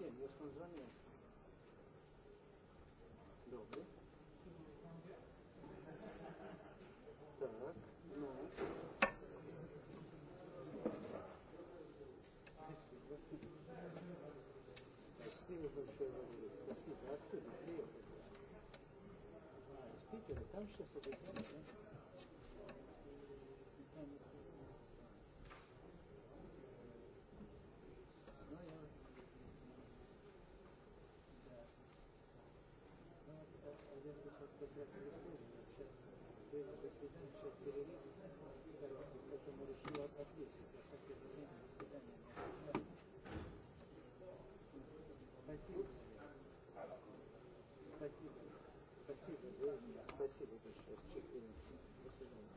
Wiem, ja skąd dzwonię. Dobry. Tak, no. Спасибо большое вам, спасибо. Откуда приехали? А, из Питера, там сейчас обязательно. Спасибо. Спасибо. Спасибо, Спасибо большое. Спасибо. До свидания.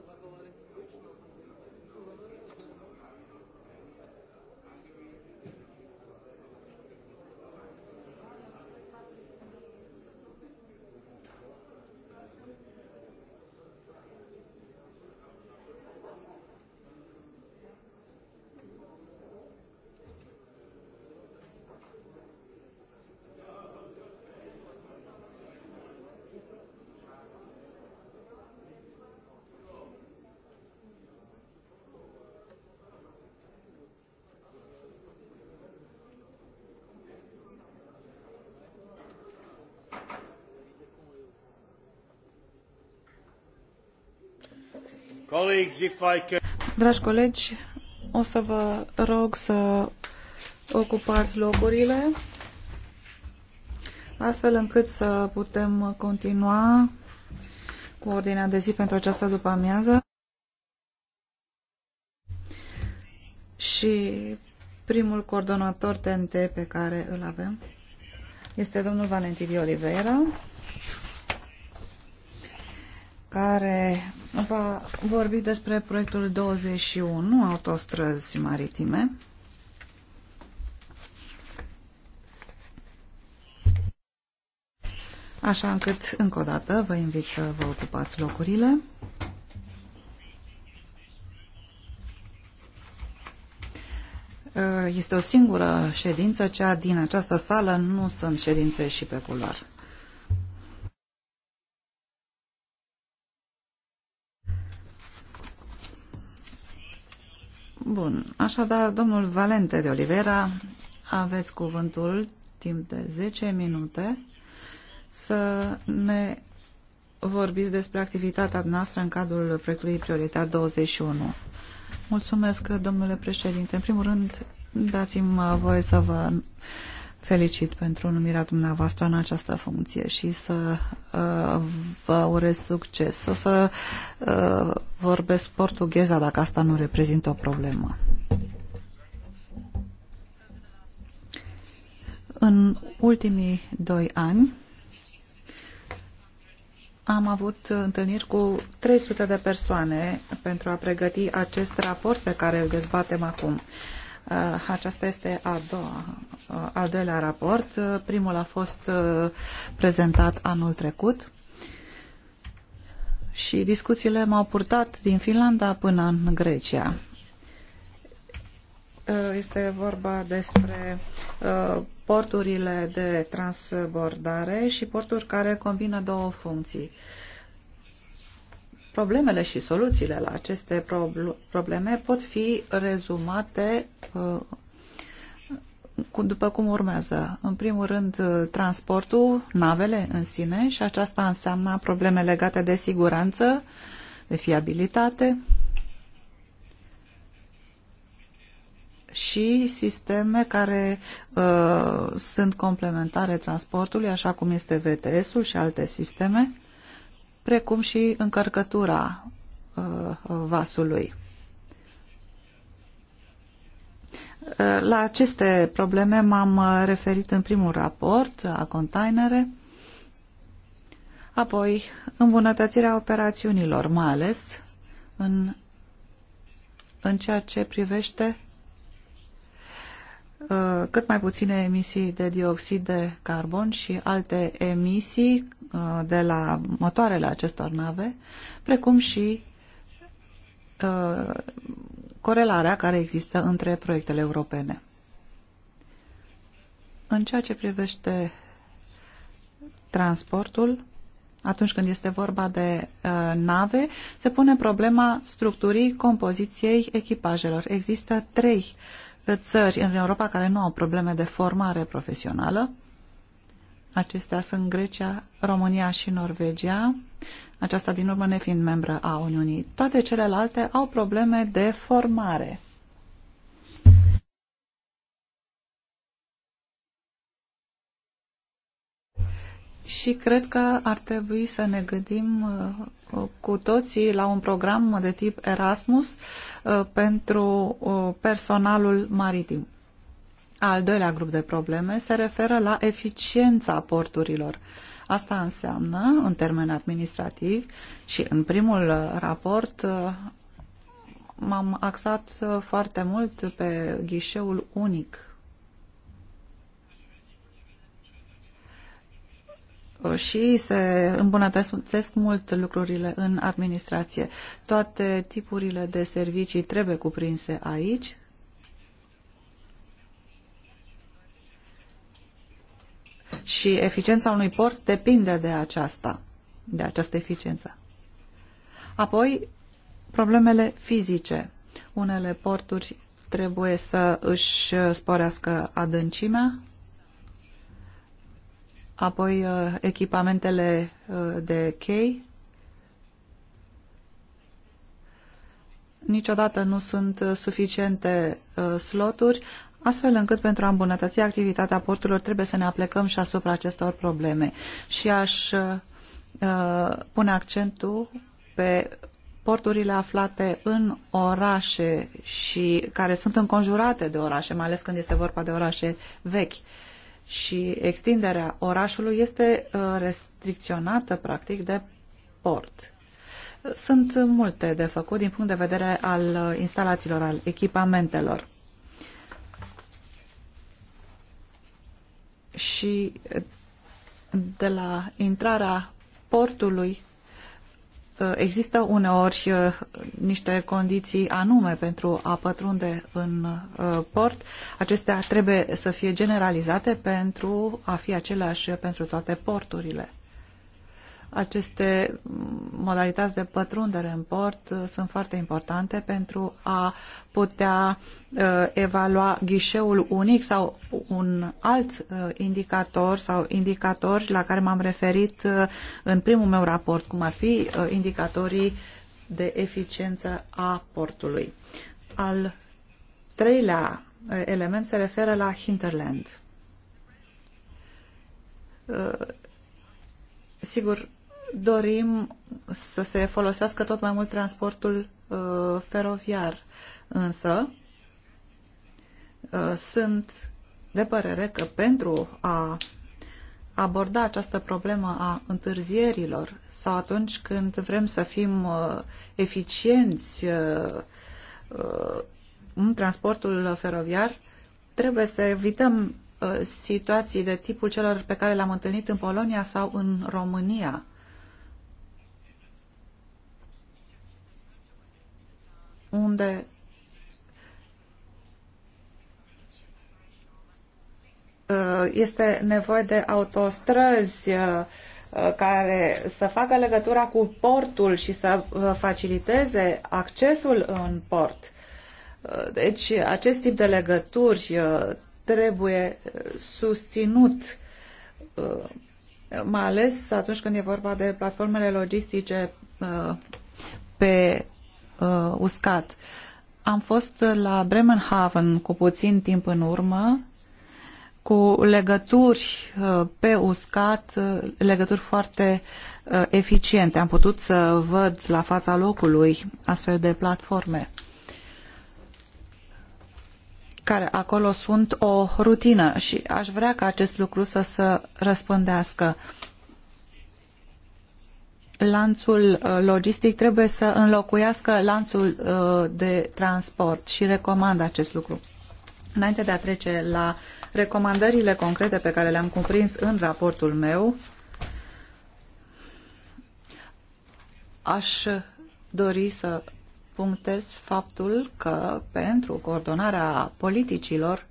Acolo are Dragi colegi, o să vă rog să ocupați locurile astfel încât să putem continua cu ordinea de zi pentru această după-amiază. Și primul coordonator TNT pe care îl avem este domnul Valentin Oliveira care va vorbi despre proiectul 21, autostrăzi maritime. Așa încât, încă o dată, vă invit să vă ocupați locurile. Este o singură ședință, cea din această sală, nu sunt ședințe și pe culoare. Bun, așadar, domnul Valente de Olivera, aveți cuvântul timp de 10 minute să ne vorbiți despre activitatea noastră în cadrul proiectului prioritar 21. Mulțumesc, domnule președinte. În primul rând, dați-mi uh, voie să vă felicit pentru numirea dumneavoastră în această funcție și să uh, vă urez succes. O să uh, vorbesc portugheza dacă asta nu reprezintă o problemă. În ultimii doi ani am avut întâlniri cu 300 de persoane pentru a pregăti acest raport pe care îl dezbatem acum. Uh, aceasta este a doua, uh, al doilea raport. Uh, primul a fost prezentat anul trecut și discuțiile m-au purtat din Finlanda până în Grecia. Este vorba despre porturile de transbordare și porturi care combină două funcții. Problemele și soluțiile la aceste probleme pot fi rezumate uh, după cum urmează. În primul rând, uh, transportul, navele în sine și aceasta înseamnă probleme legate de siguranță, de fiabilitate și sisteme care uh, sunt complementare transportului, așa cum este VTS-ul și alte sisteme precum și încărcătura uh, vasului. Uh, la aceste probleme m-am uh, referit în primul raport, la containere, apoi îmbunătățirea operațiunilor, mai ales în, în ceea ce privește cât mai puține emisii de dioxid de carbon și alte emisii Uh, de la motoarele acestor nave, precum și uh, corelarea care există între proiectele europene. În ceea ce privește transportul, atunci când este vorba de uh, nave, se pune problema structurii, compoziției echipajelor. Există trei uh, țări în Europa care nu au probleme de formare profesională. Acestea sunt Grecia, România și Norvegia, aceasta din urmă nefiind membră a Uniunii. Toate celelalte au probleme de formare. Și cred că ar trebui să ne gândim uh, cu toții la un program de tip Erasmus uh, pentru uh, personalul maritim. Al doilea grup de probleme se referă la eficiența porturilor. Asta înseamnă, în termen administrativ, și în primul raport m-am axat foarte mult pe ghișeul unic și se îmbunătățesc mult lucrurile în administrație. Toate tipurile de servicii trebuie cuprinse aici, și eficiența unui port depinde de aceasta, de această eficiență. Apoi, problemele fizice. Unele porturi trebuie să își sporească adâncimea, apoi uh, echipamentele uh, de chei. Niciodată nu sunt uh, suficiente sloturi, astfel încât pentru a îmbunătăți activitatea porturilor trebuie să ne aplecăm și asupra acestor probleme. Și aș uh, pune accentul pe porturile aflate în orașe și care sunt înconjurate de orașe, mai ales când este vorba de orașe vechi. Și extinderea orașului este uh, restricționată, practic, de port. Sunt multe de făcut din punct de vedere al uh, instalațiilor, al echipamentelor. și eh, de la intrarea portului eh, există uneori eh, niște condiții anume pentru a pătrunde în port. Acestea trebuie să fie generalizate pentru a fi aceleași pentru toate porturile. Aceste modalități de pătrundere în port uh, sunt foarte importante pentru a putea uh, evalua ghișeul unic sau un alt uh, indicator sau indicatori la care m-am referit în primul meu raport, cum ar fi indicatorii de eficiență a portului. Al treilea element se referă la hinterland. Sigur, dorim să se folosească tot mai mult transportul uh, feroviar, însă uh, sunt de părere că pentru a aborda această problemă a întârzierilor sau atunci când vrem să fim uh, eficienți uh, uh, în transportul feroviar, trebuie să evităm uh, situații de tipul celor pe care le-am întâlnit în Polonia sau în România unde uh, este nevoie de autostrăzi uh, care să facă legătura cu portul și să uh, faciliteze accesul în port. Deci acest tip de legături trebuie susținut mai ales atunci când e vorba de platformele logistice pe uh, uscat. Am fost la Bremenhaven cu puțin timp în urmă, cu legături uh, pe uscat, uh, legături foarte uh, eficiente. Am putut să văd la fața locului astfel de platforme care acolo sunt o rutină și aș vrea ca acest lucru să se răspândească lanțul uh, logistic trebuie să înlocuiască lanțul uh, de transport și recomand acest lucru. Înainte de a trece la recomandările concrete pe care le-am cuprins în raportul meu, aș dori să punctez faptul că pentru coordonarea politicilor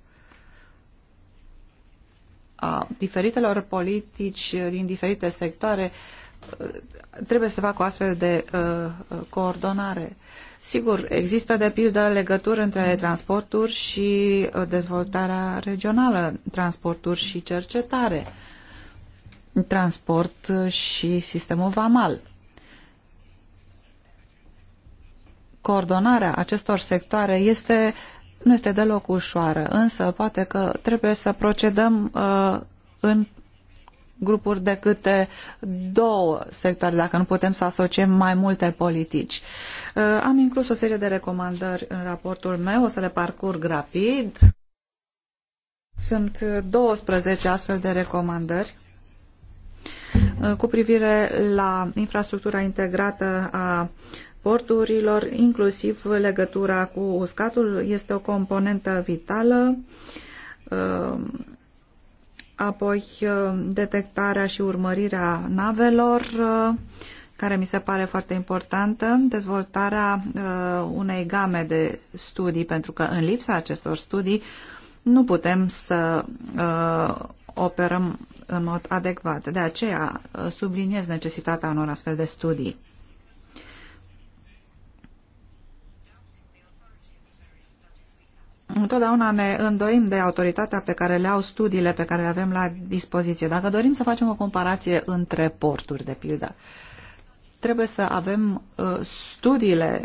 a diferitelor politici din diferite sectoare trebuie să facă o astfel de uh, uh, coordonare. Sigur, există de pildă legături între transporturi și uh, dezvoltarea regională, transporturi și cercetare, transport uh, și sistemul vamal. Coordonarea acestor sectoare este, nu este deloc ușoară, însă poate că trebuie să procedăm uh, în grupuri de câte două sectoare, dacă nu putem să asociem mai multe politici. Uh, am inclus o serie de recomandări în raportul meu, o să le parcurg rapid. Sunt 12 astfel de recomandări uh, cu privire la infrastructura integrată a porturilor, inclusiv legătura cu uscatul, este o componentă vitală uh, apoi uh, detectarea și urmărirea navelor, uh, care mi se pare foarte importantă, dezvoltarea uh, unei game de studii, pentru că în lipsa acestor studii nu putem să operăm în mod adecvat. De aceea subliniez necesitatea unor astfel de studii. Întotdeauna ne îndoim de autoritatea pe care le au studiile pe care le avem la dispoziție. Dacă dorim să facem o comparație între porturi, de pildă, trebuie să avem uh, studiile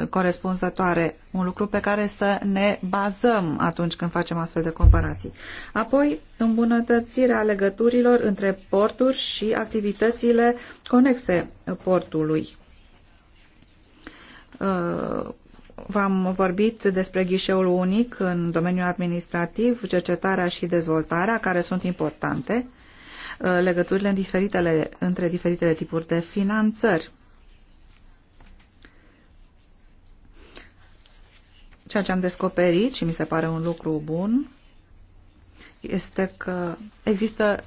uh, corespunzătoare, un lucru pe care să ne bazăm atunci când facem astfel de comparații. Apoi, îmbunătățirea legăturilor între porturi și activitățile conexe portului. Uh, V-am vorbit despre ghișeul unic în domeniul administrativ, cercetarea și dezvoltarea, care sunt importante, uh, legăturile în diferitele, între diferitele tipuri de finanțări. Ceea ce am descoperit și mi se pare un lucru bun este că există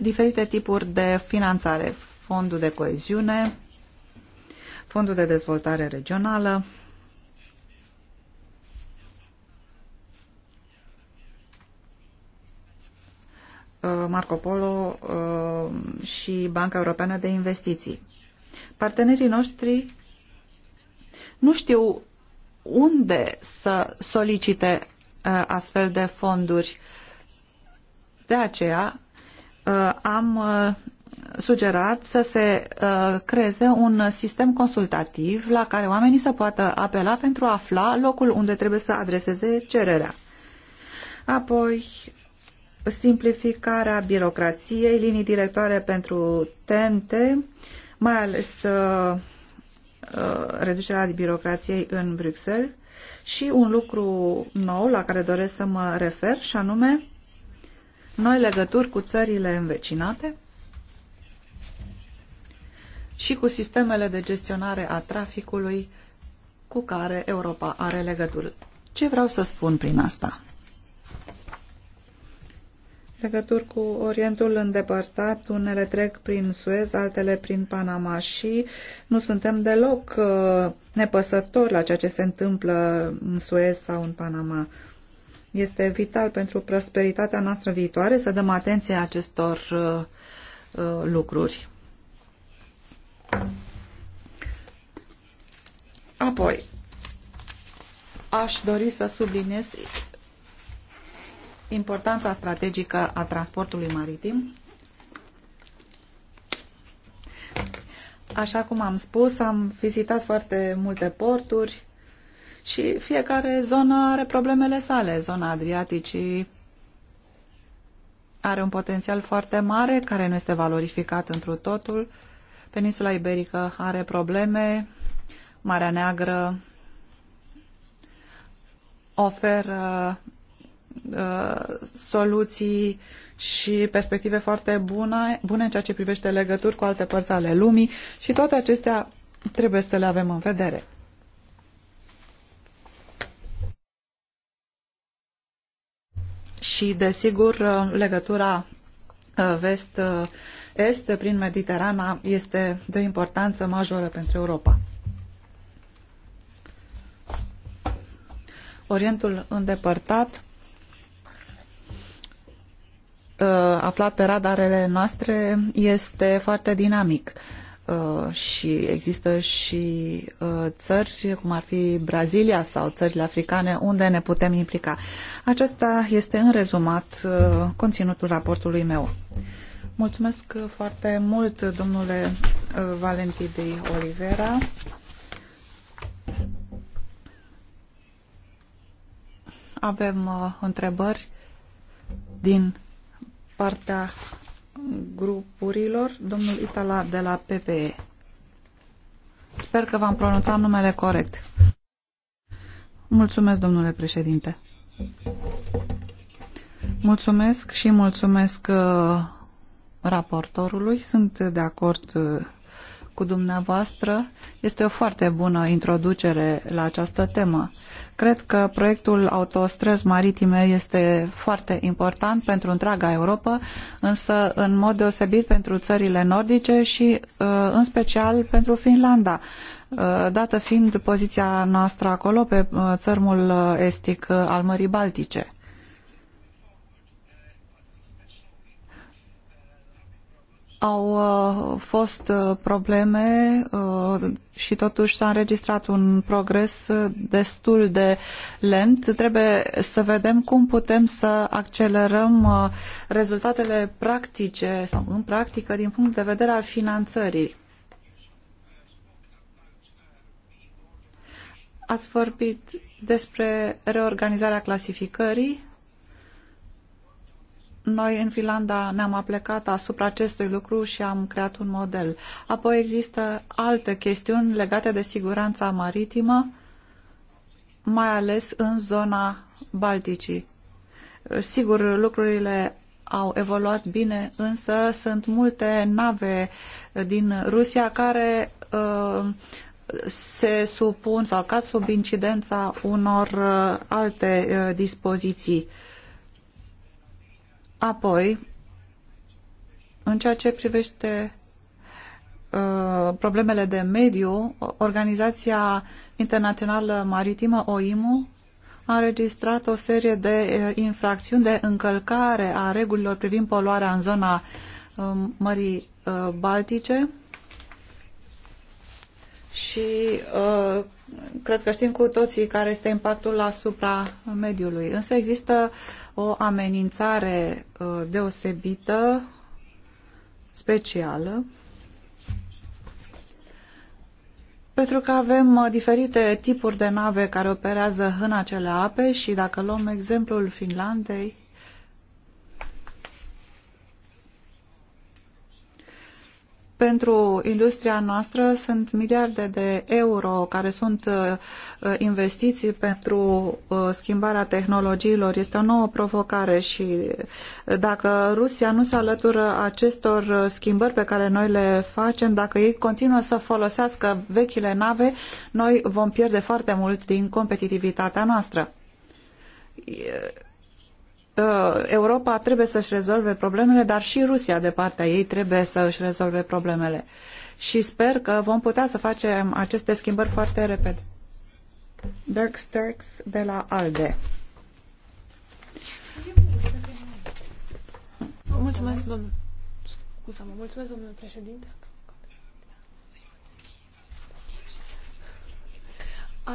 diferite tipuri de finanțare. Fondul de coeziune, fondul de dezvoltare regională, Uh, Marco Polo uh, și Banca Europeană de Investiții. Partenerii noștri nu știu unde să solicite uh, astfel de fonduri. De aceea am sugerat să se creeze un sistem consultativ la care oamenii să poată apela pentru a afla locul unde trebuie să adreseze cererea. Apoi, simplificarea birocrației, linii directoare pentru TNT, mai ales uh, uh, reducerea birocrației în Bruxelles și un lucru nou la care doresc să mă refer și anume noi legături cu țările învecinate și cu sistemele de gestionare a traficului cu care Europa are legături. Ce vreau să spun prin asta? legături cu Orientul îndepărtat, unele trec prin Suez, altele prin Panama și nu suntem deloc uh, nepăsători la ceea ce se întâmplă în Suez sau în Panama. Este vital pentru prosperitatea noastră viitoare să dăm atenție acestor uh, uh, lucruri. Apoi, aș dori să subliniez importanța strategică a transportului maritim. Așa cum am spus, am vizitat foarte multe porturi și fiecare zonă are problemele sale. Zona Adriaticii are un potențial foarte mare care nu este valorificat întru totul. Peninsula Iberică are probleme, Marea Neagră oferă Uh, soluții și perspective foarte bune, bune în ceea ce privește legături cu alte părți ale lumii și toate acestea trebuie să le avem în vedere. Și, desigur, uh, legătura uh, vest-est prin Mediterana este de o importanță majoră pentru Europa. Orientul îndepărtat Uh, aflat pe radarele noastre este foarte dinamic uh, și există și uh, țări, cum ar fi Brazilia sau țările africane, unde ne putem implica. Acesta este în rezumat conținutul raportului meu. Mulțumesc foarte mult, domnule Valentin de Oliveira. Avem întrebări din partea grupurilor, domnul Itala de la PPE. Sper că v-am pronunțat numele corect. Mulțumesc, domnule președinte. Mulțumesc și mulțumesc uh, raportorului. Sunt de acord uh, cu dumneavoastră. Este o foarte bună introducere la această temă. Cred că proiectul autostrăzi maritime este foarte important pentru întreaga Europa, însă în mod deosebit pentru țările nordice și uh, în special pentru Finlanda, uh, dată fiind poziția noastră acolo pe uh, țărmul estic al Mării Baltice. Au uh, fost uh, probleme uh, și totuși s-a înregistrat un progres destul de lent. Trebuie să vedem cum putem să accelerăm rezultatele practice sau în practică din punct de vedere al finanțării. Ați vorbit despre reorganizarea clasificării noi în Finlanda ne-am aplecat asupra acestui lucru și am creat un model. Apoi există alte chestiuni legate de siguranța maritimă, mai ales în zona Balticii. Sigur, lucrurile au evoluat bine, însă sunt multe nave din Rusia care uh, se supun sau cad sub incidența unor uh, alte uh, dispoziții. Uh, Apoi, în ceea ce privește uh, problemele de mediu, Organizația Internațională Maritimă, OIMU, a înregistrat o serie de uh, infracțiuni de încălcare a regulilor privind poluarea în zona um, Mării uh, Baltice și cred că știm cu toții care este impactul asupra mediului. Însă există o amenințare uh, deosebită, specială, pentru că avem uh, diferite tipuri de nave care operează în acele ape și dacă luăm exemplul Finlandei, Pentru industria noastră sunt miliarde de euro care sunt uh, investiții pentru uh, schimbarea tehnologiilor. Este o nouă provocare și uh, dacă Rusia nu se alătură acestor schimbări pe care noi le facem, dacă ei continuă să folosească vechile nave, noi vom pierde foarte mult din competitivitatea noastră Uh, Europa trebuie să-și rezolve problemele, dar și Rusia de partea ei trebuie să și rezolve problemele. Și sper că vom putea să facem aceste schimbări foarte repede. Dirk Sturks de la ALDE. Mulțumesc, domnule. Scusa, mă mulțumesc, domnule președinte.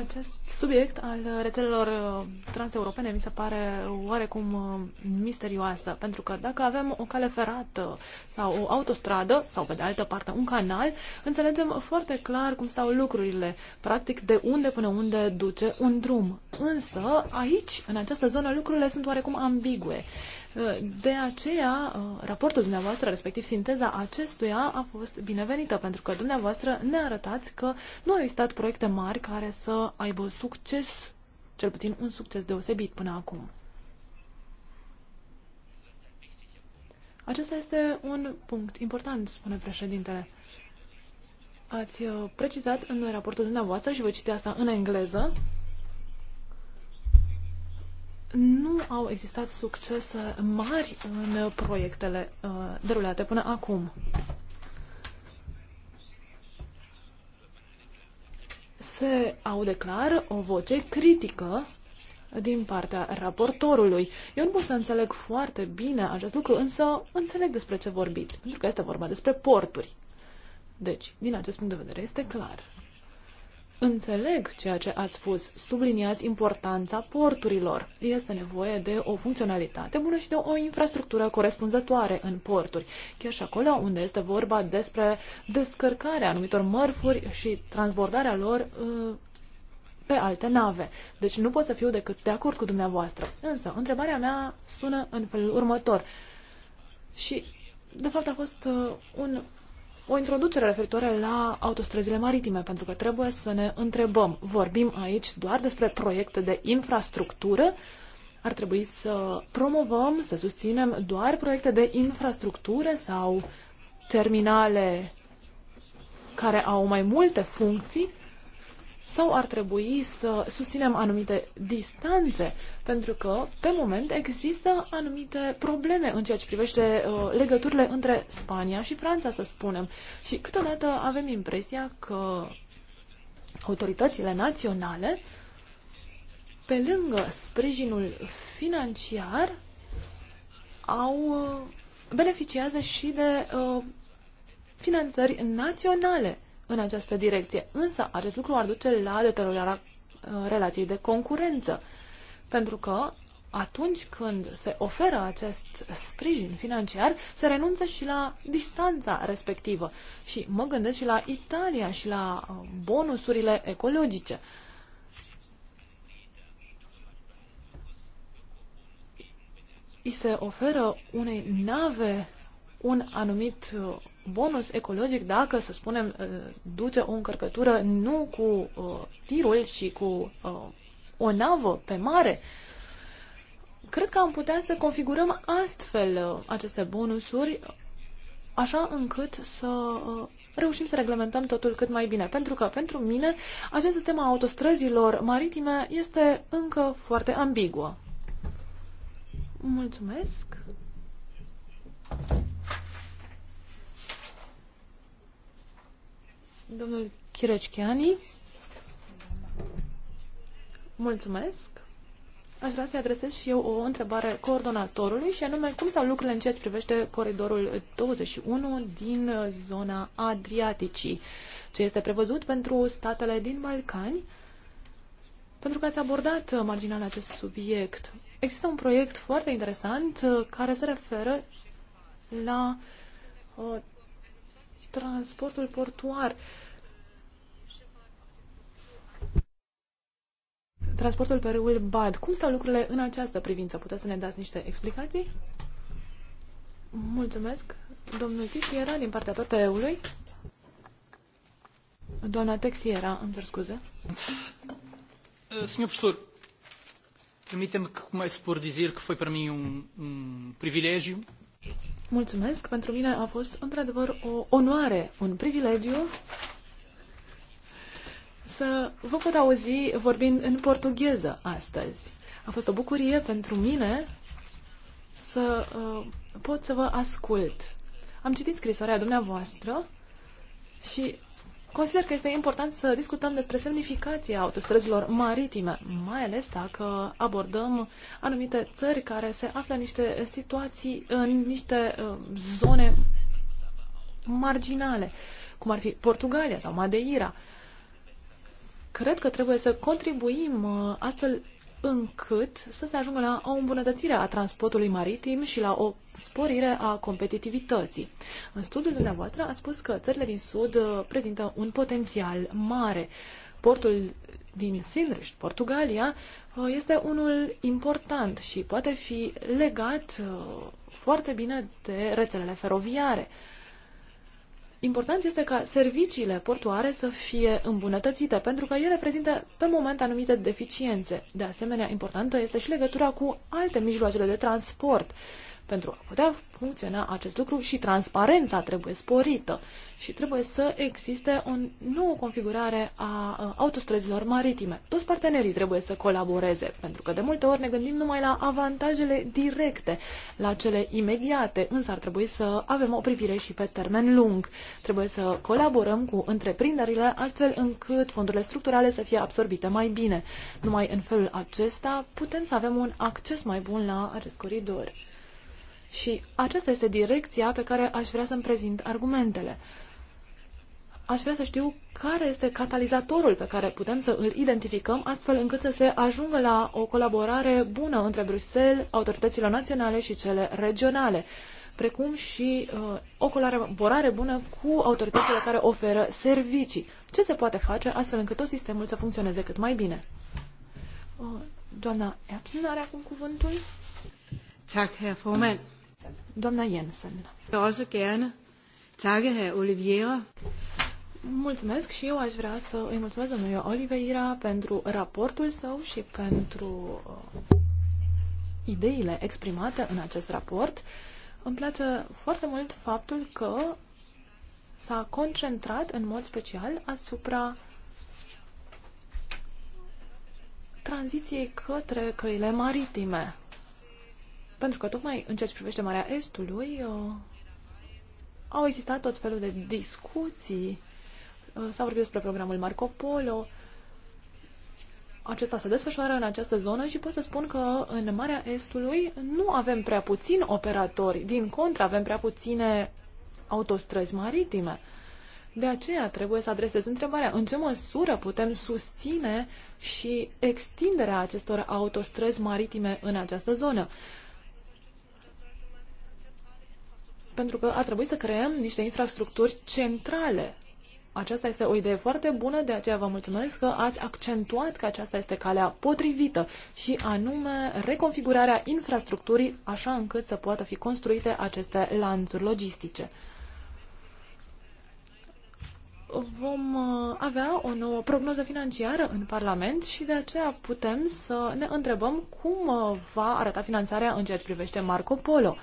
Acest subiect al rețelelor uh, transeuropene mi se pare oarecum uh, misterioasă, pentru că dacă avem o cale ferată sau o autostradă sau, pe de altă parte, un canal, înțelegem foarte clar cum stau lucrurile, practic de unde până unde duce un drum. Însă, aici, în această zonă, lucrurile sunt oarecum ambigue. De aceea, uh, raportul dumneavoastră, respectiv sinteza acestuia, a fost binevenită, pentru că dumneavoastră ne arătați că nu au existat proiecte mari care să aibă succes, cel puțin un succes deosebit până acum. Acesta este un punct important, spune președintele. Ați uh, precizat în raportul dumneavoastră și vă citi asta în engleză nu au existat succese mari în proiectele uh, derulate până acum. Se aude clar o voce critică din partea raportorului. Eu nu pot să înțeleg foarte bine acest lucru, însă înțeleg despre ce vorbiți, pentru că este vorba despre porturi. Deci, din acest punct de vedere, este clar. Înțeleg ceea ce ați spus. Subliniați importanța porturilor. Este nevoie de o funcționalitate bună și de o infrastructură corespunzătoare în porturi, chiar și acolo unde este vorba despre descărcarea anumitor mărfuri și transbordarea lor uh, pe alte nave. Deci nu pot să fiu decât de acord cu dumneavoastră. Însă, întrebarea mea sună în felul următor. Și, de fapt, a fost uh, un o introducere referitoare la autostrăzile maritime, pentru că trebuie să ne întrebăm, vorbim aici doar despre proiecte de infrastructură, ar trebui să promovăm, să susținem doar proiecte de infrastructură sau terminale care au mai multe funcții sau ar trebui să susținem anumite distanțe, pentru că, pe moment, există anumite probleme în ceea ce privește uh, legăturile între Spania și Franța, să spunem. Și câteodată avem impresia că autoritățile naționale, pe lângă sprijinul financiar, au uh, beneficiază și de uh, finanțări naționale în această direcție. Însă, acest lucru ar duce la deteriorarea uh, relației de concurență, pentru că atunci când se oferă acest sprijin financiar, se renunță și la distanța respectivă. Și mă gândesc și la Italia și la uh, bonusurile ecologice. I se oferă unei nave un anumit uh, bonus ecologic dacă, să spunem, uh, duce o încărcătură nu cu uh, tirul și cu o navă pe mare. Cred că am putea să configurăm astfel aceste bonusuri așa încât să reușim să reglementăm totul cât mai bine. Pentru că, pentru mine, această temă autostrăzilor maritime este încă foarte ambiguă. Mulțumesc! Domnul Chireciani. Mulțumesc. Aș vrea să-i adresez și eu o întrebare coordonatorului și anume cum stau lucrurile în ceea ce privește coridorul 21 din zona Adriaticii, ce este prevăzut pentru statele din Balcani, pentru că ați abordat marginal acest subiect. Există un proiect foarte interesant uh, care se referă la uh, transportul portuar. Transportul pe râul Bad. Cum stau lucrurile în această privință? Puteți să ne dați niște explicații? Mulțumesc. Domnul Tixiera, din partea PP-ului. Doamna Texiera, îmi cer scuze. Eh, Senhor Professor, permita-me que comece por dizer că foi para mim um, um privilégio Mulțumesc! Pentru mine a fost într-adevăr o onoare, un privilegiu să vă pot auzi vorbind în portugheză astăzi. A fost o bucurie pentru mine să uh, pot să vă ascult. Am citit scrisoarea dumneavoastră și Consider că este important să discutăm despre semnificația autostrăzilor maritime, mai ales dacă abordăm anumite țări care se află în niște situații, în niște uh, zone marginale, cum ar fi Portugalia sau Madeira. Cred că trebuie să contribuim uh, astfel încât să se ajungă la o îmbunătățire a transportului maritim și la o sporire a competitivității. În studiul dumneavoastră a spus că țările din Sud uh, prezintă un potențial mare. Portul din Sindriș, Portugalia, uh, este unul important și poate fi legat uh, foarte bine de rețelele feroviare important este ca serviciile portoare să fie îmbunătățite, pentru că ele prezintă pe moment anumite deficiențe. De asemenea, importantă este și legătura cu alte mijloacele de transport. Pentru a putea funcționa acest lucru și transparența trebuie sporită și trebuie să existe o nouă configurare a autostrăzilor maritime. Toți partenerii trebuie să colaboreze, pentru că de multe ori ne gândim numai la avantajele directe, la cele imediate, însă ar trebui să avem o privire și pe termen lung. Trebuie să colaborăm cu întreprinderile astfel încât fondurile structurale să fie absorbite mai bine. Numai în felul acesta putem să avem un acces mai bun la acest coridor. Și aceasta este direcția pe care aș vrea să-mi prezint argumentele. Aș vrea să știu care este catalizatorul pe care putem să îl identificăm astfel încât să se ajungă la o colaborare bună între Bruxelles, autoritățile naționale și cele regionale, precum și uh, o colaborare bună cu autoritățile care oferă servicii. Ce se poate face astfel încât tot sistemul să funcționeze cât mai bine? Uh, doamna Epstein are acum cuvântul. Tak, herr Formand. Doamna Jensen. gerne herr Mulțumesc și eu aș vrea să îi mulțumesc domnului Oliveira pentru raportul său și pentru uh, ideile exprimate în acest raport. Îmi place foarte mult faptul că s-a concentrat în mod special asupra tranziției către căile maritime. Pentru că tocmai în ceea ce privește Marea Estului uh, au existat tot felul de discuții. Uh, s-a vorbit despre programul Marco Polo. Acesta se desfășoară în această zonă și pot să spun că în Marea Estului nu avem prea puțini operatori. Din contră, avem prea puține autostrăzi maritime. De aceea trebuie să adresez întrebarea în ce măsură putem susține și extinderea acestor autostrăzi maritime în această zonă. pentru că ar trebui să creăm niște infrastructuri centrale. Aceasta este o idee foarte bună, de aceea vă mulțumesc că ați accentuat că aceasta este calea potrivită și anume reconfigurarea infrastructurii așa încât să poată fi construite aceste lanțuri logistice vom uh, avea o nouă prognoză financiară în Parlament și de aceea putem să ne întrebăm cum uh, va arăta finanțarea în ceea ce privește Marco Polo.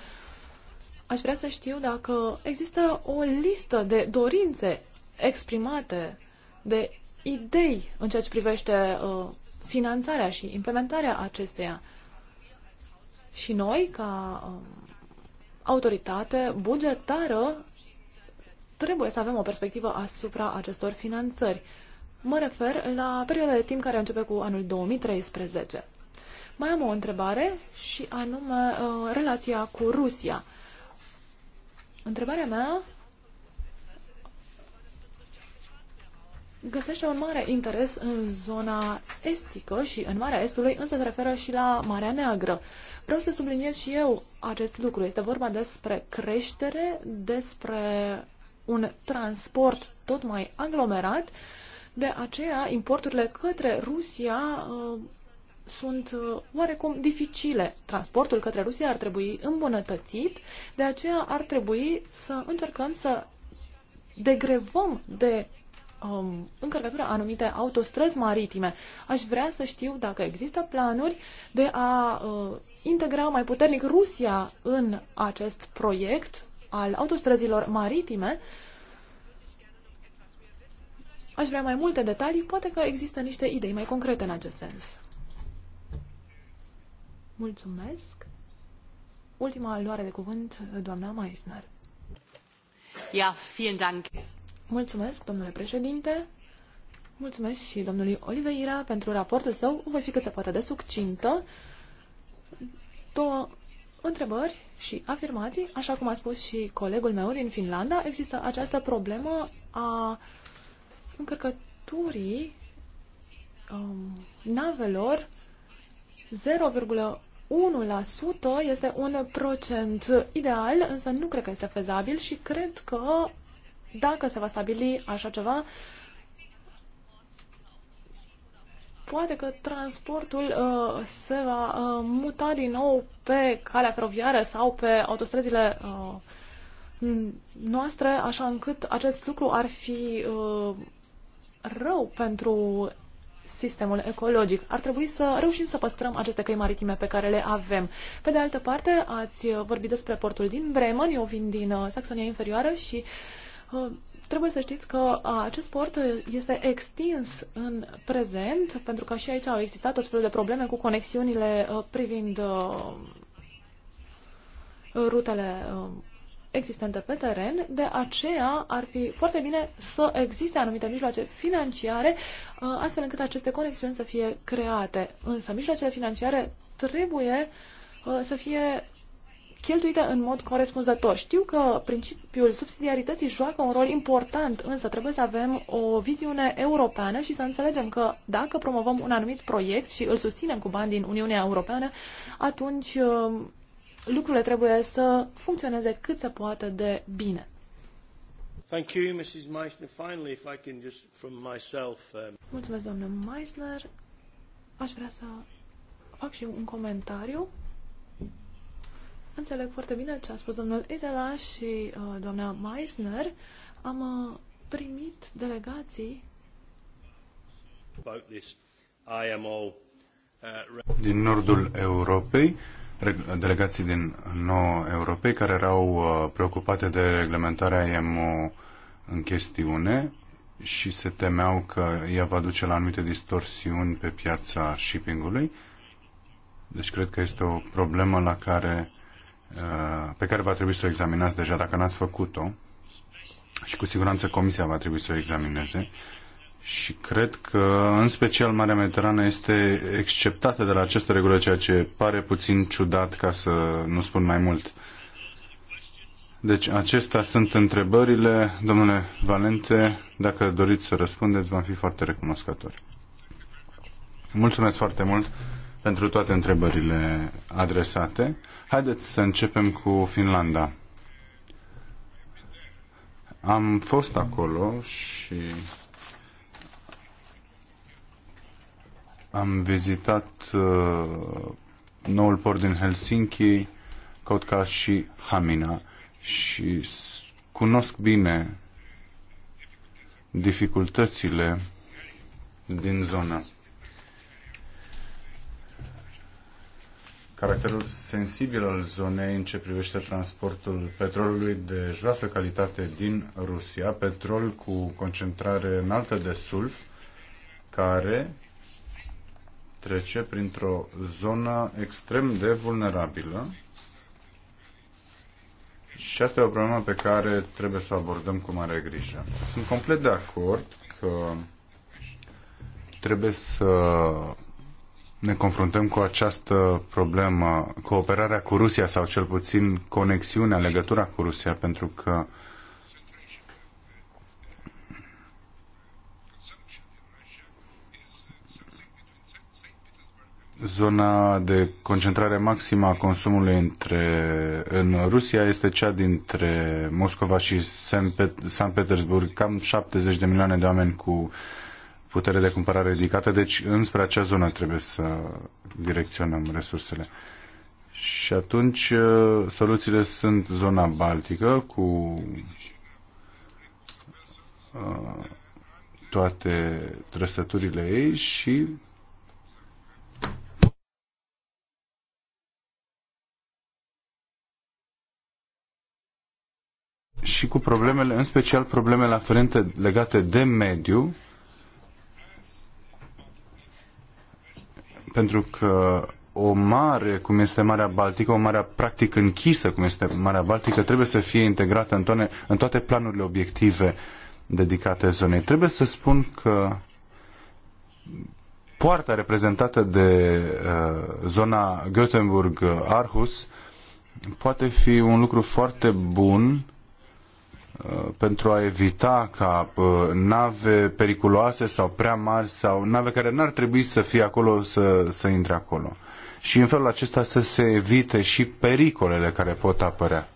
Aș vrea să știu dacă există o listă de dorințe exprimate, de idei în ceea ce privește uh, finanțarea și implementarea acesteia. Și noi, ca uh, autoritate bugetară, trebuie să avem o perspectivă asupra acestor finanțări. Mă refer la perioada de timp care începe cu anul 2013. Mai am o întrebare și anume uh, relația cu Rusia. Întrebarea mea găsește un mare interes în zona estică și în Marea Estului, însă se referă și la Marea Neagră. Vreau să subliniez și eu acest lucru. Este vorba despre creștere, despre un transport tot mai aglomerat, de aceea importurile către Rusia uh, sunt uh, oarecum dificile. Transportul către Rusia ar trebui îmbunătățit, de aceea ar trebui să încercăm să degrevăm de um, încărcătura anumite autostrăzi maritime. Aș vrea să știu dacă există planuri de a uh, integra mai puternic Rusia în acest proiect al autostrăzilor maritime. Aș vrea mai multe detalii, poate că există niște idei mai concrete în acest sens. Mulțumesc. Ultima luare de cuvânt, doamna Meisner. Ja, vielen Dank. Mulțumesc, domnule președinte. Mulțumesc și domnului Oliveira pentru raportul său. Voi fi cât se poate de succintă. Două întrebări și afirmații. Așa cum a spus și colegul meu din Finlanda, există această problemă a încărcăturii um, navelor 1% este un procent ideal, însă nu cred că este fezabil și cred că dacă se va stabili așa ceva, poate că transportul uh, se va uh, muta din nou pe calea feroviară sau pe autostrăzile uh, noastre, așa încât acest lucru ar fi uh, rău pentru sistemul ecologic. Ar trebui să reușim să păstrăm aceste căi maritime pe care le avem. Pe de altă parte, ați vorbit despre portul din Bremen, eu vin din uh, Saxonia Inferioară și uh, Trebuie să știți că uh, acest port este extins în prezent, pentru că și aici au existat tot felul de probleme cu conexiunile privind rutele existente pe teren, de aceea ar fi foarte bine să existe anumite mijloace financiare uh, astfel încât aceste conexiuni să fie create. Însă mijloacele financiare trebuie uh, să fie cheltuite în mod corespunzător. Știu că principiul subsidiarității joacă un rol important, însă trebuie să avem o viziune europeană și să înțelegem că dacă promovăm un anumit proiect și îl susținem cu bani din Uniunea Europeană, atunci uh, lucrurile trebuie să funcționeze cât se poate de bine. Thank you, Mrs. Meissner. Finally, if I can just from myself. Um... Mulțumesc, doamnă Meissner. Aș vrea să fac și un comentariu. Înțeleg foarte bine ce a spus domnul Itela și uh, doamna Meissner. Am uh, primit delegații uh, din nordul Europei delegații din 9 europei care erau uh, preocupate de reglementarea IMO în chestiune și se temeau că ea va duce la anumite distorsiuni pe piața shippingului. Deci cred că este o problemă la care, uh, pe care va trebui să o examinați deja dacă n-ați făcut-o și cu siguranță Comisia va trebui să o examineze și cred că, în special, Marea Mediterană este exceptată de la această regulă, ceea ce pare puțin ciudat, ca să nu spun mai mult. Deci, acestea sunt întrebările. Domnule Valente, dacă doriți să răspundeți, v-am fi foarte recunoscători. Mulțumesc foarte mult pentru toate întrebările adresate. Haideți să începem cu Finlanda. Am fost acolo și Am vizitat uh, noul port din Helsinki, Kotka și Hamina și cunosc bine dificultățile din zonă. Caracterul sensibil al zonei în ce privește transportul petrolului de joasă calitate din Rusia, petrol cu concentrare înaltă de sulf, care trece printr-o zonă extrem de vulnerabilă și asta e o problemă pe care trebuie să o abordăm cu mare grijă. Sunt complet de acord că trebuie să ne confruntăm cu această problemă, cooperarea cu Rusia sau cel puțin conexiunea, legătura cu Rusia, pentru că Zona de concentrare maximă a consumului între, în Rusia este cea dintre Moscova și San Petersburg, cam 70 de milioane de oameni cu putere de cumpărare ridicată, deci înspre acea zonă trebuie să direcționăm resursele. Și atunci uh, soluțiile sunt zona Baltică cu uh, toate trăsăturile ei și și cu problemele, în special problemele aferente legate de mediu, pentru că o mare, cum este Marea Baltică, o mare practic închisă, cum este Marea Baltică, trebuie să fie integrată în, toane, în toate planurile obiective dedicate zonei. Trebuie să spun că poarta reprezentată de uh, zona Göteborg-Arhus poate fi un lucru foarte bun Uh, pentru a evita ca uh, nave periculoase sau prea mari sau nave care n-ar trebui să fie acolo să, să intre acolo. Și în felul acesta să se evite și pericolele care pot apărea.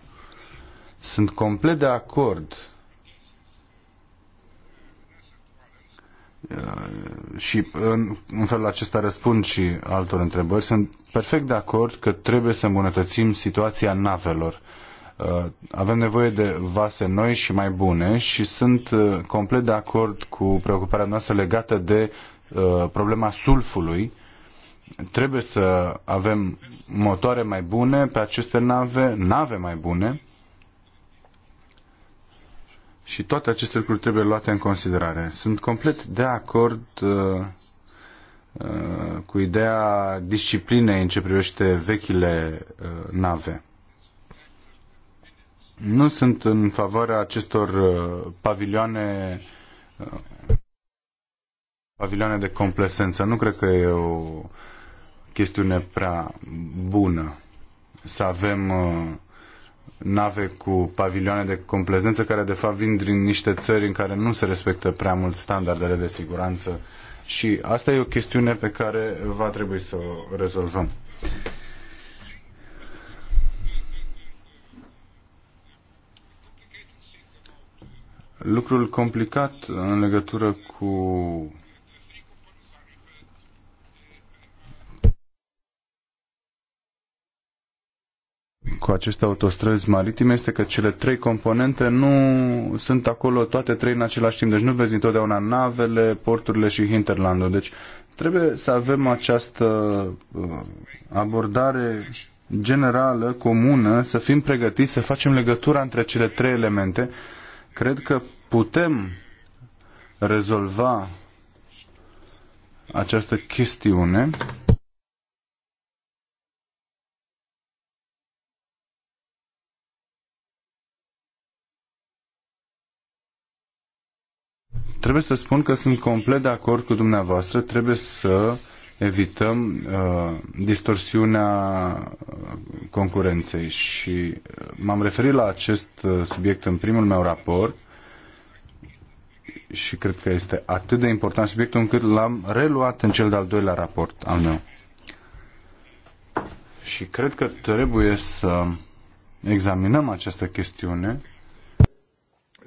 Sunt complet de acord uh, și în, în felul acesta răspund și altor întrebări. Sunt perfect de acord că trebuie să îmbunătățim situația navelor Uh, avem nevoie de vase noi și mai bune și sunt uh, complet de acord cu preocuparea noastră legată de uh, problema sulfului. Trebuie să avem motoare mai bune pe aceste nave, nave mai bune și toate aceste lucruri trebuie luate în considerare. Sunt complet de acord cu ideea disciplinei în ce privește vechile nave. Nu sunt în favoarea acestor uh, pavilioane uh, pavilioane de complesență. Nu cred că e o chestiune prea bună să avem uh, nave cu pavilioane de complezență care de fapt vin din niște țări în care nu se respectă prea mult standardele de siguranță și asta e o chestiune pe care va trebui să o rezolvăm. Lucrul complicat în legătură cu cu aceste autostrăzi maritime este că cele trei componente nu sunt acolo toate trei în același timp. Deci nu vezi întotdeauna navele, porturile și hinterlandul. Deci trebuie să avem această uh, abordare generală, comună, să fim pregătiți să facem legătura între cele trei elemente Cred că putem rezolva această chestiune Trebuie să spun că sunt complet de acord cu dumneavoastră, trebuie să evităm uh, distorsiunea concurenței și m-am referit la acest uh, subiect în primul meu raport și cred că este atât de important subiectul încât l-am reluat în cel de-al doilea raport al meu. Și cred că trebuie să examinăm această chestiune.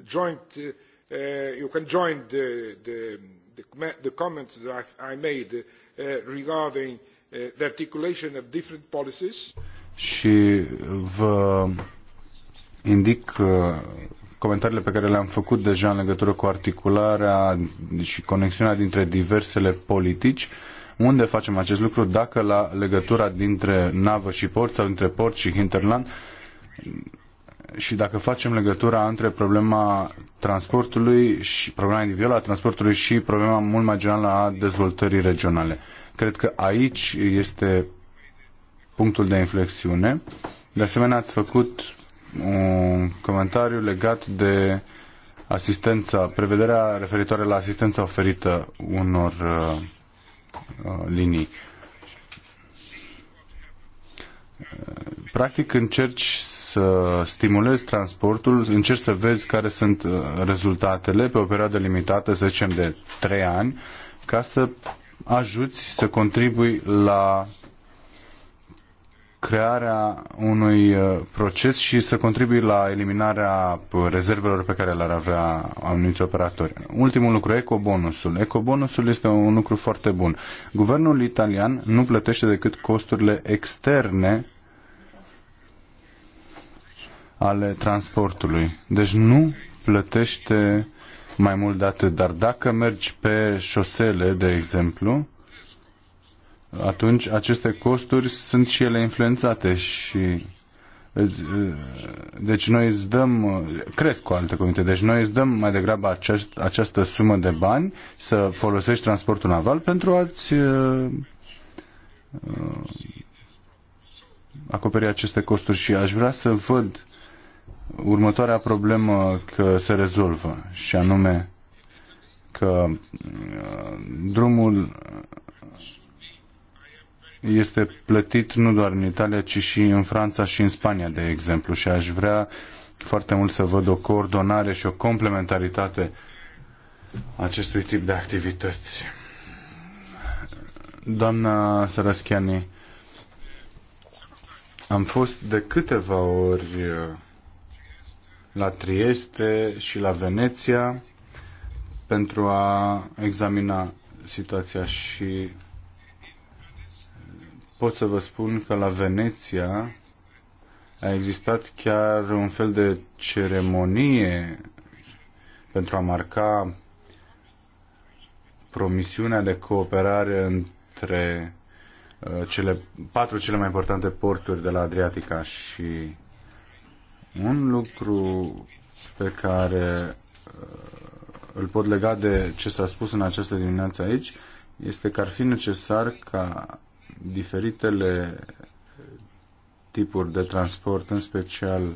Joint, uh, you can join the, the, the, the comments that I made uh, Uh, regarding uh, the articulation of different policies. Și vă indic uh, comentariile pe care le-am făcut deja în legătură cu articularea și conexiunea dintre diversele politici. Unde facem acest lucru? Dacă la legătura dintre navă și port sau dintre port și hinterland și dacă facem legătura între problema transportului și problema individuală a transportului și problema mult mai generală a dezvoltării regionale. Cred că aici este punctul de inflexiune. De asemenea, ați făcut un comentariu legat de asistența, prevederea referitoare la asistența oferită unor uh, uh linii. Uh, practic încerci să stimulezi transportul, încerci să vezi care sunt uh, rezultatele pe o perioadă limitată, să zicem de 3 ani, ca să ajuți să contribui la crearea unui uh, proces și să contribui la eliminarea uh, rezervelor pe care le-ar avea anumiți operatori. Ultimul lucru, ecobonusul. Ecobonusul este un lucru foarte bun. Guvernul italian nu plătește decât costurile externe ale transportului. Deci nu plătește mai mult de atât, dar dacă mergi pe șosele, de exemplu, atunci aceste costuri sunt și ele influențate și eh, deci noi îți dăm, eh, cresc cu alte cuvinte, deci noi îți dăm mai degrabă aceast, această sumă de bani să folosești transportul naval pentru a-ți uh, acoperi aceste costuri și aș vrea să văd următoarea problemă că se rezolvă și anume că uh, drumul este plătit nu doar în Italia, ci și în Franța și în Spania, de exemplu. Și aș vrea foarte mult să văd o coordonare și o complementaritate acestui tip de activități. Doamna Sărăschiani, am fost de câteva ori uh, la Trieste și la Veneția pentru a examina situația și pot să vă spun că la Veneția a existat chiar un fel de ceremonie pentru a marca promisiunea de cooperare între uh, cele patru cele mai importante porturi de la Adriatica și un lucru pe care uh, îl pot lega de ce s-a spus în această dimineață aici este că ar fi necesar ca diferitele tipuri de transport, în special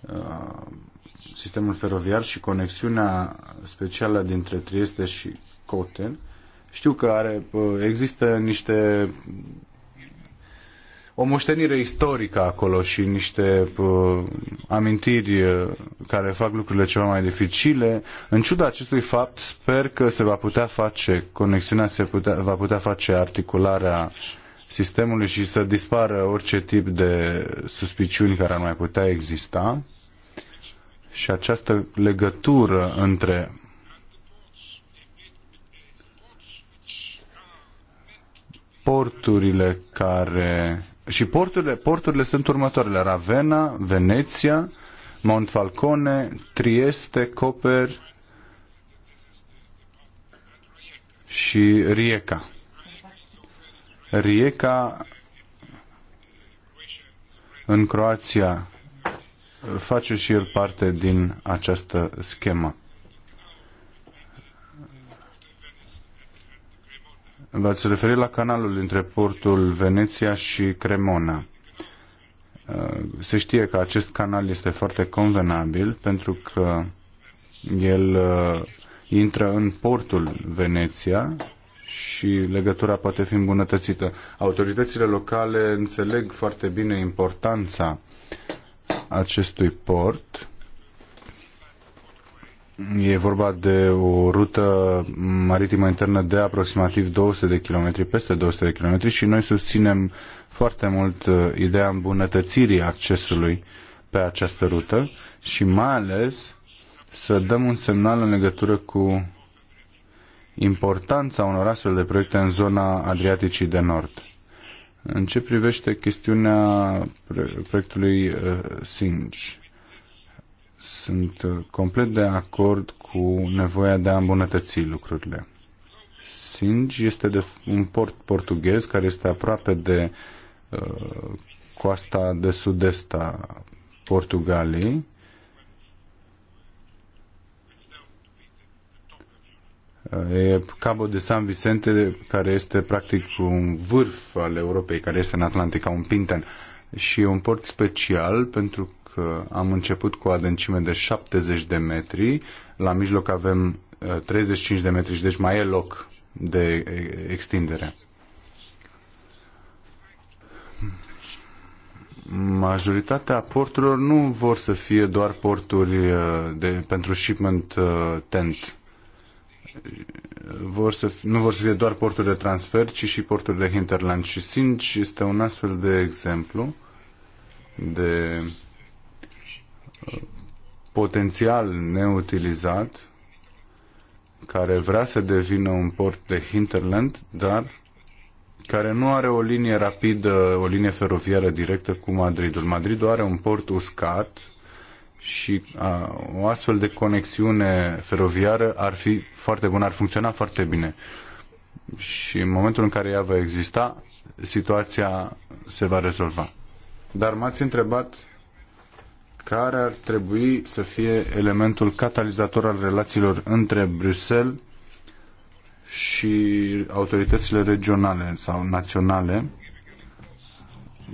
uh, sistemul feroviar și conexiunea specială dintre Trieste și Coten. Știu că are, uh, există niște o moștenire istorică acolo și niște uh, amintiri uh, care fac lucrurile ceva mai dificile. În ciuda acestui fapt, sper că se va putea face conexiunea, se putea, va putea face articularea sistemului și să dispară orice tip de suspiciuni care ar mai putea exista. Și această legătură între porturile care... Și porturile, porturile sunt următoarele. Ravenna, Veneția, Montfalcone, Trieste, Coper și Rijeka. Rijeka în Croația face și el parte din această schemă. V-ați referit la canalul între portul Veneția și Cremona. Uh, se știe că acest canal este foarte convenabil pentru că el uh, intră în portul Veneția și legătura poate fi îmbunătățită. Autoritățile locale înțeleg foarte bine importanța acestui port E vorba de o rută maritimă internă de aproximativ 200 de kilometri, peste 200 de kilometri și noi susținem foarte mult uh, ideea îmbunătățirii accesului pe această rută și mai ales să dăm un semnal în legătură cu importanța unor astfel de proiecte în zona Adriaticii de Nord. În ce privește chestiunea proiectului uh, Singe, sunt uh, complet de acord cu nevoia de a îmbunătăți lucrurile. Singe este de un port portughez care este aproape de uh, coasta de sud-est a Portugaliei. Uh, e Cabo de San Vicente, care este practic un vârf al Europei, care este în Atlantica, un pinten. Și e un port special pentru am început cu o adâncime de 70 de metri, la mijloc avem 35 uh, de metri și deci mai e loc de extindere. Majoritatea porturilor nu vor să fie doar porturi uh, de, pentru shipment uh, tent. Vor să, nu vor să fie doar porturi de transfer, ci și porturi de hinterland. Și Sinch este un astfel de exemplu de potențial neutilizat care vrea să devină un port de hinterland, dar care nu are o linie rapidă, o linie feroviară directă cu Madridul. Madridul are un port uscat și a, o astfel de conexiune feroviară ar fi foarte bună, ar funcționa foarte bine. Și în momentul în care ea va exista, situația se va rezolva. Dar m-ați întrebat care ar trebui să fie elementul catalizator al relațiilor între Bruxelles și autoritățile regionale sau naționale.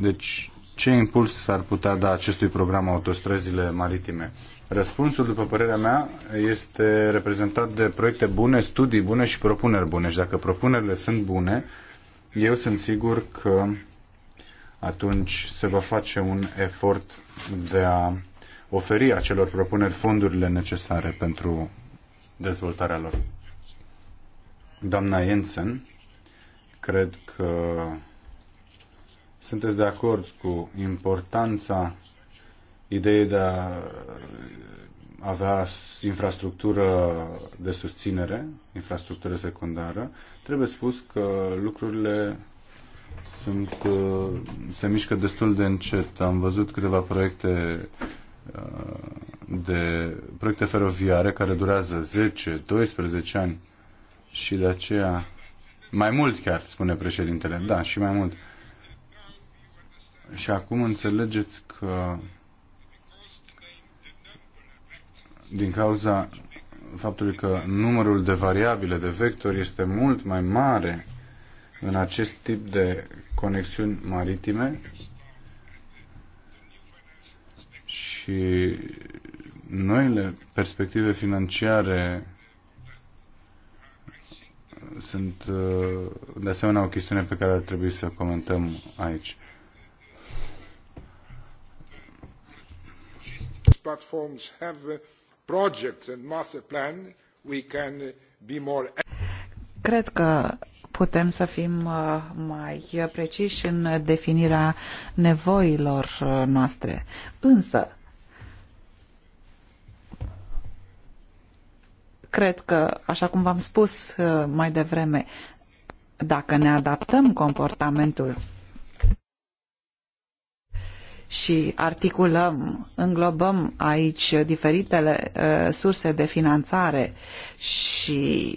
Deci, ce impuls s-ar putea da acestui program autostrăzile maritime? Răspunsul, după părerea mea, este reprezentat de proiecte bune, studii bune și propuneri bune. Și dacă propunerile sunt bune, eu sunt sigur că atunci se va face un efort de a oferi acelor propuneri fondurile necesare pentru dezvoltarea lor. Doamna Jensen, cred că sunteți de acord cu importanța ideii de a avea infrastructură de susținere, infrastructură secundară, trebuie spus că lucrurile sunt, uh, se mișcă destul de încet. Am văzut câteva proiecte uh, de proiecte feroviare care durează 10-12 ani și de aceea mai mult chiar, spune președintele, da, și mai mult. Și acum înțelegeți că din cauza faptului că numărul de variabile, de vectori este mult mai mare în acest tip de conexiuni maritime și noile perspective financiare sunt uh, de asemenea o chestiune pe care ar trebui să comentăm aici. Platforms have uh, projects and master plan, we can be more Cred că putem să fim uh, mai preciși în definirea nevoilor uh, noastre. Însă, cred că, așa cum v-am spus uh, mai devreme, dacă ne adaptăm comportamentul și articulăm, înglobăm aici diferitele uh, surse de finanțare și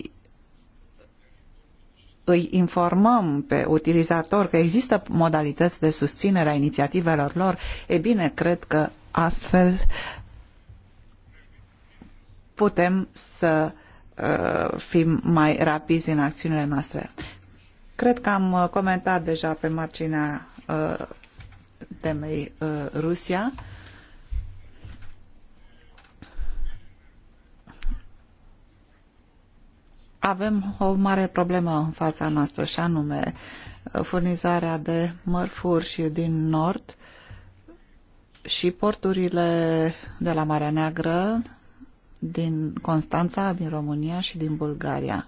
îi informăm pe utilizator că există modalități de susținere a inițiativelor lor, e bine, cred că astfel putem să uh, fim mai rapizi în acțiunile noastre. Cred că am uh, comentat deja pe marginea uh, temei uh, Rusia. avem o mare problemă în fața noastră și anume furnizarea de mărfuri și din nord și porturile de la Marea Neagră din Constanța, din România și din Bulgaria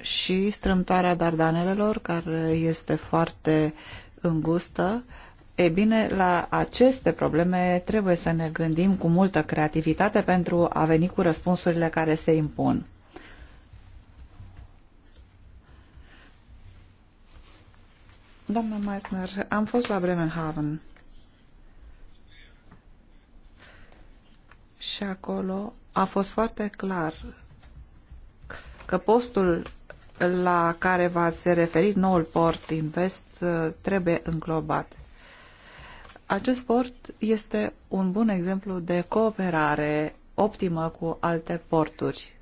și strâmtoarea Dardanelelor, care este foarte îngustă, uh, E bine, la aceste probleme trebuie să ne gândim cu multă creativitate pentru a veni cu răspunsurile care se impun. Doamna Meissner, am fost la Bremenhaven și acolo a fost foarte clar că postul la care v-ați referit, noul port invest, trebuie înglobat. Acest port este un bun exemplu de cooperare optimă cu alte porturi.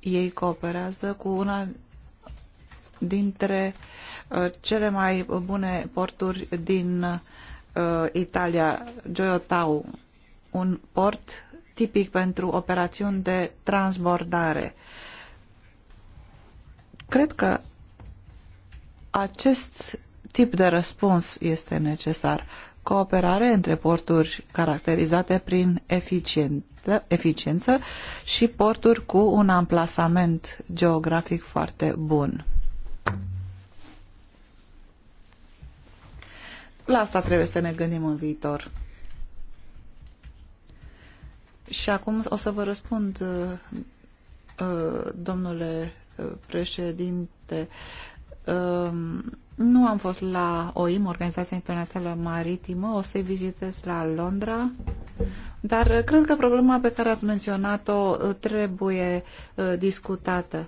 Ei cooperează cu una dintre uh, cele mai bune porturi din uh, Italia, Gioiotau, un port tipic pentru operațiuni de transbordare. Cred că acest tip de răspuns este necesar. Cooperare între porturi caracterizate prin eficientă, eficiență și porturi cu un amplasament geografic foarte bun. La asta trebuie să ne gândim în viitor. Și acum o să vă răspund, uh, uh, domnule uh, președinte, Ehm, nu am fost la OIM, Organizația Internațională Maritimă, o să-i vizitez la Londra, dar eh, cred că problema pe care ați menționat-o eh, trebuie eh, discutată.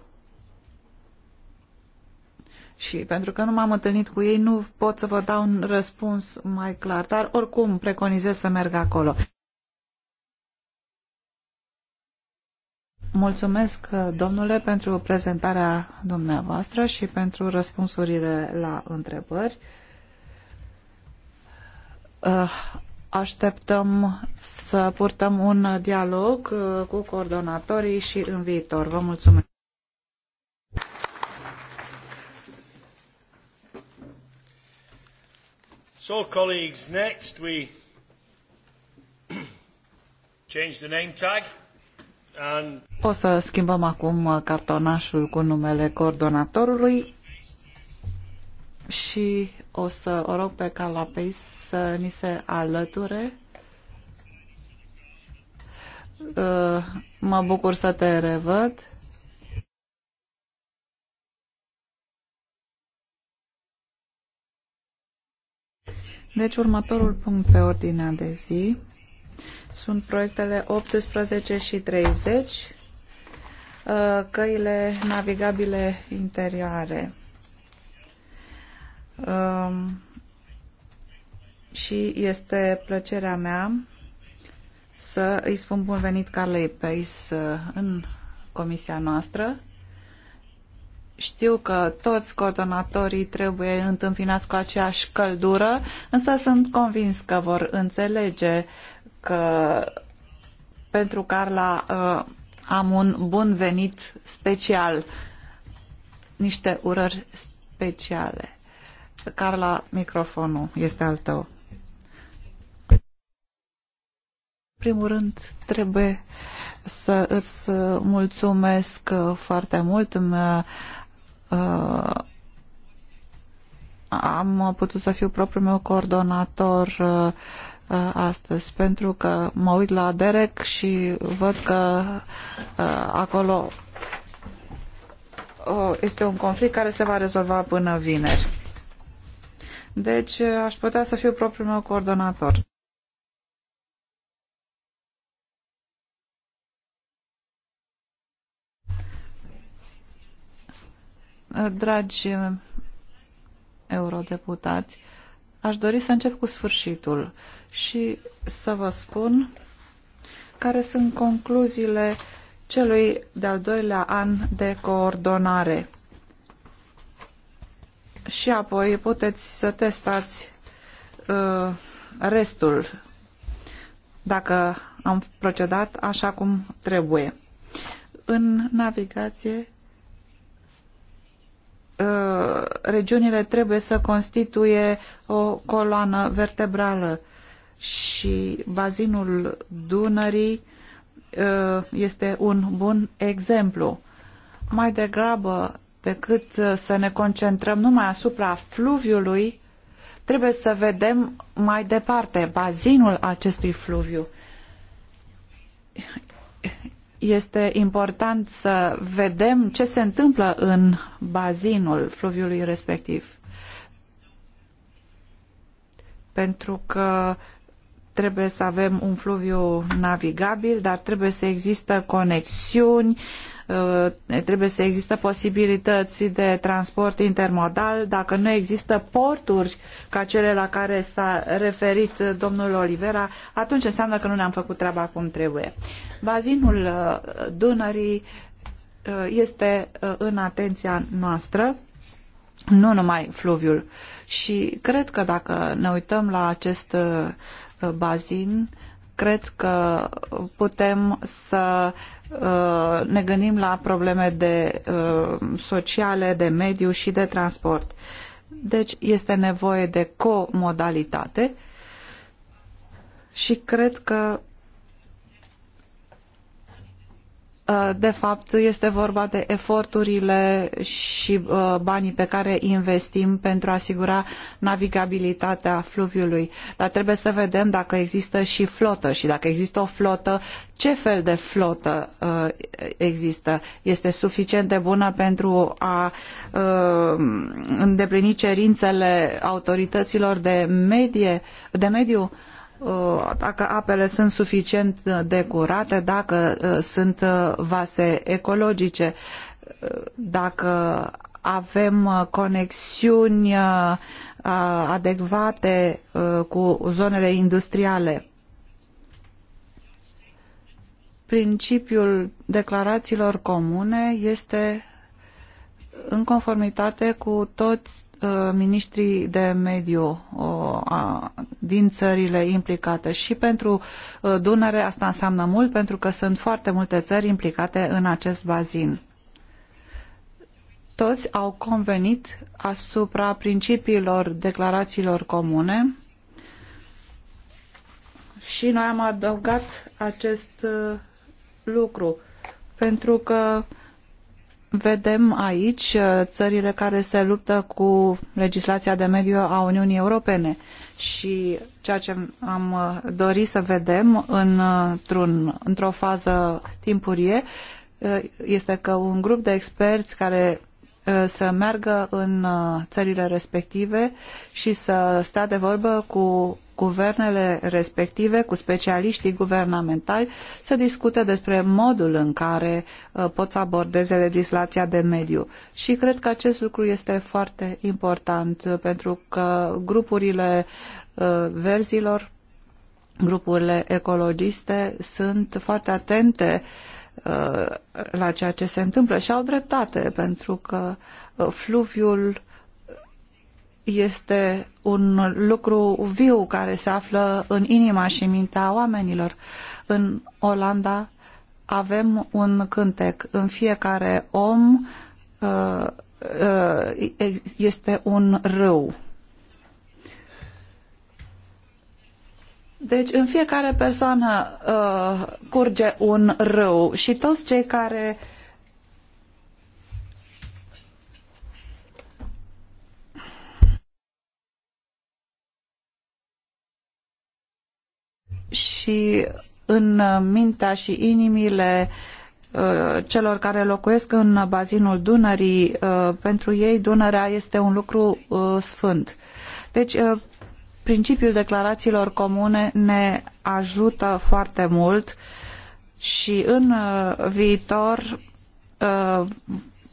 Și pentru că nu m-am întâlnit cu ei, nu pot să vă dau un răspuns mai clar, dar oricum preconizez să merg acolo. Mulțumesc, domnule, pentru prezentarea dumneavoastră și pentru răspunsurile la întrebări. Uh, așteptăm să purtăm un dialog uh, cu coordonatorii și în viitor. Vă mulțumesc. So, colleagues, next we change the name tag. O să schimbăm acum cartonașul cu numele coordonatorului și o să o rog pe Carla să ni se alăture. Uh, mă bucur să te revăd. Deci următorul punct pe ordinea de zi sunt proiectele 18 și 30, uh, căile navigabile interioare um, și este plăcerea mea să îi spun bun venit Carlei Peis uh, în comisia noastră. Știu că toți coordonatorii trebuie întâmpinați cu aceeași căldură, însă sunt convins că vor înțelege că pentru Carla uh, am un bun venit special, niște urări speciale. Carla, microfonul este al tău. primul rând trebuie să îți mulțumesc uh, foarte mult. Uh, am putut să fiu propriul meu coordonator Uh, astăzi, pentru că mă uit la Derek și văd că uh, acolo uh, este un conflict care se va rezolva până vineri. Deci aș putea să fiu propriul meu coordonator. Dragi eurodeputați, Aș dori să încep cu sfârșitul și să vă spun care sunt concluziile celui de-al doilea an de coordonare. Și apoi puteți să testați uh, restul dacă am procedat așa cum trebuie. În navigație Uh, regiunile trebuie să constituie o coloană vertebrală și bazinul Dunării uh, este un bun exemplu. Mai degrabă decât uh, să ne concentrăm numai asupra fluviului, trebuie să vedem mai departe bazinul acestui fluviu este important să vedem ce se întâmplă în bazinul fluviului respectiv. Pentru că trebuie să avem un fluviu navigabil, dar trebuie să existe conexiuni uh, Uh, trebuie să existe posibilități de transport intermodal. Dacă nu există porturi ca cele la care s-a referit domnul Olivera, atunci înseamnă că nu ne-am făcut treaba cum trebuie. Bazinul uh, Dunării uh, este în atenția noastră nu numai fluviul. Și cred că dacă ne uităm la acest bazin, cred că putem să uh, ne gândim la probleme de uh, sociale, de mediu și de transport. Deci este nevoie de comodalitate și cred că Uh, de fapt, este vorba de eforturile și uh, banii pe care îi investim pentru a asigura navigabilitatea fluviului. Dar trebuie să vedem dacă există și flotă și dacă există o flotă, ce fel de flotă uh, există. Este suficient de bună pentru a îndeplini cerințele autorităților de, medie, de mediu? Uh, dacă apele sunt suficient uh, de curate, dacă uh, sunt vase ecologice, dacă avem conexiuni adecvate cu zonele industriale. Principiul declarațiilor comune este în conformitate cu toți Uh, miniștrii de mediu uh, din țările implicate și pentru uh, Dunăre asta înseamnă mult pentru că sunt foarte multe țări implicate în acest bazin. Toți au convenit asupra principiilor declarațiilor comune și noi am adăugat acest lucru pentru că uh, vedem aici uh, țările care se luptă cu legislația de mediu a Uniunii Europene și ceea ce am uh, dorit să vedem într-un, într-o fază timpurie uh, este că un grup de experți care să meargă în țările respective și să stea de vorbă cu guvernele respective, cu specialiștii guvernamentali, să discute despre modul în care uh, pot să abordeze legislația de mediu. Și cred că acest lucru este foarte important uh, pentru că grupurile uh, verzilor, grupurile ecologiste sunt foarte atente uh, la ceea ce se întâmplă și au dreptate pentru că uh, fluviul este un lucru viu care se află în inima și mintea oamenilor. În Olanda avem un cântec. În fiecare om uh, uh, este un râu. Deci în fiecare persoană uh, curge un râu și toți cei care și în mintea și inimile uh, celor care locuiesc în bazinul Dunării, uh, pentru ei Dunărea este un lucru uh, sfânt. Deci, principiul declarațiilor comune ne ajută foarte mult și în viitor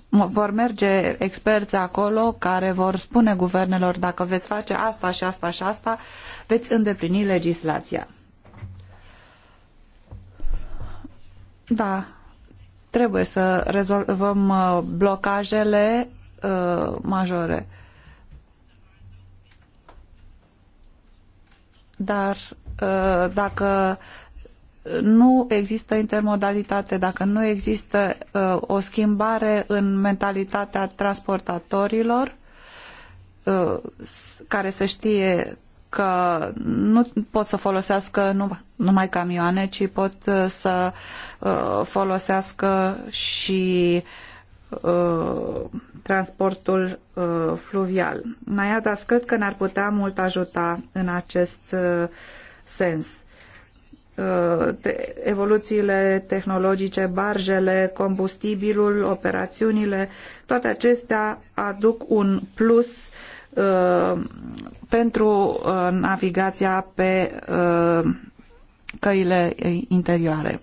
vor merge experți acolo care vor spune guvernelor dacă veți face asta și asta și asta, veți îndeplini legislația. Da, trebuie să rezolvăm uh, blocajele uh, majore. Dar uh, dacă nu există intermodalitate, dacă nu există uh, o schimbare în mentalitatea transportatorilor, uh, care să știe că nu pot să folosească numai camioane, ci pot uh, să uh, folosească și uh, transportul fluvial. Naiadas, cred că ne-ar putea mult ajuta în acest sens. evoluțiile tehnologice, barjele, combustibilul, operațiunile, toate acestea aduc un plus pentru uh, navigația pe uh, căile interioare.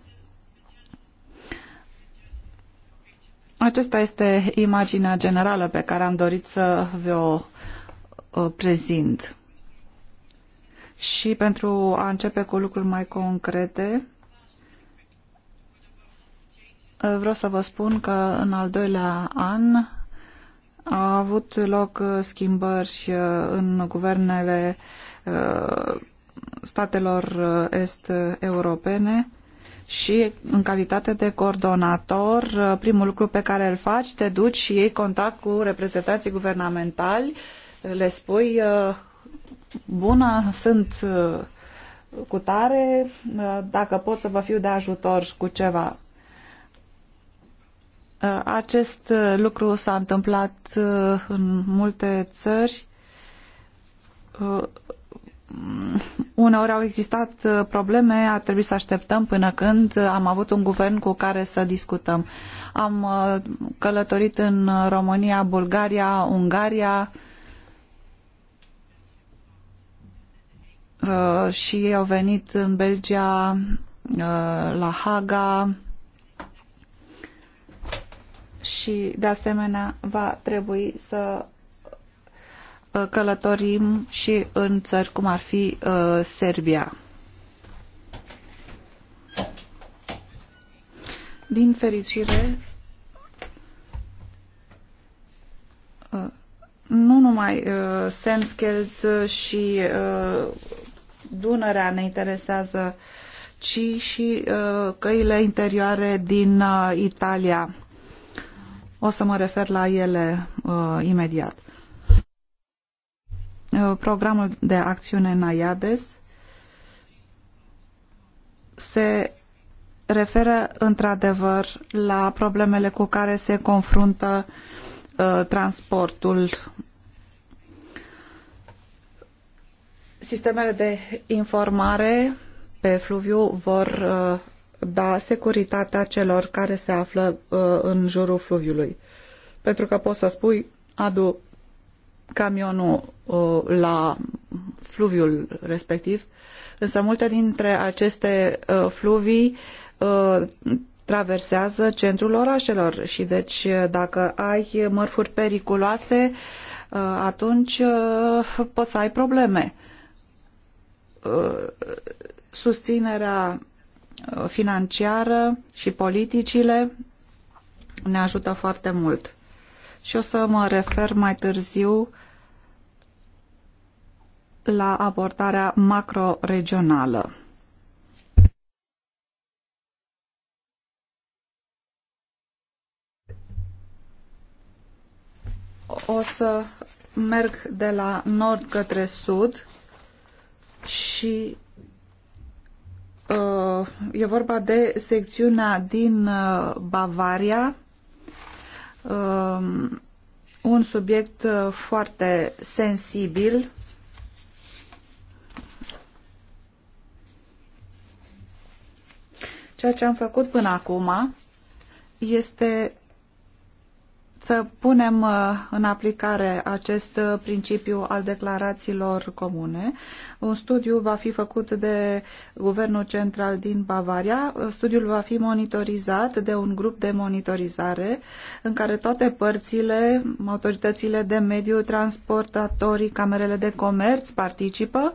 Acesta este imaginea generală pe care am dorit să vă o uh, prezint. Și pentru a începe cu lucruri mai concrete, vreau să vă spun că în al doilea an a avut loc uh, schimbări uh, în guvernele uh, statelor est-europene și în calitate de coordonator, primul lucru pe care îl faci, te duci și iei contact cu reprezentanții guvernamentali, le spui bună, sunt cu tare, dacă pot să vă fiu de ajutor cu ceva. Uh, acest uh, lucru s-a întâmplat uh, în multe țări. Mm, uneori au existat probleme, a trebuit să așteptăm până când am avut un guvern cu care să discutăm. Am călătorit în România, Bulgaria, Ungaria și au venit în Belgia, la Haga, și de asemenea va trebui să uh, călătorim și în țări cum ar fi uh, Serbia. Din fericire, uh, nu numai uh, Senskeld și uh, Dunărea ne interesează, ci și uh, căile interioare din uh, Italia o să mă refer la ele uh, imediat. Uh, programul de acțiune NAIADES se referă într-adevăr la problemele cu care se confruntă uh, transportul sistemele de informare pe fluviu vor uh, da securitatea celor care se află uh, în jurul fluviului. Pentru că poți să spui, adu camionul uh, la fluviul respectiv, însă multe dintre aceste uh, fluvii traversează centrul orașelor și deci dacă ai mărfuri periculoase, atunci poți să ai probleme. Susținerea financiară și politicile ne ajută foarte mult. Și o să mă refer mai târziu la abordarea macroregională. O să merg de la nord către sud și Uh, e vorba de secțiunea din uh, Bavaria, um, un subiect uh, foarte sensibil. Ceea ce am făcut până acum este să punem uh, în aplicare acest uh, principiu al declarațiilor comune. Un studiu va fi făcut de Guvernul Central din Bavaria. Studiul va fi monitorizat de un grup de monitorizare în care toate părțile, autoritățile de mediu, transportatorii, camerele de comerț participă.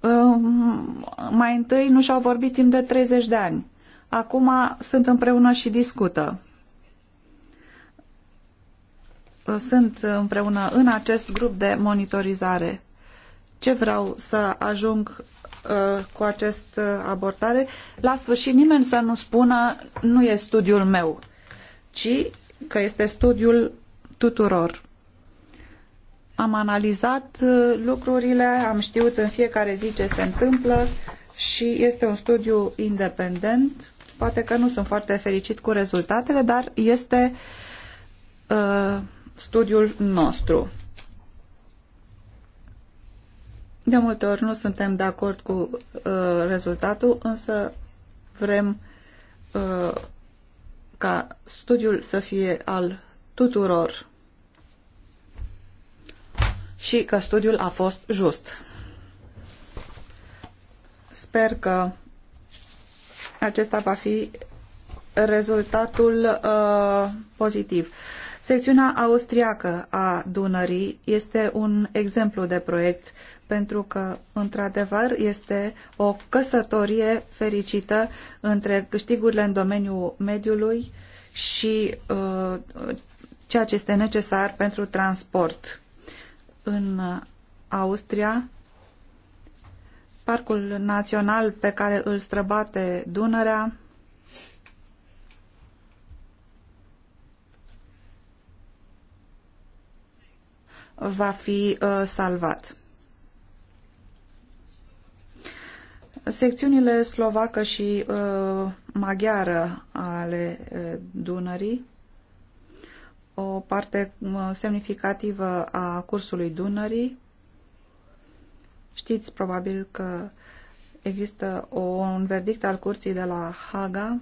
Um, mai întâi nu și-au vorbit timp de 30 de ani acum sunt împreună și discută. Sunt împreună în acest grup de monitorizare. Ce vreau să ajung uh, cu acest abordare? La sfârșit nimeni să nu spună nu e studiul meu, ci că este studiul tuturor. Am analizat uh, lucrurile, am știut în fiecare zi ce se întâmplă și este un studiu independent Poate că nu sunt foarte fericit cu rezultatele, dar este uh, studiul nostru. De multe ori nu suntem de acord cu uh, rezultatul, însă vrem uh, ca studiul să fie al tuturor și că studiul a fost just. Sper că acesta va fi rezultatul uh, pozitiv. Secțiunea austriacă a Dunării este un exemplu de proiect pentru că, într-adevăr, este o căsătorie fericită între câștigurile în domeniul mediului și uh, ceea ce este necesar pentru transport. În Austria parcul național pe care îl străbate Dunărea, va fi uh, salvat. Secțiunile slovacă și uh, maghiară ale uh, Dunării, o parte uh, semnificativă a cursului Dunării, Știți probabil că există un verdict al curții de la Haga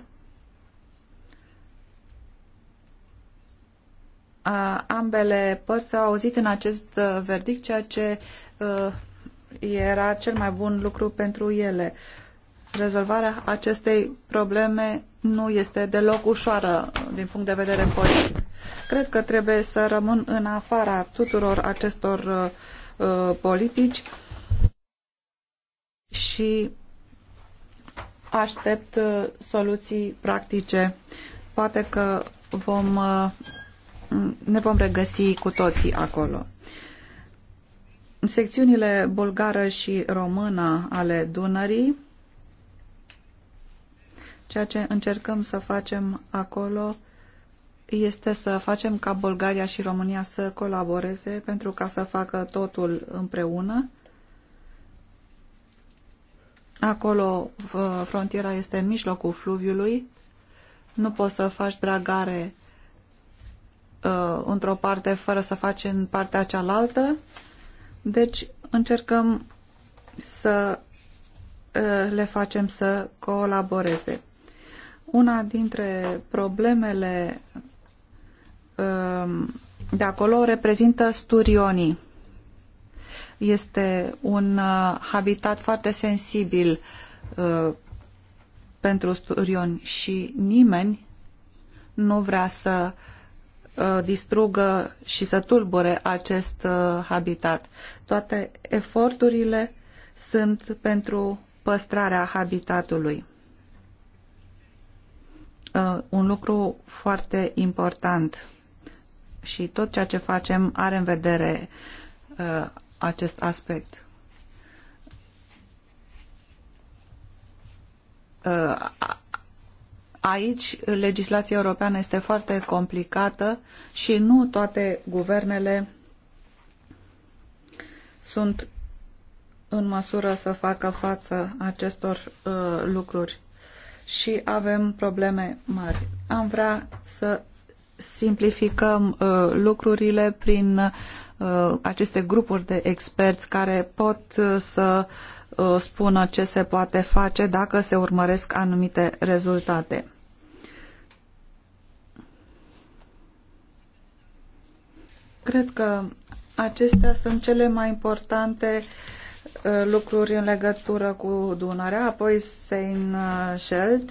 ambele părți au auzit în acest uh, verdict, ceea ce uh, era cel mai bun lucru pentru ele. Rezolvarea acestei probleme nu este deloc ușoară din punct de vedere politic. Cred că trebuie să rămân în afara tuturor acestor uh, uh politici și aștept uh, soluții practice. Poate că vom, uh, ne vom regăsi cu toții acolo. Secțiunile bulgară și română ale Dunării, ceea ce încercăm să facem acolo este să facem ca Bulgaria și România să colaboreze pentru ca să facă totul împreună Acolo frontiera este în mijlocul fluviului, nu poți să faci dragare uh, într-o parte fără să faci în partea cealaltă. Deci încercăm să uh, le facem să colaboreze. Una dintre problemele uh, de acolo reprezintă sturionii. Este un uh, habitat foarte sensibil uh, pentru sturioni și nimeni nu vrea să uh, distrugă și să tulbure acest habitat. Toate eforturile sunt pentru păstrarea habitatului. Un lucru foarte important și tot ceea ce facem are în vedere acest aspect. Uh, aici legislația europeană este foarte complicată și nu toate guvernele sunt în măsură să facă față acestor uh, lucruri și avem probleme mari. Am vrea să simplificăm uh, lucrurile prin Uh, aceste grupuri de experți care pot uh, să uh, spună ce se poate face dacă se urmăresc anumite rezultate. Cred că acestea sunt cele mai importante lucruri în legătură cu Dunărea, apoi Seine-Scheldt.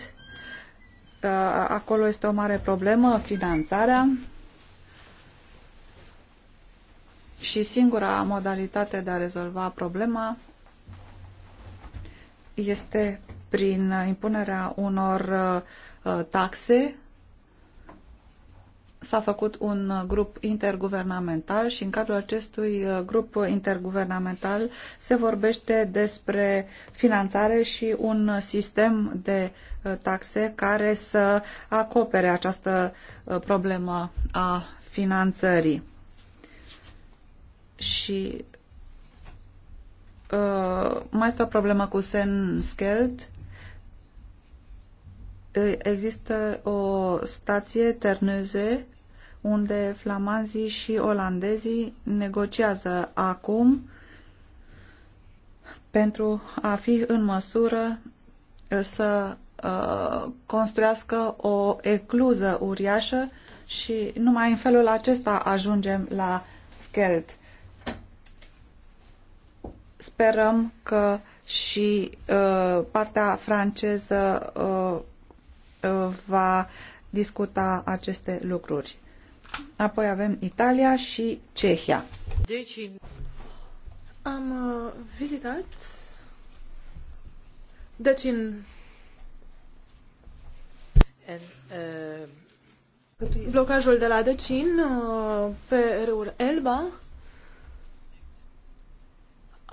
Acolo este o mare problemă, finanțarea. și singura modalitate de a rezolva problema este prin impunerea unor uh, taxe. S-a făcut un grup interguvernamental și în cadrul acestui uh, grup interguvernamental se vorbește despre finanțare și un sistem de uh, taxe care să acopere această problemă a finanțării și uh, mai este o problemă cu Sen Senskeld. Uh, există o stație Terneuze unde flamanzii și olandezii negociază acum pentru a fi în măsură uh, să uh, construiască o ecluză uriașă și numai în felul acesta ajungem la Skelt. Sperăm că și uh, partea franceză uh, uh, va discuta aceste lucruri. Apoi avem Italia și Cehia. Deci, am uh, vizitat deci în uh, blocajul de la Decin uh, pe râul Elba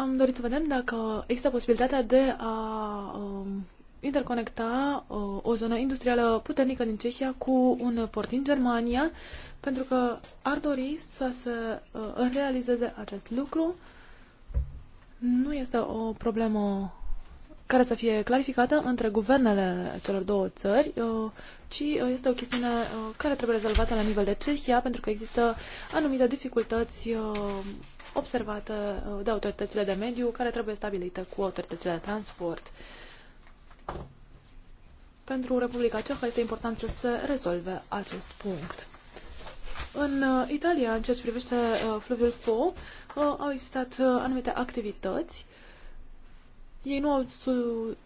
am dorit să vedem dacă există posibilitatea de a uh, interconecta uh, o zonă industrială puternică din Cehia cu un port din Germania, pentru că ar dori să se uh, realizeze acest lucru. Nu este o problemă care să fie clarificată între guvernele celor două țări, uh, ci uh, este o chestiune uh, care trebuie rezolvată la nivel de Cehia, pentru că există anumite dificultăți observată uh, de autoritățile de mediu, care trebuie stabilită cu autoritățile de transport. Pentru Republica Cehă este important să se rezolve acest punct. În uh, Italia, în ceea ce privește uh, fluviul Po, au existat anumite activități. Ei nu au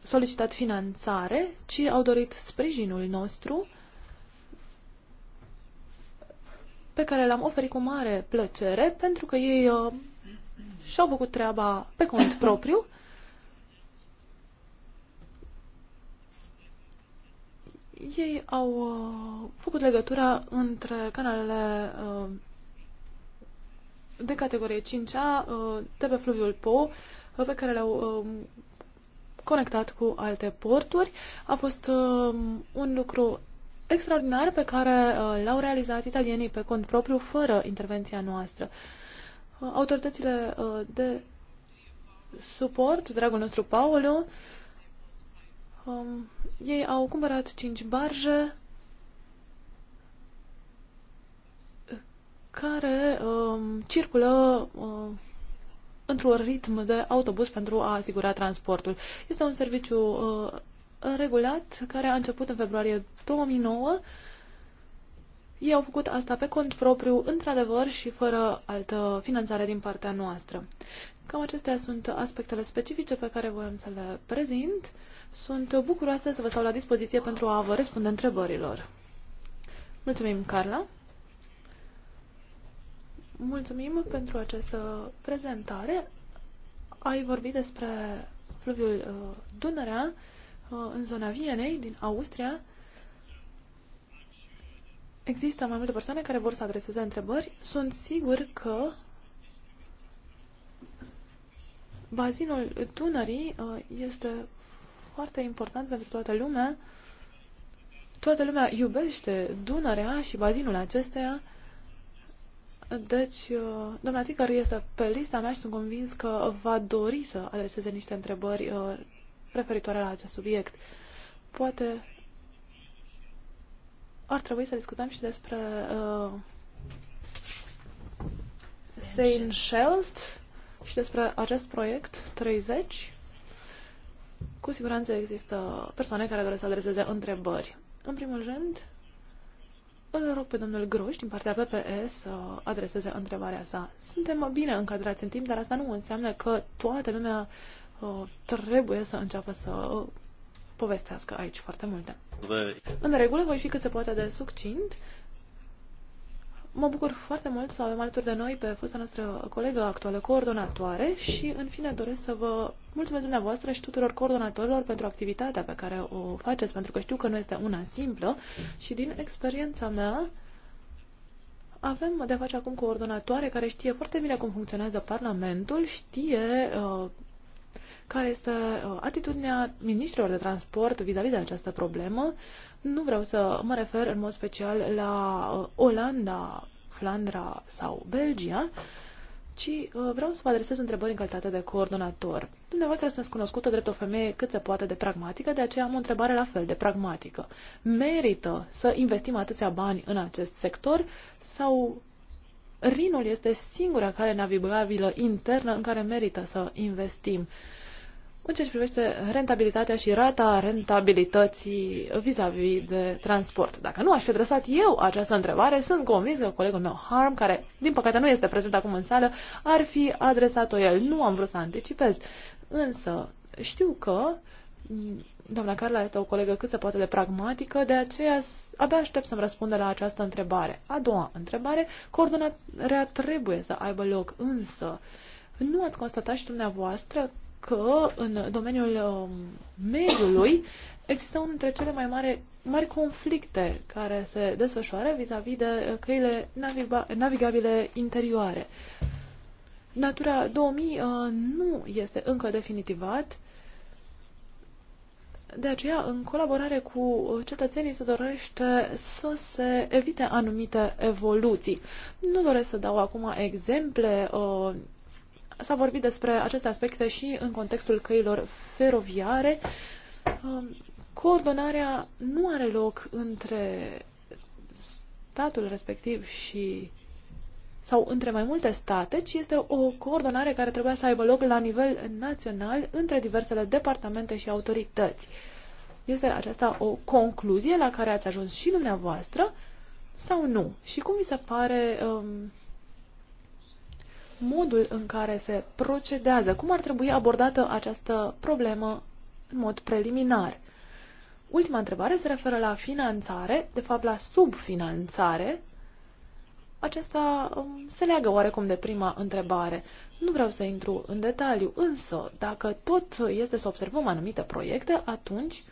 solicitat finanțare, ci au dorit sprijinul nostru pe care l-am oferit cu mare plăcere, pentru că ei uh, și-au făcut treaba pe cont propriu. Ei au uh, făcut legătura între canalele uh, de categorie 5A uh, de pe fluviul Po, uh, pe care le-au um, conectat cu alte porturi. A fost um, un lucru extraordinar pe care uh, l-au realizat italienii pe cont propriu, fără intervenția noastră. Uh, autoritățile uh, de suport, dragul nostru Paolo, um, ei au cumpărat cinci barje care um, circulă într-un ritm de autobuz pentru a asigura transportul. Este un serviciu uh, regulat care a început în februarie 2009. Ei au făcut asta pe cont propriu, într-adevăr, și fără altă finanțare din partea noastră. Cam acestea sunt aspectele specifice pe care voiam să le prezint. Sunt bucuroasă să vă stau la dispoziție pentru a vă răspunde întrebărilor. Mulțumim, Carla! Mulțumim pentru această prezentare. Ai vorbit despre fluviul uh, Dunărea Uh, în zona Vienei, din Austria, există mai multe persoane care vor să adreseze întrebări. Sunt sigur că bazinul Dunării uh, este foarte important pentru toată lumea. Toată lumea iubește Dunărea și bazinul acesteia. Deci, uh, domnul Ticăr este pe lista mea și sunt convins că va dori să adreseze niște întrebări referitoare la acest subiect. Poate ar trebui să discutăm și despre uh, Shelt și despre acest proiect 30. Cu siguranță există persoane care doresc să adreseze întrebări. În primul rând, îl rog pe domnul Groș din partea PPE să adreseze întrebarea sa. Suntem bine încadrați în timp, dar asta nu înseamnă că toată lumea Uh, trebuie să înceapă să uh, povestească aici foarte multe. În regulă, voi fi cât se poate de succint. Mă bucur foarte mult să avem alături de noi pe fosta noastră colegă actuală coordonatoare și, în fine, doresc să vă mulțumesc dumneavoastră și tuturor coordonatorilor pentru activitatea pe care o faceți, pentru că știu că nu este una simplă și, din experiența mea, avem de face acum coordonatoare care știe foarte bine cum funcționează Parlamentul, știe uh, care este uh, atitudinea ministrilor de transport vis-a-vis -vis de această problemă. Nu vreau să mă refer în mod special la uh, Olanda, Flandra sau Belgia, ci uh, vreau să vă adresez întrebări în calitate de coordonator. Dumneavoastră sunteți cunoscută drept o femeie cât se poate de pragmatică, de aceea am o întrebare la fel de pragmatică. Merită să investim atâția bani în acest sector sau Rinul este singura care navigabilă internă în care merită să investim? în ceea ce privește rentabilitatea și rata rentabilității vis-a-vis -vis de transport. Dacă nu aș fi adresat eu această întrebare, sunt convins că colegul meu Harm, care din păcate nu este prezent acum în sală, ar fi adresat-o el. Nu am vrut să anticipez, însă știu că mm, doamna Carla este o colegă cât se poate de pragmatică, de aceea abia aștept să-mi răspundă la această întrebare. A doua întrebare, coordonarea trebuie să aibă loc, însă nu ați constatat și dumneavoastră că în domeniul um, mediului există unul dintre cele mai mare, mari conflicte care se desfășoară vis-a-vis -vis de uh, căile navigabile interioare. Natura 2000 uh, nu este încă definitivat, de aceea, în colaborare cu cetățenii, se dorește să se evite anumite evoluții. Nu doresc să dau acum exemple uh, S-a vorbit despre aceste aspecte și în contextul căilor feroviare. Um, coordonarea nu are loc între statul respectiv și sau între mai multe state, ci este o coordonare care trebuia să aibă loc la nivel național între diversele departamente și autorități. Este aceasta o concluzie la care ați ajuns și dumneavoastră sau nu? Și cum vi se pare um, modul în care se procedează, cum ar trebui abordată această problemă în mod preliminar. Ultima întrebare se referă la finanțare, de fapt la subfinanțare. Aceasta um, se leagă oarecum de prima întrebare. Nu vreau să intru în detaliu, însă dacă tot este să observăm anumite proiecte, atunci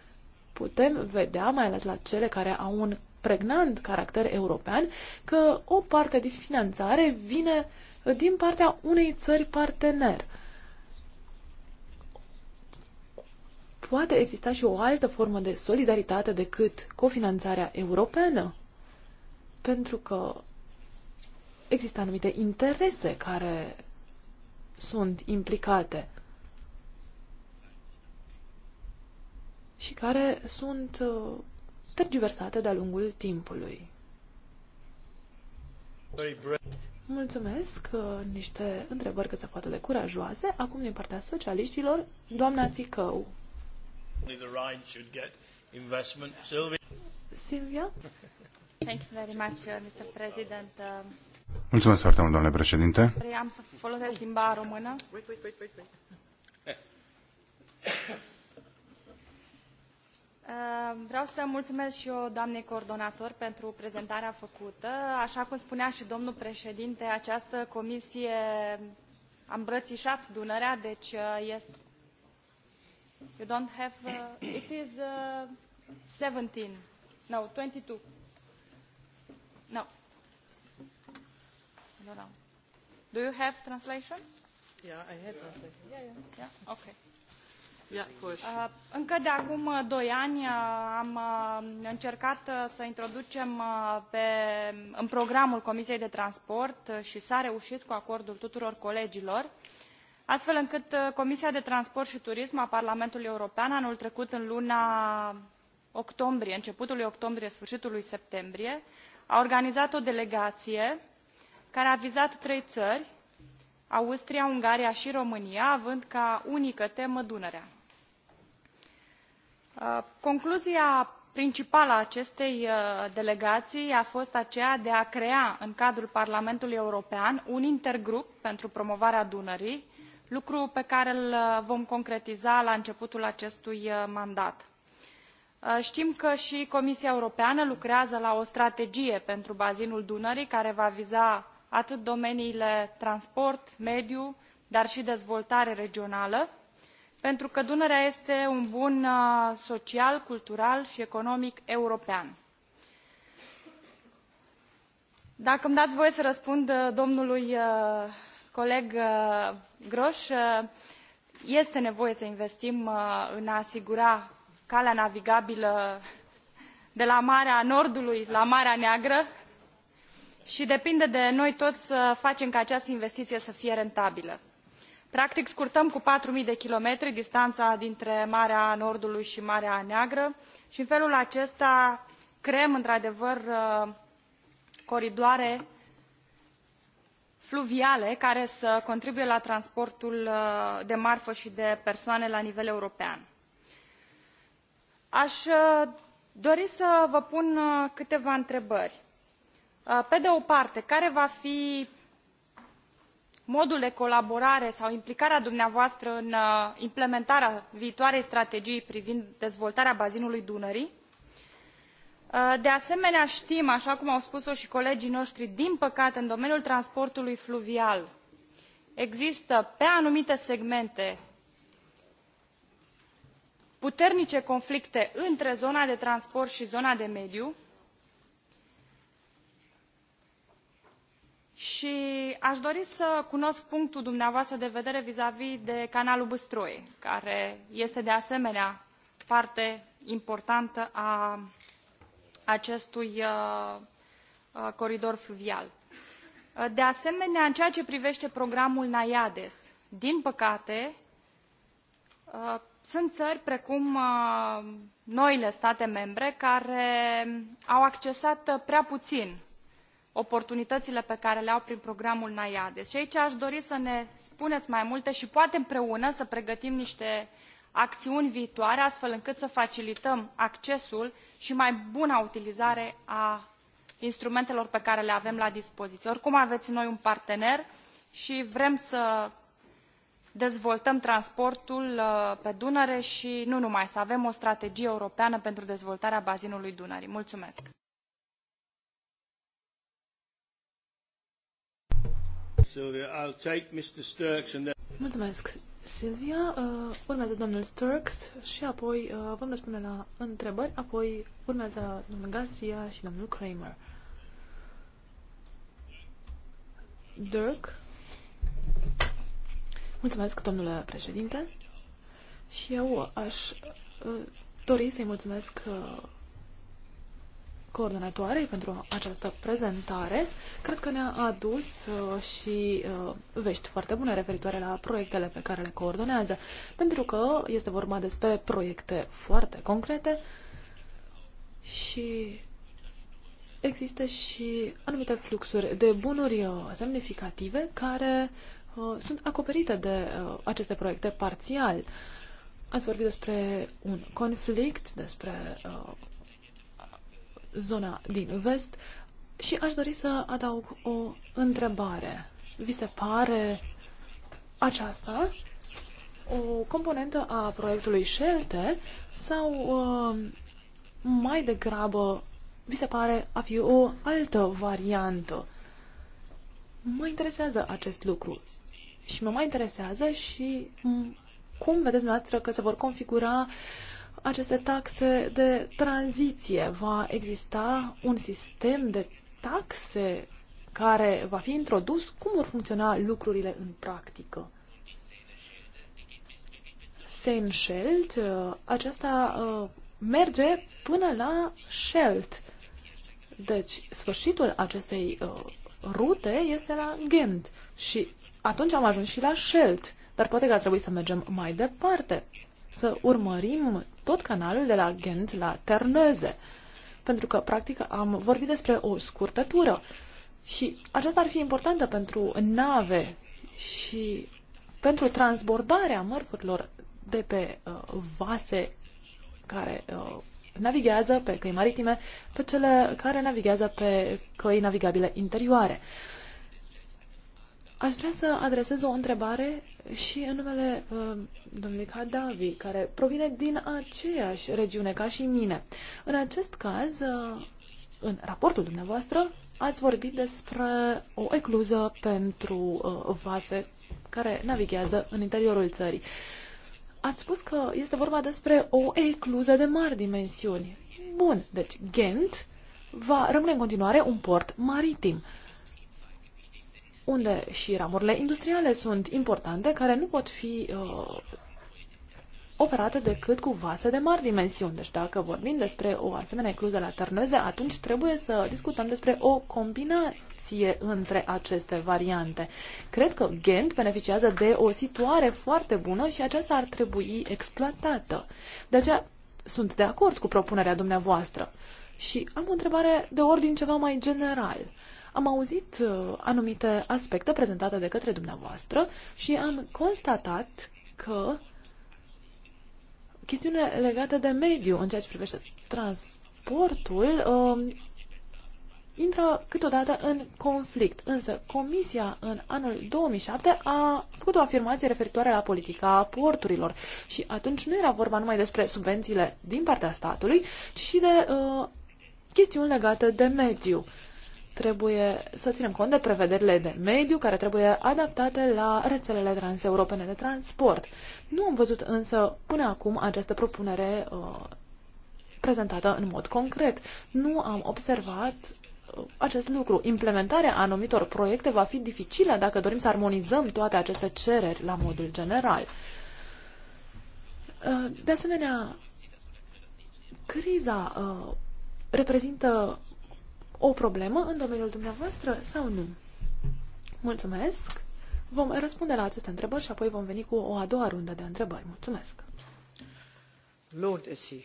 putem vedea, mai ales la cele care au un pregnant caracter european, că o parte din finanțare vine uh, din partea unei țări partener. Poate exista și o altă formă de solidaritate decât cofinanțarea europeană? Pentru că există anumite interese care sunt implicate și care sunt uh, tergiversate de-a lungul timpului. Mulțumesc. Uh, niște întrebări cât se poate de curajoase. Acum, din partea socialiștilor, doamna Țicău. Silvia? Thank you very much, uh, Mr. President. Uh, Mulțumesc foarte mult, domnule președinte. Am să folosesc limba română. Wait, wait, wait, wait, wait. Uh, vreau să mulțumesc și eu, doamnei coordonator, pentru prezentarea făcută. Așa cum spunea și domnul președinte, această comisie a îmbrățișat Dunărea, deci uh, este... You don't have... Uh, it is uh, 17. No, 22. No. No, no. Do you have translation? Yeah, I have. translation. Yeah, yeah. Yeah, okay. Uh, încă de acum uh, doi ani uh, am încercat să introducem pe, în programul Comisiei de Transport și s-a reușit cu acordul tuturor colegilor, astfel încât Comisia de Transport și Turism a Parlamentului European anul trecut în luna octombrie, începutul lui octombrie, sfârșitul lui septembrie, a organizat o delegație care a vizat trei țări, Austria, Ungaria și România, având ca unică temă Dunărea. Uh, concluzia principală a acestei uh, delegații a fost aceea de a crea în cadrul Parlamentului European un intergrup pentru promovarea Dunării, lucru pe care îl uh, vom concretiza la începutul acestui mandat. Știm că și Comisia Europeană lucrează la o strategie pentru bazinul Dunării, care va viza atât domeniile transport, mediu, dar și dezvoltare regională pentru că dunărea este un bun uh, social cultural i economic european. dacă îmi dai voie să răspund uh, domnului uh, coleg grosch este nevoie să investim în a asigura calea navigabilă de la marea nordului la marea neagră i depinde de noi toi să facem ca această investiie să fie rentabilă practic scurtăm cu patru zero de kilometri distana dintre marea nordului i marea neagră i în felul acesta creăm într adevăr uh, coridoare fluviale care să contribuie la transportul uh, de marfă i de persoane la nivel european. a uh, dori să vă pun câteva întrebări pe de o parte care va fi modul de colaborare sau implicarea dumneavoastră în uh, implementarea viitoarei strategii privind dezvoltarea bazinului dunării. Uh, de asemenea tim aa cum au spus o i colegii notri din păcate în domeniul transportului fluvial există pe anumite segmente puternice conflicte între zona de transport i zona de mediu și aș dori să cunosc punctul dumneavoastră de vedere vizavi de canalul Băstroi, care este de asemenea parte importantă a acestui uh, uh, coridor fluvial. Uh, de asemenea, în ceea ce privește programul Naiades, din păcate, sunt țări precum noile state membre care au accesat prea puțin oportunităile pe care le au prin programul naiades i aici a dori să ne spunei mai multe i poate împreună să pregătim nite aciuni viitoare astfel încât să facilităm accesul i mai buna utilizare a instrumentelor pe care le avem la dispoziie. oricum avei în noi un partener i vrem să dezvoltăm transportul uh, pe dunăre i nu numai să avem o strategie europeană pentru dezvoltarea bazinului dunării. mulumesc. Mulțumesc, Silvia. Uh, urmează domnul Sturks și apoi uh, vom răspunde la întrebări, apoi urmează domnul Garcia și domnul Kramer. Dirk. Mulțumesc, domnule președinte. Și eu aș uh, dori să-i mulțumesc coordonatoarei pentru această prezentare. Cred că ne-a adus uh, și uh, vești foarte bune referitoare la proiectele pe care le coordonează, pentru că este vorba despre proiecte foarte concrete și există și anumite fluxuri de bunuri uh, semnificative care uh, sunt acoperite de uh, aceste proiecte parțial. Ați vorbit despre un conflict, despre uh, zona din vest și aș dori să adaug o întrebare. Vi se pare aceasta o componentă a proiectului Shelte sau uh, mai degrabă vi se pare a fi o altă variantă? Mă interesează acest lucru și mă mai interesează și cum vedeți dumneavoastră că se vor configura uh, aceste taxe de tranziție. Va exista un sistem de taxe care va fi introdus? Cum vor funcționa lucrurile în practică? Seinscheld, aceasta uh, merge până la Schelt. Deci, sfârșitul acestei uh, rute este la Ghent și atunci am ajuns și la Schelt, dar poate că ar trebui să mergem mai departe să urmărim tot canalul de la Ghent la Terneuze, pentru că, practic, am vorbit despre o scurtătură și aceasta ar fi importantă pentru nave și pentru transbordarea mărfurilor de pe uh, vase care uh, navighează pe căi maritime, pe cele care navighează pe căi navigabile interioare. Uh, Aș vrea să adresez o întrebare și în numele uh, domnului Cadavi, care provine din aceeași regiune ca și mine. În acest caz, uh, în raportul dumneavoastră, ați vorbit despre o ecluză pentru uh, vase care navighează în interiorul țării. Ați spus că este vorba despre o ecluză de mari dimensiuni. Bun, deci Ghent va rămâne în continuare un port maritim. Uh, unde și ramurile industriale sunt importante, care nu pot fi uh, operate decât cu vase de mari dimensiuni. Deci dacă vorbim despre o asemenea ecluză la Terneze, atunci trebuie să discutăm despre o combinație între aceste variante. Cred că Ghent beneficiază de o situare foarte bună și aceasta ar trebui exploatată. De aceea sunt de acord cu propunerea dumneavoastră. Și am o întrebare de ordin ceva mai general am auzit uh, anumite aspecte prezentate de către dumneavoastră și am constatat că chestiune legată de mediu în ceea ce privește transportul uh, intră câteodată în conflict. Însă Comisia în anul 2007 a făcut o afirmație referitoare la politica porturilor și atunci nu era vorba numai despre subvențiile din partea statului, ci și de uh, chestiuni legate de mediu. Trebuie să ținem cont de prevederile de mediu care trebuie adaptate la rețelele transeuropene de transport. Nu am văzut însă până acum această propunere uh, prezentată în mod concret. Nu am observat uh, acest lucru. Implementarea anumitor proiecte va fi dificilă dacă dorim să armonizăm toate aceste cereri la modul general. Uh, de asemenea, criza uh, reprezintă o problemă în domeniul dumneavoastră sau nu? Mulțumesc! Vom răspunde la aceste întrebări și apoi vom veni cu o a doua rundă de întrebări. Mulțumesc! Lohnt es sich.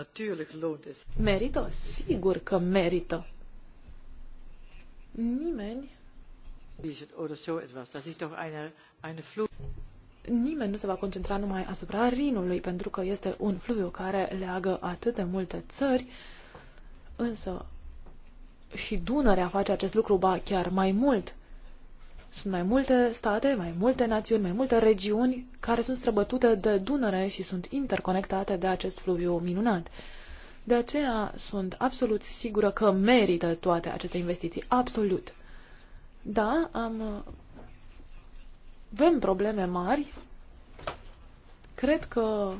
Natürlich lohnt es. Merită? Sigur că merită. Nimeni oder oh, so etwas. Das ist doch eine, eine flu. nimeni nu se va concentra numai asupra Rinului, pentru că este un fluviu care leagă atât de multe țări Însă și Dunărea face acest lucru, ba chiar mai mult. Sunt mai multe state, mai multe națiuni, mai multe regiuni care sunt străbătute de Dunăre și sunt interconectate de acest fluviu minunat. De aceea sunt absolut sigură că merită toate aceste investiții, absolut. Da, am... avem probleme mari. Cred că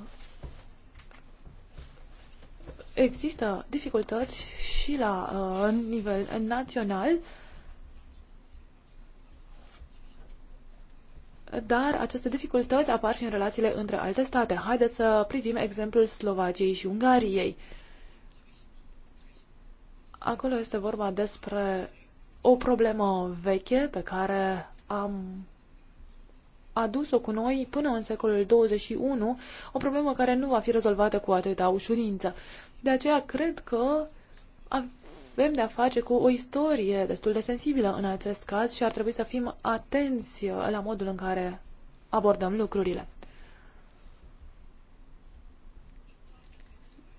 există dificultăți și la uh, nivel național, dar aceste dificultăți apar și în relațiile între alte state. Haideți să privim exemplul Slovaciei și Ungariei. Acolo este vorba despre o problemă veche pe care am adus-o cu noi până în secolul 21, o problemă care nu va fi rezolvată cu atâta ușurință. De aceea cred că avem de-a face cu o istorie destul de sensibilă în acest caz și ar trebui să fim atenți la modul în care abordăm lucrurile.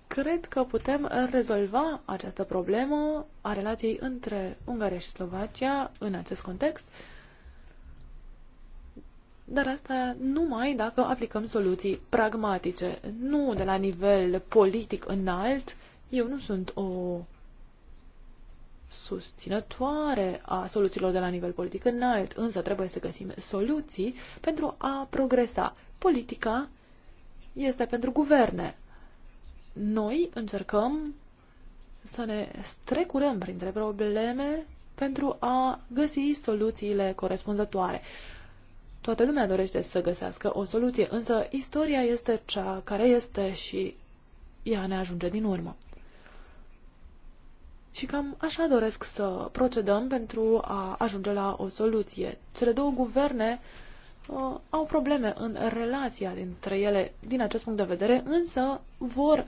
Cred că putem rezolva această problemă a relației între Ungaria și Slovacia în acest context dar asta numai dacă aplicăm soluții pragmatice, nu de la nivel politic înalt. Eu nu sunt o susținătoare a soluțiilor de la nivel politic înalt, însă trebuie să găsim soluții pentru a progresa. Politica este pentru guverne. Noi încercăm să ne strecurăm printre probleme pentru a găsi soluțiile corespunzătoare. Toată lumea dorește să găsească o soluție, însă istoria este cea care este și ea ne ajunge din urmă. Și cam așa doresc să procedăm pentru a ajunge la o soluție. Cele două guverne uh, au probleme în relația dintre ele din acest punct de vedere, însă vor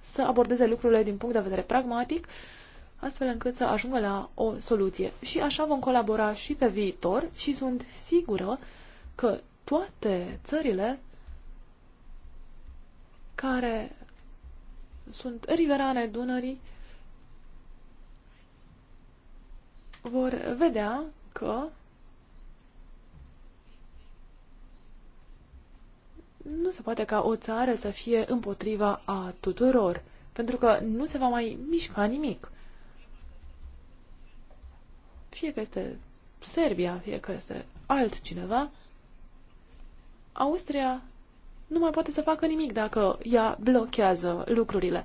să abordeze lucrurile din punct de vedere pragmatic astfel încât să ajungă la o soluție. Și așa vom colabora și pe viitor și sunt sigură că toate țările care sunt riverane Dunării vor vedea că nu se poate ca o țară să fie împotriva a tuturor, pentru că nu se va mai mișca nimic fie că este Serbia, fie că este altcineva, Austria nu mai poate să facă nimic dacă ea blochează lucrurile.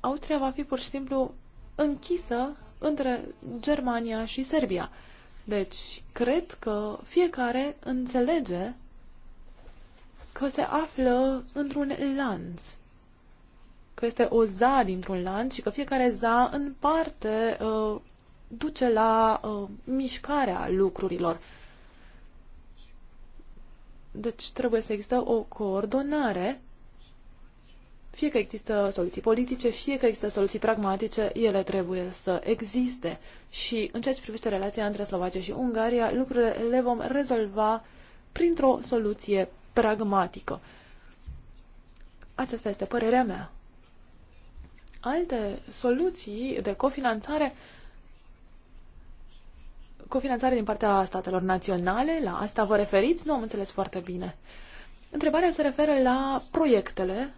Austria va fi pur și simplu închisă între Germania și Serbia. Deci, cred că fiecare înțelege că se află într-un lanț că este o za dintr-un lanț și că fiecare za în parte uh, duce la uh, mișcarea lucrurilor. Deci trebuie să există o coordonare, fie că există soluții politice, fie că există soluții pragmatice, ele trebuie să existe. Și în ceea ce privește relația între Slovacia și Ungaria, lucrurile le vom rezolva printr-o soluție pragmatică. Aceasta este părerea mea alte soluții de cofinanțare cofinanțare din partea statelor naționale, la asta vă referiți? Nu am înțeles foarte bine. Întrebarea se referă la proiectele,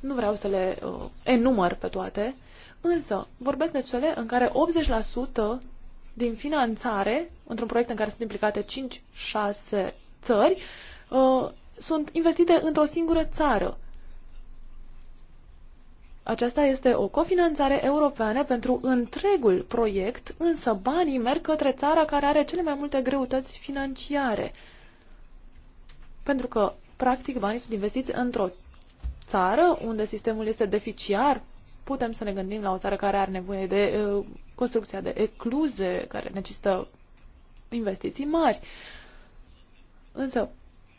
nu vreau să le uh, enumăr pe toate, însă vorbesc de cele în care 80% din finanțare, într-un proiect în care sunt implicate 5-6 țări, uh, sunt investite într-o singură țară. Aceasta este o cofinanțare europeană pentru întregul proiect, însă banii merg către țara care are cele mai multe greutăți financiare. Pentru că, practic, banii sunt investiți într-o țară unde sistemul este deficiar. Putem să ne gândim la o țară care are nevoie de uh, construcția de ecluze, care necesită investiții mari. Însă,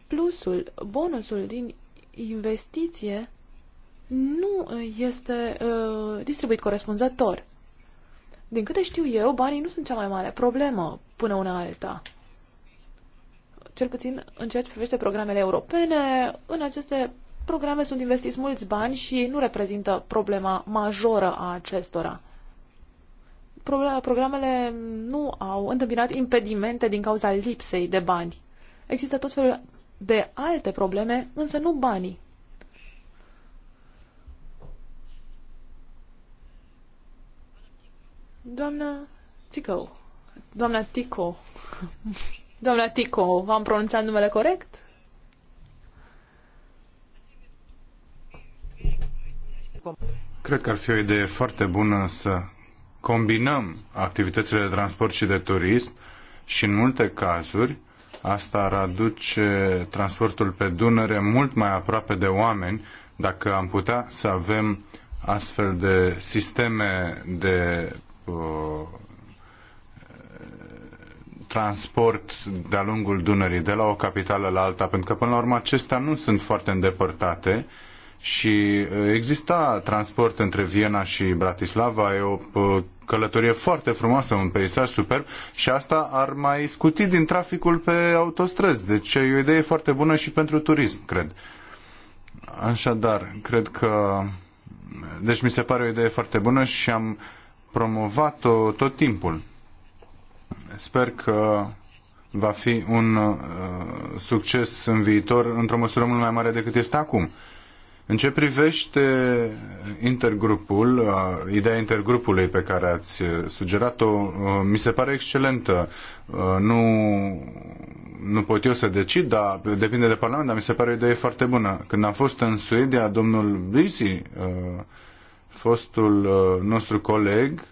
plusul, bonusul din investiție nu este uh, distribuit corespunzător. Din câte știu eu, banii nu sunt cea mai mare problemă până una alta. Cel puțin în ceea ce privește programele europene, în aceste programe sunt investiți mulți bani și nu reprezintă problema majoră a acestora. Programele nu au întâmpinat impedimente din cauza lipsei de bani. Există tot felul de alte probleme, însă nu banii. Doamna Tico, Doamna Tico. Doamna Tico, v-am pronunțat numele corect? Cred că ar fi o idee foarte bună să combinăm activitățile de transport și de turism și în multe cazuri asta ar aduce transportul pe Dunăre mult mai aproape de oameni dacă am putea să avem astfel de sisteme de Uh, transport de-a lungul Dunării, de la o capitală la alta, pentru că până la urmă acestea nu sunt foarte îndepărtate și uh, exista transport între Viena și Bratislava, e o uh, călătorie foarte frumoasă, un peisaj superb și asta ar mai scuti din traficul pe autostrăzi. Deci e o idee foarte bună și pentru turism, cred. Așadar, cred că... Deci mi se pare o idee foarte bună și am uh, promovat-o tot timpul. Sper că va fi un uh, succes în viitor într-o măsură mult mai mare decât este acum. În ce privește intergrupul, uh, ideea intergrupului pe care ați uh, sugerat-o, uh, mi se pare excelentă. Uh, nu, nu pot eu să decid, dar depinde de Parlament, dar mi se pare o idee foarte bună. Când am fost în Suedia, domnul Bisi uh, fostul uh, nostru coleg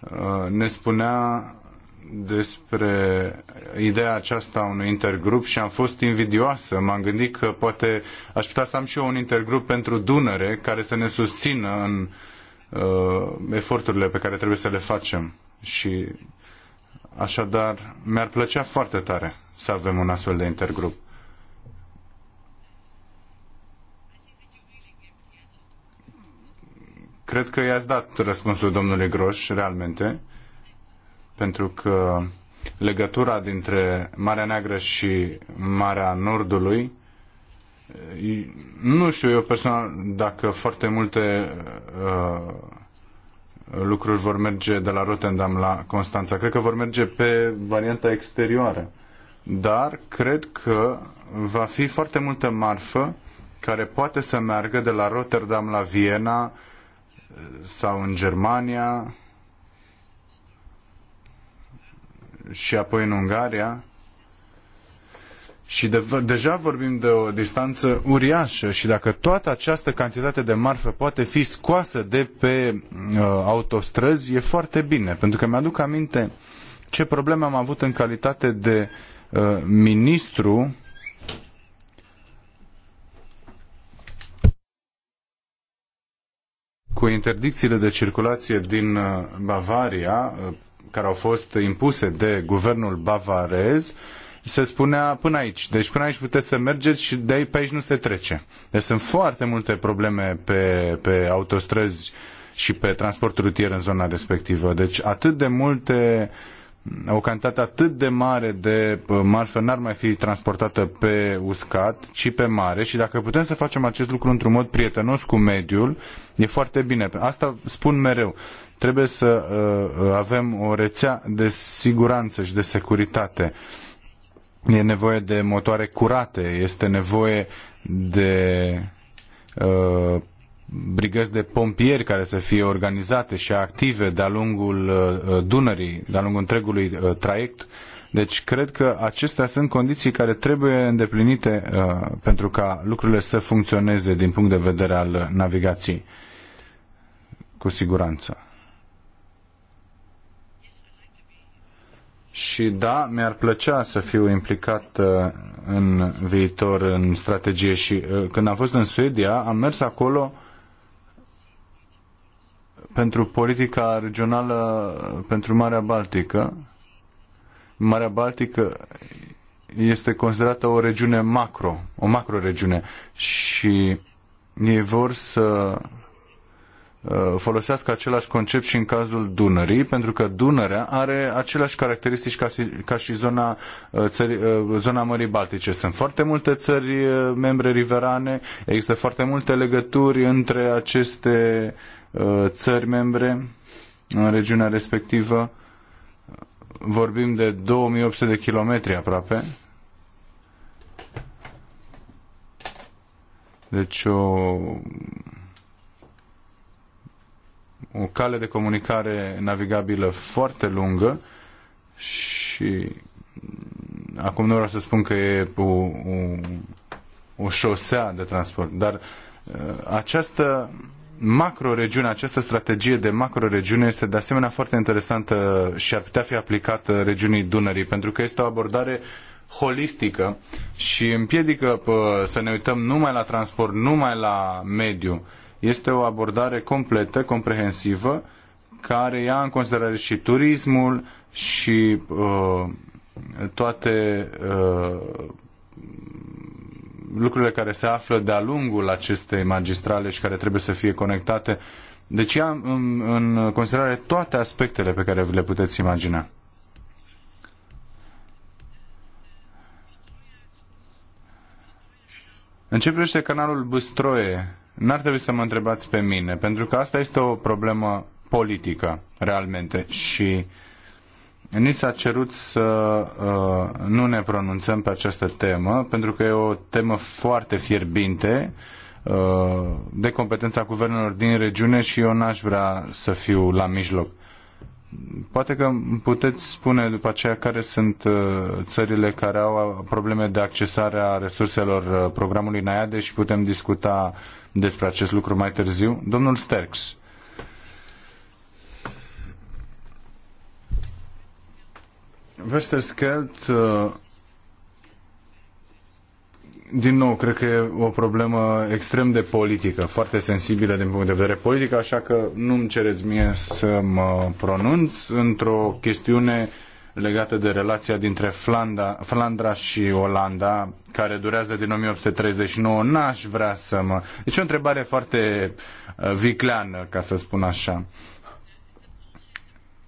uh, ne spunea despre ideea aceasta unui intergrup și am fost invidioasă. M-am gândit că poate aș putea să am și eu un intergrup pentru Dunăre care să ne susțină în uh, eforturile pe care trebuie să le facem. Și așadar mi-ar plăcea foarte tare să avem un astfel de intergrup. Cred că i-ați dat răspunsul domnului Groș, realmente, pentru că legătura dintre Marea Neagră și Marea Nordului nu știu eu personal dacă foarte multe uh, lucruri vor merge de la Rotterdam la Constanța. Cred că vor merge pe varianta exterioară. Dar cred că va fi foarte multă marfă care poate să meargă de la Rotterdam la Viena, sau în Germania și apoi în Ungaria. Și de, deja vorbim de o distanță uriașă și dacă toată această cantitate de marfă poate fi scoasă de pe uh, autostrăzi, e foarte bine. Pentru că mi-aduc aminte ce probleme am avut în calitate de uh, ministru cu interdicțiile de circulație din uh, Bavaria, uh, care au fost impuse de guvernul bavarez, se spunea până aici. Deci până aici puteți să mergeți și de aici pe aici nu se trece. Deci sunt foarte multe probleme pe, pe autostrăzi și pe transport rutier în zona respectivă. Deci atât de multe uh, o cantitate atât de mare de uh, marfă n-ar mai fi transportată pe uscat, ci pe mare și dacă putem să facem acest lucru într-un mod prietenos cu mediul, e foarte bine. Asta spun mereu. Trebuie să uh, uh, avem o rețea de siguranță și de securitate. E nevoie de motoare curate, este nevoie de brigăzi de pompieri care să fie organizate și active de-a lungul uh, Dunării, de-a lungul întregului uh, traiect. Deci cred că acestea sunt condiții care trebuie îndeplinite uh, pentru ca lucrurile să funcționeze din punct de vedere al navigației. Cu siguranță. Și da, mi-ar plăcea să fiu implicat în viitor în strategie și când am fost în Suedia, am mers acolo pentru politica regională pentru Marea Baltică. Marea Baltică este considerată o regiune macro, o macro-regiune și ei vor să uh, folosească același concept și în cazul Dunării, pentru că Dunărea are aceleași caracteristici ca, ca și zona, uh, țări, uh, zona Mării Baltice. Sunt foarte multe țări membre riverane, există foarte multe legături între aceste Uh, țări membre în regiunea respectivă. Vorbim de 2800 de kilometri aproape. Deci o, o cale de comunicare navigabilă foarte lungă și acum nu vreau să spun că e o, o, o șosea de transport, dar uh, această macroregiune, această strategie de macroregiune este de asemenea foarte interesantă și ar putea fi aplicată regiunii Dunării, pentru că este o abordare holistică și împiedică să ne uităm numai la transport, numai la mediu. Este o abordare completă, comprehensivă, care ia în considerare și turismul și uh, toate uh, lucrurile care se află de-a lungul acestei magistrale și care trebuie să fie conectate. Deci ia în, în considerare toate aspectele pe care le puteți imagina. În ce privește canalul Băstroie, n-ar trebui să mă întrebați pe mine, pentru că asta este o problemă politică, realmente, și Ni s-a cerut să uh, nu ne pronunțăm pe această temă, pentru că e o temă foarte fierbinte uh, de competența guvernelor din regiune și eu n-aș vrea să fiu la mijloc. Poate că puteți spune după aceea care sunt uh, țările care au probleme de accesare a resurselor uh, programului NAIADE și putem discuta despre acest lucru mai târziu. Domnul Sterks. Westerskelt, uh, din nou, cred că e o problemă extrem de politică, foarte sensibilă din punct de vedere politic, așa că nu-mi cereți mie să mă pronunț într-o chestiune legată de relația dintre Flanda, Flandra și Olanda, care durează din 1839, n-aș vrea să mă... Deci o întrebare foarte uh, vicleană, ca să spun așa.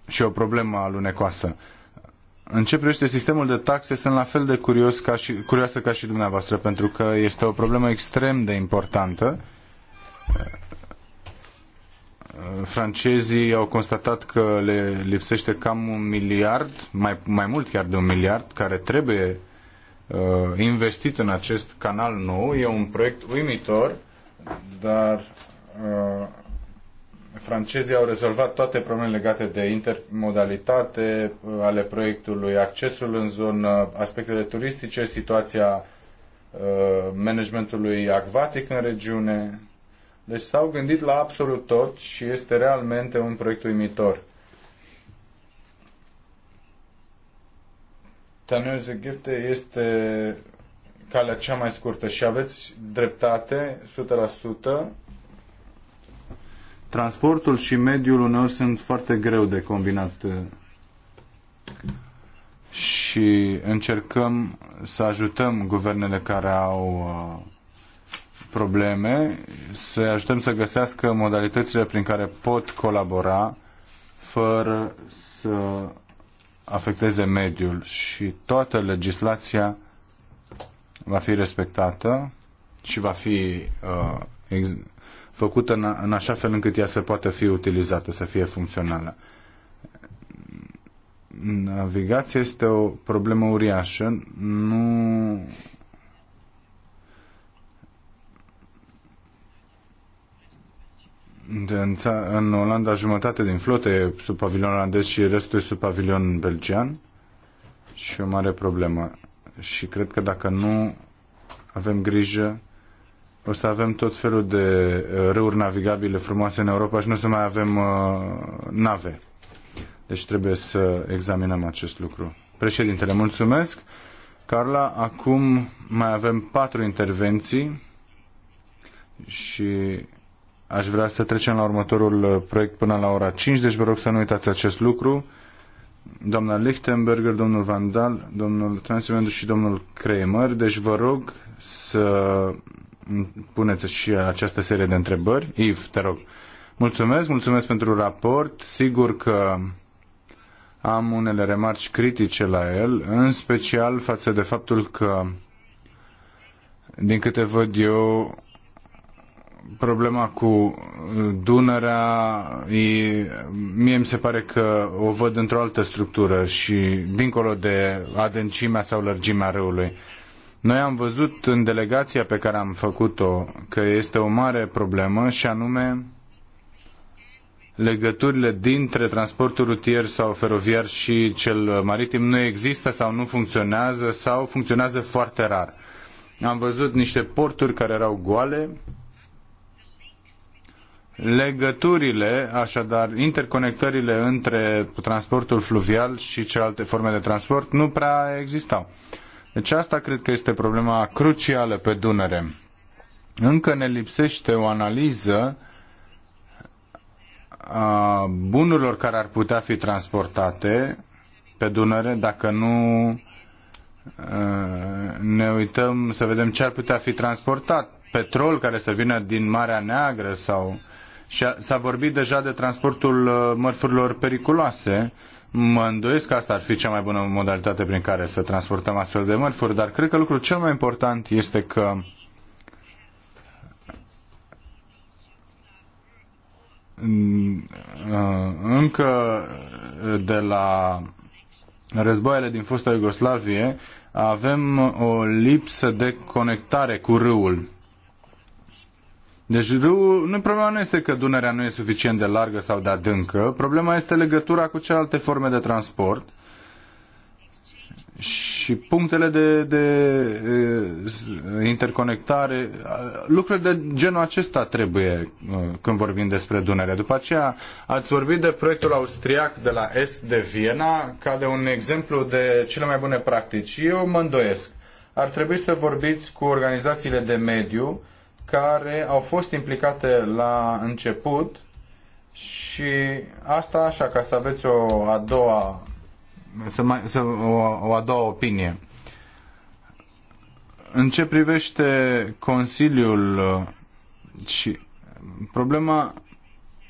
Și o problemă alunecoasă. Uh, în ce privește sistemul de taxe, sunt la fel de curios ca și, curioasă ca și dumneavoastră, pentru că este o problemă extrem de importantă. Francezii au constatat că le lipsește cam un miliard, mai, mai mult chiar de un miliard, care trebuie uh, investit în acest canal nou. E un proiect uimitor, dar uh, francezii au rezolvat toate problemele legate de intermodalitate uh, ale proiectului, accesul în zonă, aspectele turistice, situația uh, managementului acvatic în regiune. Deci s-au gândit la absolut tot și este realmente un proiect uimitor. Taneuse Ghefte este calea cea mai scurtă și aveți dreptate 100% transportul și mediul uneori sunt foarte greu de combinat uh, și încercăm să ajutăm guvernele care au uh, probleme, să ajutăm să găsească modalitățile prin care pot colabora fără să afecteze mediul și toată legislația va fi respectată și va fi uh, făcută în, în așa fel încât ea să poată fi utilizată, să fie funcțională. Navigația este o problemă uriașă. Nu În, în Olanda jumătate din flotă e sub pavilion olandez și restul e sub pavilion belgian și o mare problemă. Și cred că dacă nu avem grijă, o să avem tot felul de uh, râuri navigabile frumoase în Europa și nu o să mai avem uh, nave. Deci trebuie să examinăm acest lucru. Președintele, mulțumesc. Carla, acum mai avem patru intervenții și aș vrea să trecem la următorul uh, proiect până la ora 5, deci vă rog să nu uitați acest lucru. Doamna Lichtenberger, domnul Vandal, domnul Transimendu și domnul Kramer, deci vă rog să puneți și această serie de întrebări. Iv, te rog. Mulțumesc, mulțumesc pentru raport. Sigur că am unele remarci critice la el, în special față de faptul că, din câte văd eu, problema cu Dunărea, e, mie mi se pare că o văd într-o altă structură și dincolo de adâncimea sau lărgimea râului. Noi am văzut în delegația pe care am făcut-o că este o mare problemă și anume legăturile dintre transportul rutier sau feroviar și cel maritim nu există sau nu funcționează sau funcționează foarte rar. Am văzut niște porturi care erau goale. Legăturile, așadar, interconectările între transportul fluvial și celelalte forme de transport nu prea existau. Uh, deci asta cred că este problema crucială pe Dunăre. Încă ne lipsește o analiză a bunurilor care ar putea fi transportate pe Dunăre dacă nu uh, ne uităm să vedem ce ar putea fi transportat. Petrol care să vină din Marea Neagră sau... Și s-a vorbit deja de transportul uh, mărfurilor periculoase Mă îndoiesc că asta ar fi cea mai bună modalitate prin care să transportăm astfel de mărfuri, dar cred că lucrul cel mai important este că încă de la războaiele din fosta Iugoslavie avem o lipsă de conectare cu râul deci nu, problema nu este că Dunărea nu e suficient de largă sau de adâncă, problema este legătura cu celelalte forme de transport și punctele de, de, de interconectare, lucruri de genul acesta trebuie când vorbim despre Dunăre. După aceea ați vorbit de proiectul austriac de la Est de Viena ca de un exemplu de cele mai bune practici. Eu mă îndoiesc. Ar trebui să vorbiți cu organizațiile de mediu care au fost implicate la început și asta așa ca să aveți o a doua să mai, să, o, o a doua opinie. În ce privește Consiliul uh, și problema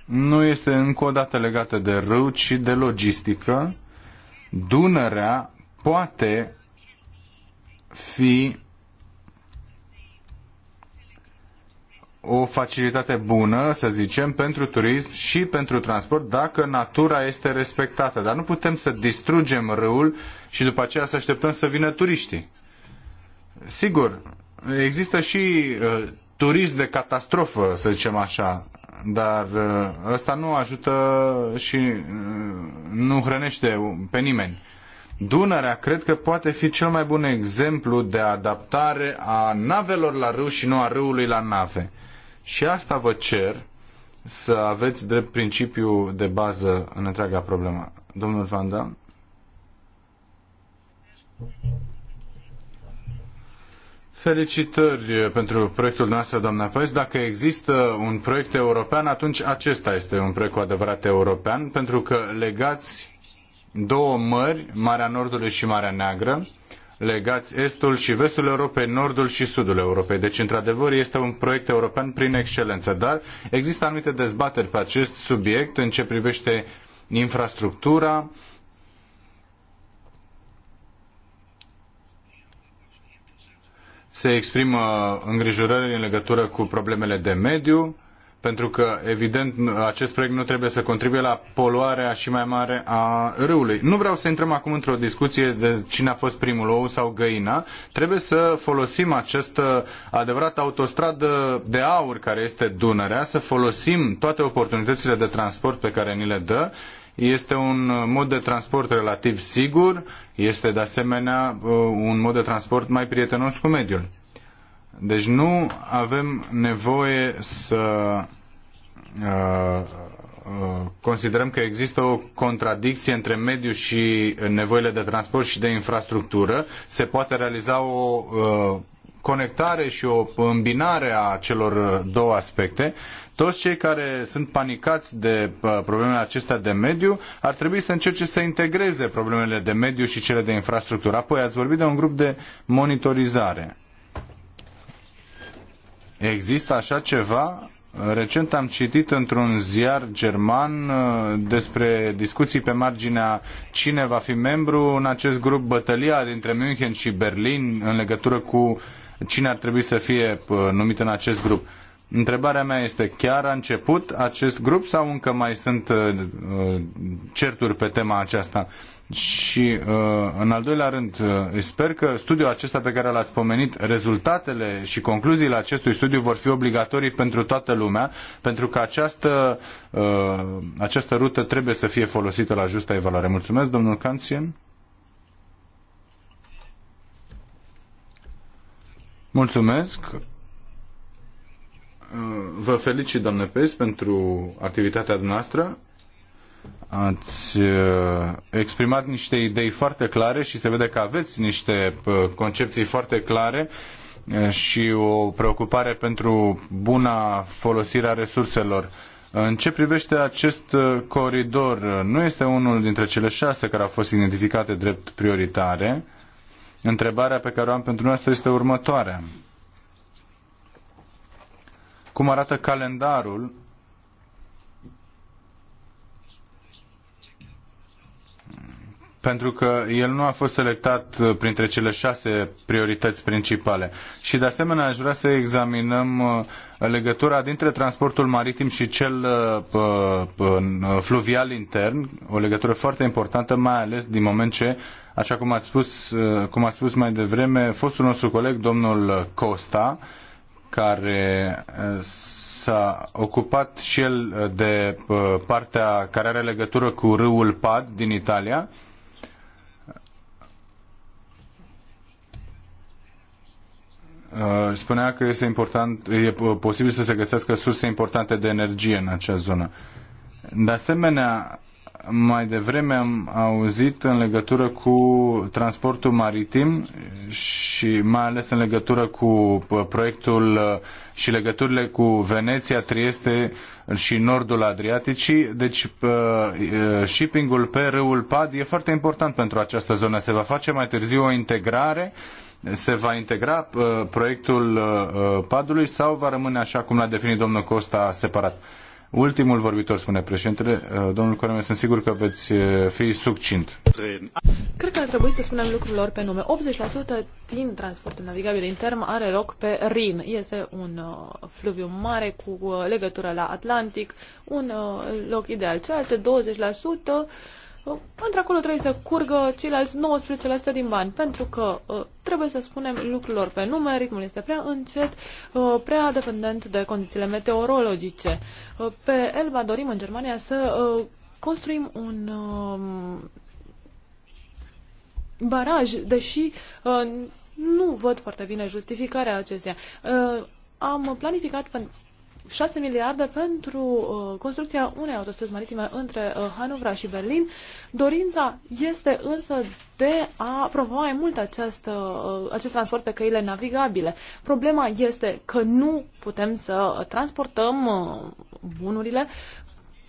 nu este încă o dată legată de râu, ci de logistică. Dunărea poate fi o facilitate bună, să zicem, pentru turism și pentru transport dacă natura este respectată. Dar nu putem să distrugem râul și după aceea să așteptăm să vină turiștii. Sigur, există și uh, turism de catastrofă, să zicem așa, dar uh, ăsta nu ajută și uh, nu hrănește pe nimeni. Dunărea cred că poate fi cel mai bun exemplu de adaptare a navelor la râu și nu a râului la nave. Și asta vă cer să aveți drept principiu de bază în întreaga problemă. Domnul Van Damme? Felicitări pentru proiectul noastră, doamna Pes. Dacă există un proiect european, atunci acesta este un proiect cu adevărat european, pentru că legați două mări, Marea Nordului și Marea Neagră, legați estul și vestul Europei, nordul și sudul Europei. Deci, într-adevăr, este un proiect european prin excelență, dar există anumite dezbateri pe acest subiect în ce privește infrastructura, se exprimă îngrijorări în legătură cu problemele de mediu, pentru că, evident, acest proiect nu trebuie să contribuie la poluarea și mai mare a râului. Nu vreau să intrăm acum într-o discuție de cine a fost primul ou sau găina. Trebuie să folosim această adevărată autostradă de aur care este Dunărea, să folosim toate oportunitățile de transport pe care ni le dă este un mod de transport relativ sigur, este de asemenea un mod de transport mai prietenos cu mediul. Deci nu avem nevoie să Uh, uh, considerăm că există o contradicție între mediu și nevoile de transport și de infrastructură. Se poate realiza o uh, conectare și o îmbinare a celor două aspecte. Toți cei care sunt panicați de problemele acestea de mediu ar trebui să încerce să integreze problemele de mediu și cele de infrastructură. Apoi ați vorbit de un grup de monitorizare. Există așa ceva? Recent am citit într-un ziar german uh, despre discuții pe marginea cine va fi membru în acest grup, bătălia dintre München și Berlin în legătură cu cine ar trebui să fie uh, numit în acest grup. Întrebarea mea este, chiar a început acest grup sau încă mai sunt uh, certuri pe tema aceasta? Și uh, în al doilea rând, uh, sper că studiul acesta pe care l-ați pomenit, rezultatele și concluziile acestui studiu vor fi obligatorii pentru toată lumea, pentru că această, uh, această rută trebuie să fie folosită la justa evaluare. Mulțumesc, domnul Canțien. Mulțumesc. Vă felicit, doamne Pes, pentru activitatea noastră. Ați uh, exprimat niște idei foarte clare și se vede că aveți niște uh, concepții foarte clare uh, și o preocupare pentru buna folosire a resurselor. În ce privește acest coridor, nu este unul dintre cele șase care au fost identificate drept prioritare. Întrebarea pe care o am pentru noastră este următoarea. Cum arată calendarul pentru că el nu a fost selectat uh, printre cele șase priorități principale. Și de asemenea aș vrea să examinăm uh, legătura dintre transportul maritim și cel uh, fluvial intern, o legătură foarte importantă, mai ales din moment ce, așa cum ați spus, cum a spus mai devreme, fostul nostru coleg, domnul Costa, care s-a ocupat și el de partea care are legătură cu râul Pad din Italia, Uh, spunea că este important, e posibil să se găsească surse importante de energie în acea zonă. De asemenea, mai devreme am auzit în legătură cu transportul maritim și mai ales în legătură cu uh, proiectul uh, și legăturile cu Veneția, Trieste și nordul Adriaticii. Deci shippingul pe râul Pad e foarte important pentru această zonă. Se va face mai târziu o integrare uh, se va integra uh, proiectul uh, uh, padului sau va rămâne așa cum l-a definit domnul Costa separat? Ultimul vorbitor, spune președintele, domnul Coreme, sunt sigur că veți fi succint. Cred că ar trebui să spunem lucrurilor pe nume. 80% din transportul navigabil intern are loc pe Rin. Este un uh, fluviu mare cu uh, legătură la Atlantic, un uh, loc ideal. Cealaltă 20% într-acolo trebuie să curgă ceilalți 19% din bani, pentru că uh, trebuie să spunem lucrurilor pe nume, ritmul este prea încet, uh, prea dependent de condițiile meteorologice. Uh, pe pe Elba dorim în Germania să construim un um, baraj, deși nu văd foarte bine justificarea acesteia. am planificat 6 miliarde pentru uh, construcția unei autostrăzi maritime între uh, Hanovra și Berlin. Dorința este însă de a promova mai mult acest, uh, uh, acest transport pe căile navigabile. Problema este că nu putem să transportăm uh, bunurile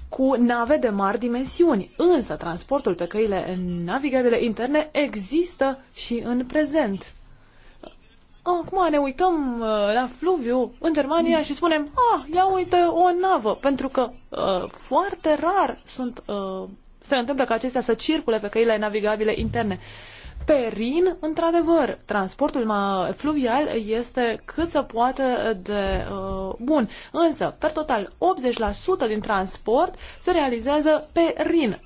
cu nave de mari dimensiuni, însă transportul pe căile navigabile interne există și în prezent. Ah, acum ne uităm uh, la fluviu în Germania și spunem, ah, ia uite o navă, pentru că uh, foarte rar sunt, uh, se întâmplă ca acestea să circule pe căile navigabile interne. Pe Rin, într-adevăr, transportul fluvial este cât se poate de uh, bun. Însă, per total, 80% din transport se realizează pe Rin.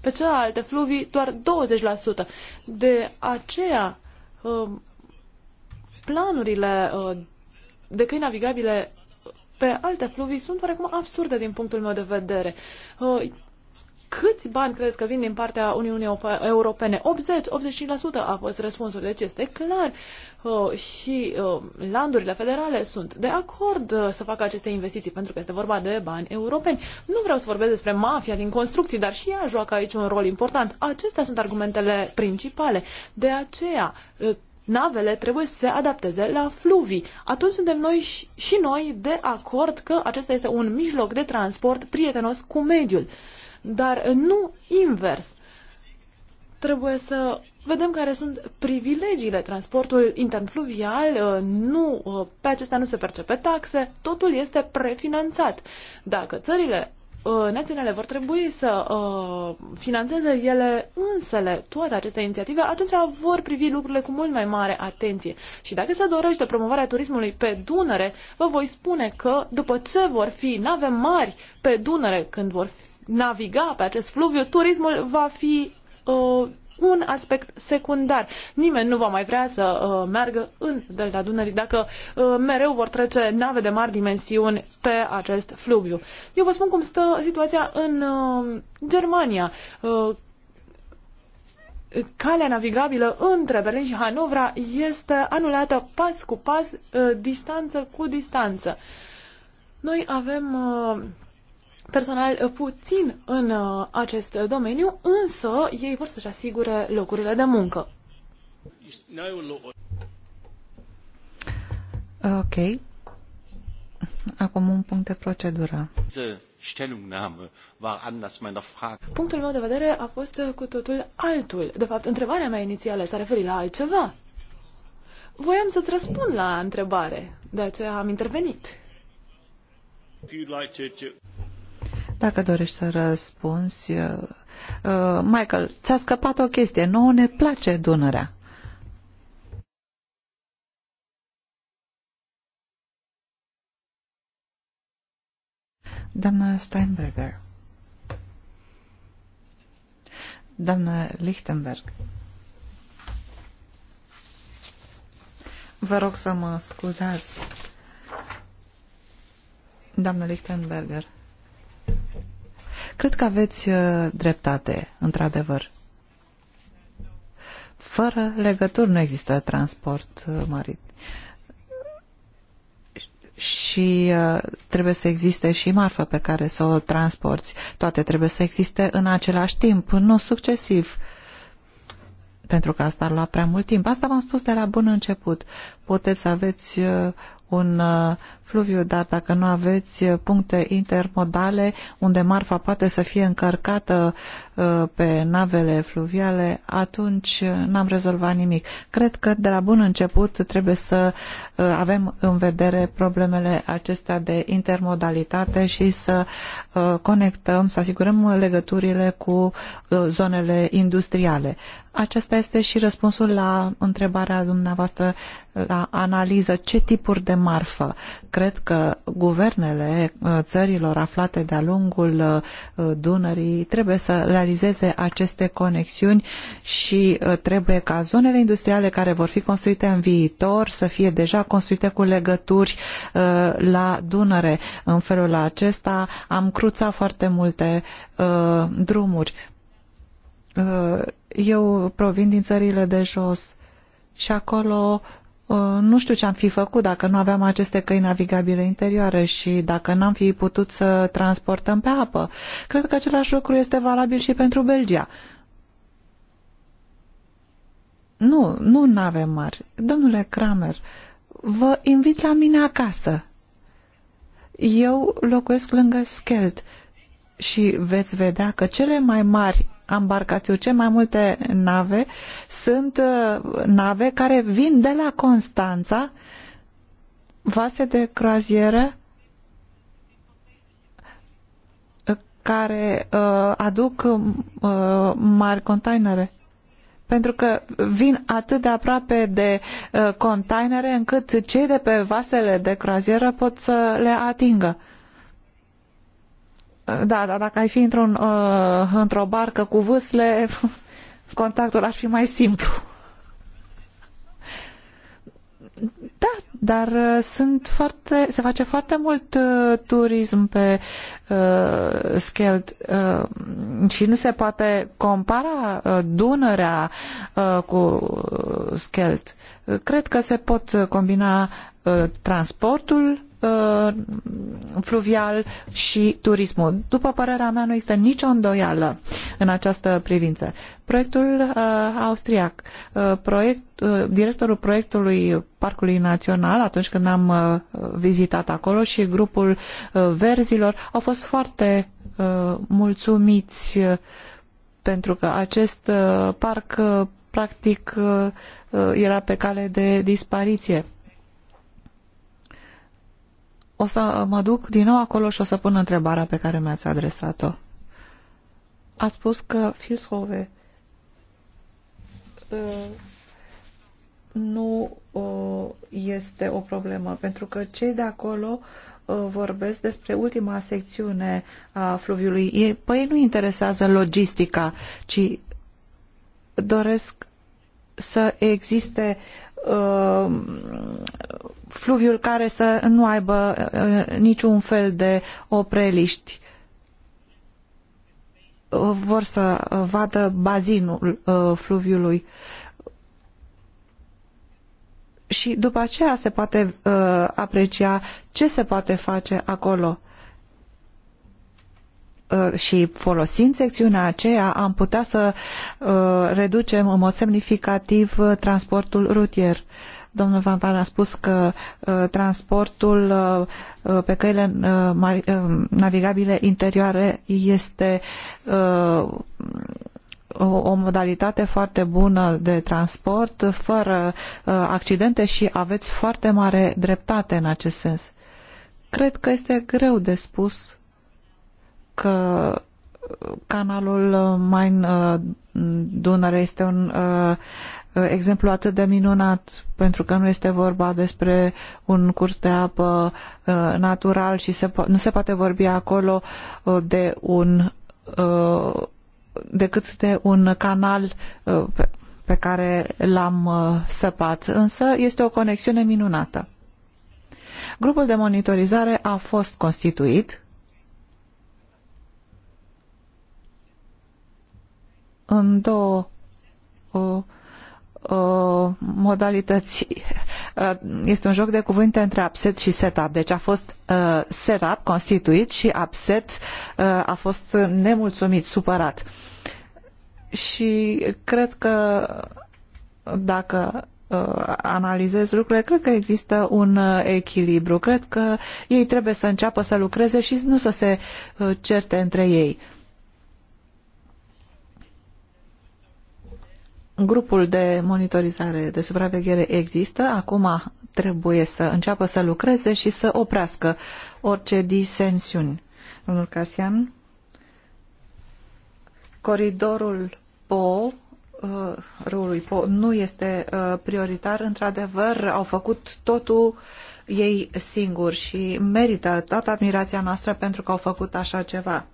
Pe celelalte fluvii, doar 20%. De aceea, uh, planurile uh, de căi navigabile pe alte fluvii sunt oarecum absurde din punctul meu de vedere. Uh, câți bani crezi că vin din partea Uniunii Europene? 80-85% a fost răspunsul. Deci este clar uh, și landurile federale sunt de acord să facă aceste investiții pentru că este vorba de bani europeni. Nu vreau să vorbesc despre mafia din construcții, dar și ea joacă aici un rol important. Acestea sunt argumentele principale. De aceea navele trebuie să se adapteze la fluvii. Atunci suntem noi și, noi de acord că acesta este un mijloc de transport prietenos cu mediul. Dar nu invers. Trebuie să vedem care sunt privilegiile. Transportul interfluvial, uh, nu, uh, pe acesta nu se percepe taxe, totul este prefinanțat. Dacă țările Uh, națiunile vor trebui să uh, finanțeze ele însele toate aceste inițiative, atunci vor privi lucrurile cu mult mai mare atenție. Și dacă se dorește promovarea turismului pe Dunăre, vă voi spune că după ce vor fi nave mari pe Dunăre, când vor naviga pe acest fluviu, turismul va fi uh, un aspect secundar. Nimeni nu va mai vrea să uh, meargă în Delta Dunării dacă uh, mereu vor trece nave de mari dimensiuni pe acest fluviu. Eu vă spun cum stă situația în uh, Germania. Uh, calea navigabilă între Berlin și Hanovra este anulată pas cu pas, uh, distanță cu distanță. Noi avem uh, personal uh, puțin în uh, acest domeniu, însă ei vor să-și asigure locurile de muncă. Ok. Acum un punct de procedură. Punctul meu de vedere a fost uh, cu totul altul. De fapt, întrebarea mea inițială s-a referit la altceva. Voiam să-ți răspund la întrebare, de aceea am intervenit. Dacă dorești să răspunzi, uh, uh, Michael, ți-a scăpat o chestie. Nouă ne place Dunărea. Doamna Steinberger. Doamna Lichtenberg. Vă rog să mă scuzați. Doamna Lichtenberger. Cred că aveți uh, dreptate, într-adevăr. Fără legături nu există transport uh, marit. Și uh, trebuie să existe și marfă pe care să o transporti. Toate trebuie să existe în același timp, nu succesiv pentru că asta ar lua prea mult timp. Asta v-am spus de la bun început. Puteți să aveți un uh, fluviu, dar dacă nu aveți uh, puncte intermodale unde marfa poate să fie încărcată uh, pe navele fluviale, atunci n-am rezolvat nimic. Cred că de la bun început trebuie să avem în vedere problemele acestea de intermodalitate și să conectăm, să asigurăm legăturile cu zonele industriale. Acesta este și răspunsul la întrebarea dumneavoastră la analiză. Ce tipuri de marfă. Cred că guvernele uh, țărilor aflate de-a lungul uh, Dunării trebuie să realizeze aceste conexiuni și uh, trebuie ca zonele industriale care vor fi construite în viitor să fie deja construite cu legături la Dunăre. În felul acesta am cruțat foarte multe drumuri. Eu provin din țările de jos și acolo uh, Uh, nu știu ce am fi făcut dacă nu aveam aceste căi navigabile interioare și dacă n-am fi putut să transportăm pe apă. Cred că același lucru este valabil și pentru Belgia. Nu, nu nave mari. Domnule Kramer, vă invit la mine acasă. Eu locuiesc lângă Skelt și veți vedea că cele mai mari ambarcațiuni, ce mai multe nave sunt uh, nave care vin de la Constanța, vase de croazieră care uh, aduc uh, mari containere pentru că vin atât de aproape de containere încât cei de pe vasele de croazieră pot să le atingă. Da, dar dacă ai fi într-un, uh, într-o barcă cu vâsle, contactul ar fi mai simplu. Da, dar uh, sunt foarte, se face foarte mult uh, turism pe uh, Skeld uh, și nu se poate compara uh, Dunărea uh, cu scaled. Cred că se pot combina uh, transportul Uh, fluvial și turismul. După părerea mea, nu există nicio îndoială în această privință. Proiectul uh, austriac, uh, proiect, directorul proiectului Parcului Național, atunci când am vizitat acolo și grupul verzilor, au fost foarte mulțumiți pentru că acest parc practic era pe cale de dispariție. O să mă duc din nou acolo și o să pun întrebarea pe care mi-ați adresat-o. Ați spus că Filshove ă, nu ă, este o problemă, pentru că cei de acolo ă, vorbesc despre ultima secțiune a fluviului. Ei, Păi nu interesează logistica, ci doresc să existe uh, fluviul care să nu aibă uh, niciun fel de opreliști vor să vadă bazinul uh, fluviului și după aceea se poate uh, aprecia ce se poate face acolo și folosind secțiunea aceea am putea să reducem în mod semnificativ transportul rutier. Domnul Van Van a spus că uh, transportul uh, uh pe căile uh, uh, navigabile interioare este uh, o modalitate foarte bună de transport, fără accidente și aveți foarte mare dreptate în acest sens. Cred că este greu de spus că canalul Main Dunăre este un Uh, exemplu atât de minunat, pentru că nu este vorba despre un curs de apă uh, natural și se, nu se poate vorbi acolo uh, de un decât de un canal pe care l-am săpat, însă este o conexiune minunată. Grupul de monitorizare a fost constituit în două Uh, modalități. Uh, este un joc de cuvinte între upset și setup. Deci a fost uh, setup constituit și upset a fost nemulțumit, supărat. Și cred că dacă analizez lucrurile, cred că există un echilibru. Cred că ei trebuie să înceapă să lucreze și nu să se certe între ei. Grupul de monitorizare, de supraveghere există, acum trebuie să înceapă să lucreze și să oprească orice disensiuni. Domnul Casian, coridorul Po, uh, râului Po, nu este uh, prioritar. Într-adevăr, au făcut totul ei singuri și merită toată admirația noastră pentru că au făcut așa ceva.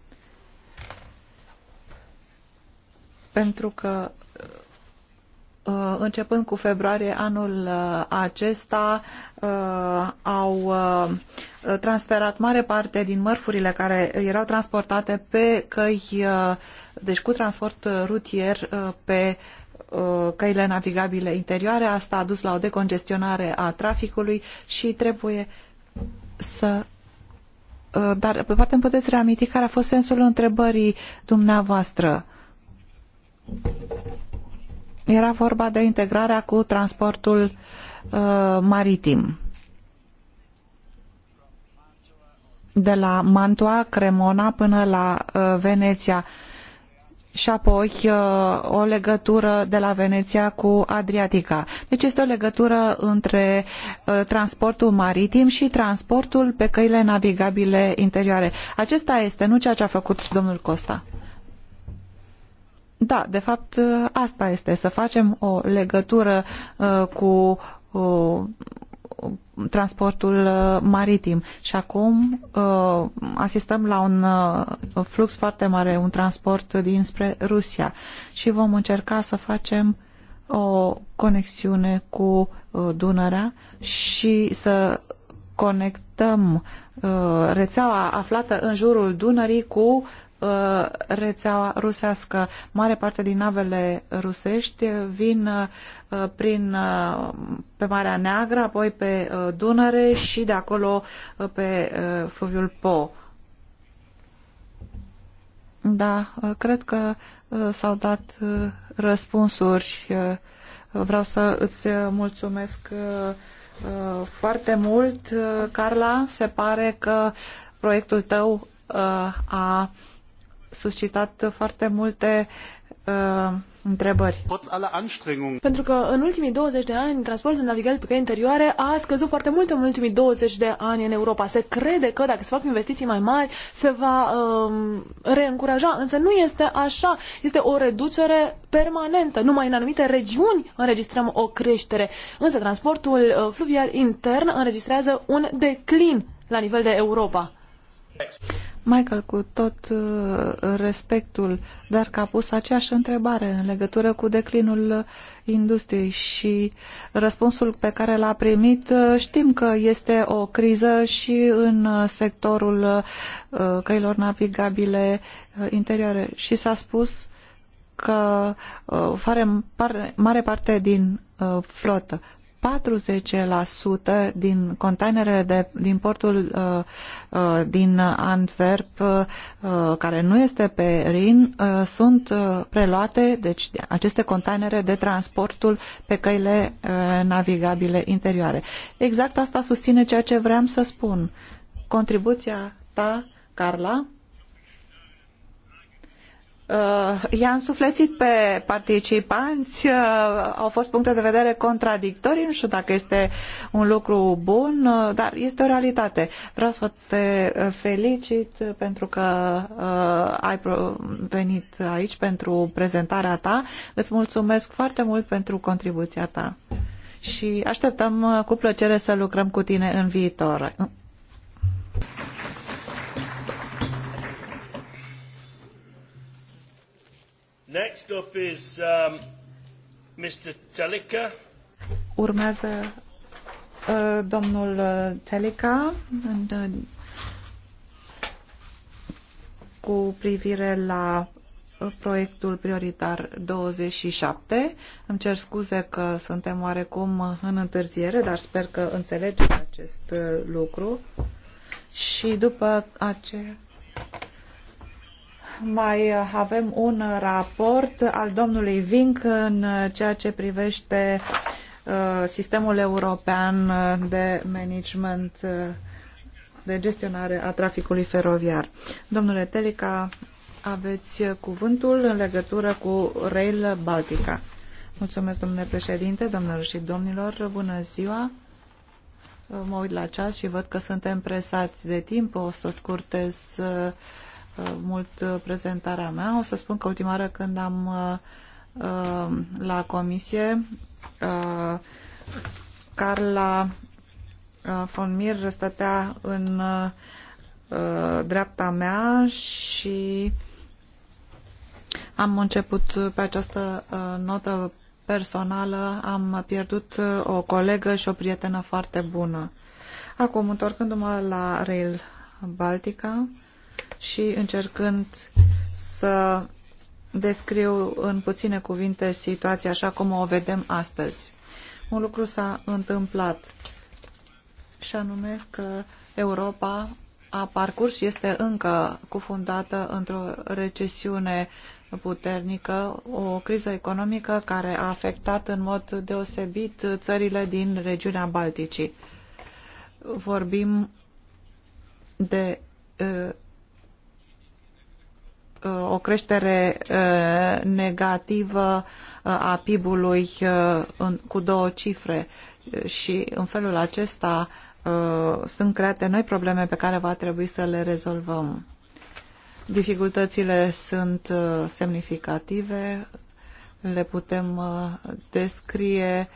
Pentru că Uh, începând cu februarie anul uh, acesta, uh, au transferat mare parte din mărfurile care erau transportate pe căi, deci cu transport rutier pe căile navigabile interioare. Asta a dus la o decongestionare a traficului și trebuie să dar poate îmi puteți reaminti care a fost sensul întrebării dumneavoastră. Era vorba de integrarea cu transportul uh, maritim. De la Mantua, Cremona până la uh, Veneția și apoi uh, o legătură de la Veneția cu Adriatica. Deci este o legătură între uh, transportul maritim și transportul pe căile navigabile interioare. Acesta este, nu ceea ce a făcut domnul Costa. Da, de fapt ă, asta este, să facem o legătură uh, cu uh, transportul maritim și acum uh, asistăm la un uh, flux foarte mare, un transport dinspre Rusia și vom încerca să facem o conexiune cu uh, Dunărea și să conectăm rețeaua aflată în jurul Dunării cu Uh, rețeaua rusească. Mare parte din navele rusești vin uh, prin, uh, pe Marea Neagră, apoi pe Dunăre și de acolo pe fluviul Po. Da, cred că s-au dat răspunsuri. vreau să îți mulțumesc foarte mult, Carla. Se pare că proiectul tău a suscitat foarte multe uh, întrebări. Pentru că în ultimii 20 de ani transportul navigabil pe căi interioare a scăzut foarte mult în ultimii 20 de ani în Europa. Se crede că dacă se fac investiții mai mari se va um, reîncuraja, însă nu este așa. Este o reducere permanentă. Numai în anumite regiuni înregistrăm o creștere. Însă transportul uh, fluvial intern înregistrează un declin la nivel de Europa. Michael, cu tot uh, respectul, dar că a pus aceeași întrebare în legătură cu declinul industriei și răspunsul pe care l-a primit, uh, știm că este o criză și în uh, sectorul căilor navigabile interioare și s-a spus că uh, mare parte din flotă. 40% din containerele de, din portul uh, uh, din Antwerp, uh, care nu este pe Rin, uh, sunt uh, preluate, deci aceste containere de transportul pe căile uh, navigabile interioare. Exact asta susține ceea ce vreau să spun. Contribuția ta, Carla, Uh, i-a însuflețit pe participanți, uh, au fost puncte de vedere contradictorii, nu știu dacă este un lucru bun, uh, dar este o realitate. Vreau să te felicit pentru că ai venit aici pentru prezentarea ta. Îți mulțumesc foarte mult pentru contribuția ta și așteptăm cu plăcere să lucrăm cu tine în viitor. Next up is um, Mr. Telica. Urmează uh, domnul uh, Telica uh, cu privire la uh, proiectul prioritar 27. Îmi cer scuze că suntem oarecum în întârziere, dar sper că înțelegeți acest lucru. Și după aceea mai avem un raport al domnului Vink în ceea ce privește uh, sistemul european de management uh, de gestionare a traficului feroviar. Domnule Telica, aveți cuvântul în legătură cu Rail Baltica. Mulțumesc, domnule președinte, domnilor și domnilor, bună ziua! Mă uit la ceas și văd că suntem presați de timp, o să scurtez uh, Uh, mult uh, prezentarea mea. O să spun că ultima oară când am uh, la comisie, Carla von Mir stătea în dreapta mea și am început pe această notă personală, am pierdut o colegă și o prietenă foarte bună. Acum, întorcându-mă la Rail Baltica, și încercând să descriu în puține cuvinte situația așa cum o vedem astăzi. Un lucru s-a întâmplat și anume că Europa a parcurs și este încă cufundată într-o recesiune puternică, o criză economică care a afectat în mod deosebit țările din regiunea Balticii. Vorbim de eh, o creștere uh, negativă uh, a PIB-ului uh, cu două cifre și în felul acesta sunt create noi probleme pe care va trebui să le rezolvăm. Dificultățile sunt semnificative, le putem descrie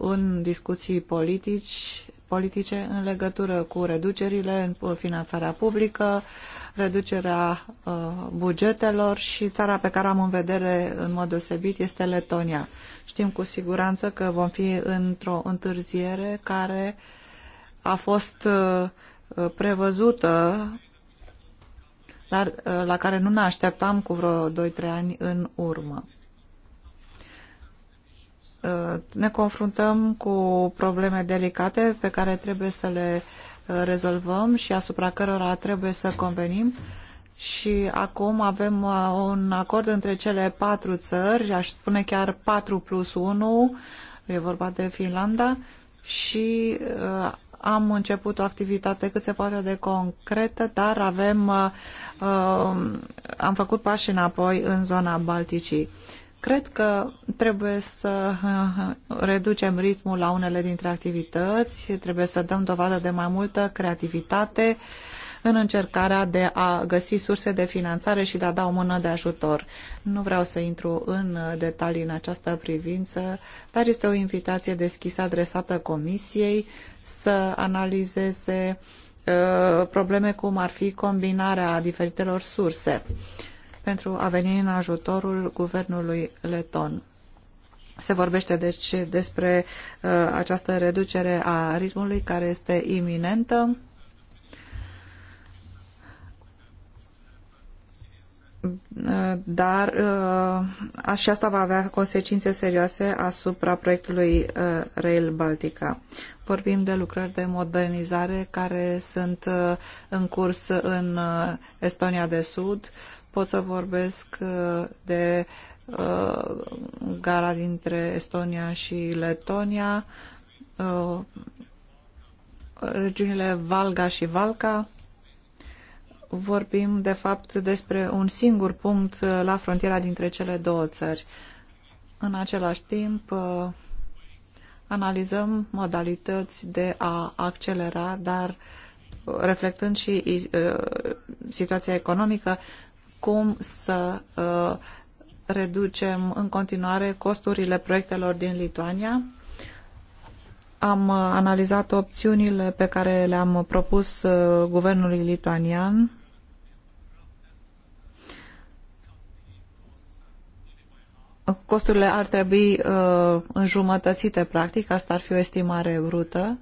în discuții politici, politice în legătură cu reducerile în finanțarea publică, reducerea uh, bugetelor și țara pe care am în vedere în mod deosebit este Letonia. Știm cu siguranță că vom fi într-o întârziere care a fost uh, prevăzută dar uh, la care nu ne așteptam cu vreo 2-3 ani în urmă. Ne confruntăm cu probleme delicate pe care trebuie să le uh, rezolvăm și asupra cărora trebuie să convenim și acum avem uh, un acord între cele patru țări, aș spune chiar patru plus unu, e vorba de Finlanda, și uh, am început o activitate cât se poate de concretă, dar avem, uh, am făcut pași înapoi în zona Balticii. Cred că trebuie să uh, reducem ritmul la unele dintre activități, trebuie să dăm dovadă de mai multă creativitate în încercarea de a găsi surse de finanțare și de a da o mână de ajutor. Nu vreau să intru în uh, detalii în această privință, dar este o invitație deschisă adresată Comisiei să analizeze uh, probleme cum ar fi combinarea diferitelor surse. Uh, pentru a veni în ajutorul guvernului leton. Se vorbește deci despre uh, această reducere a ritmului care este iminentă. dar uh, și asta va avea consecințe serioase asupra proiectului uh, Rail Baltica. Vorbim de lucrări de modernizare care sunt uh, în curs în Estonia de Sud, pot să vorbesc uh, de uh, gara dintre Estonia și Letonia, uh, regiunile Valga și Valca. Vorbim, de fapt, despre un singur punct la frontiera dintre cele două țări. În același timp, analizăm modalități de a accelera, dar reflectând și situația economică, cum să uh, reducem în continuare costurile proiectelor din Lituania. Am uh, analizat opțiunile pe care le-am propus uh, guvernului lituanian. Costurile ar trebui uh, înjumătățite, practic, asta ar fi o estimare brută.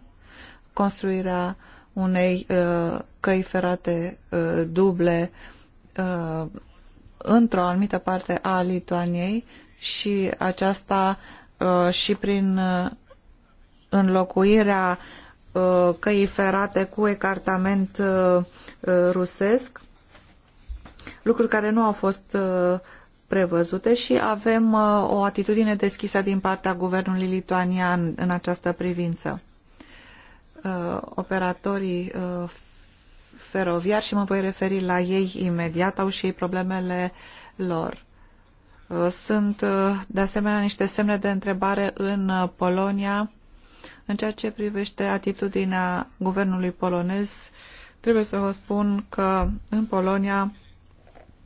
Construirea unei uh, căi ferate uh, duble uh, uh, într-o anumită parte a Lituaniei și aceasta uh, și prin uh, înlocuirea uh, căii ferate cu ecartament uh, uh rusesc, lucruri care nu au fost uh, prevăzute și avem uh, o atitudine deschisă din partea guvernului lituanian în această privință. Uh, operatorii feroviar și mă voi referi la ei imediat, au și ei problemele lor. Uh, sunt uh, de asemenea niște semne de întrebare în uh, Polonia în ceea ce privește atitudinea guvernului polonez. Trebuie să vă spun că în Polonia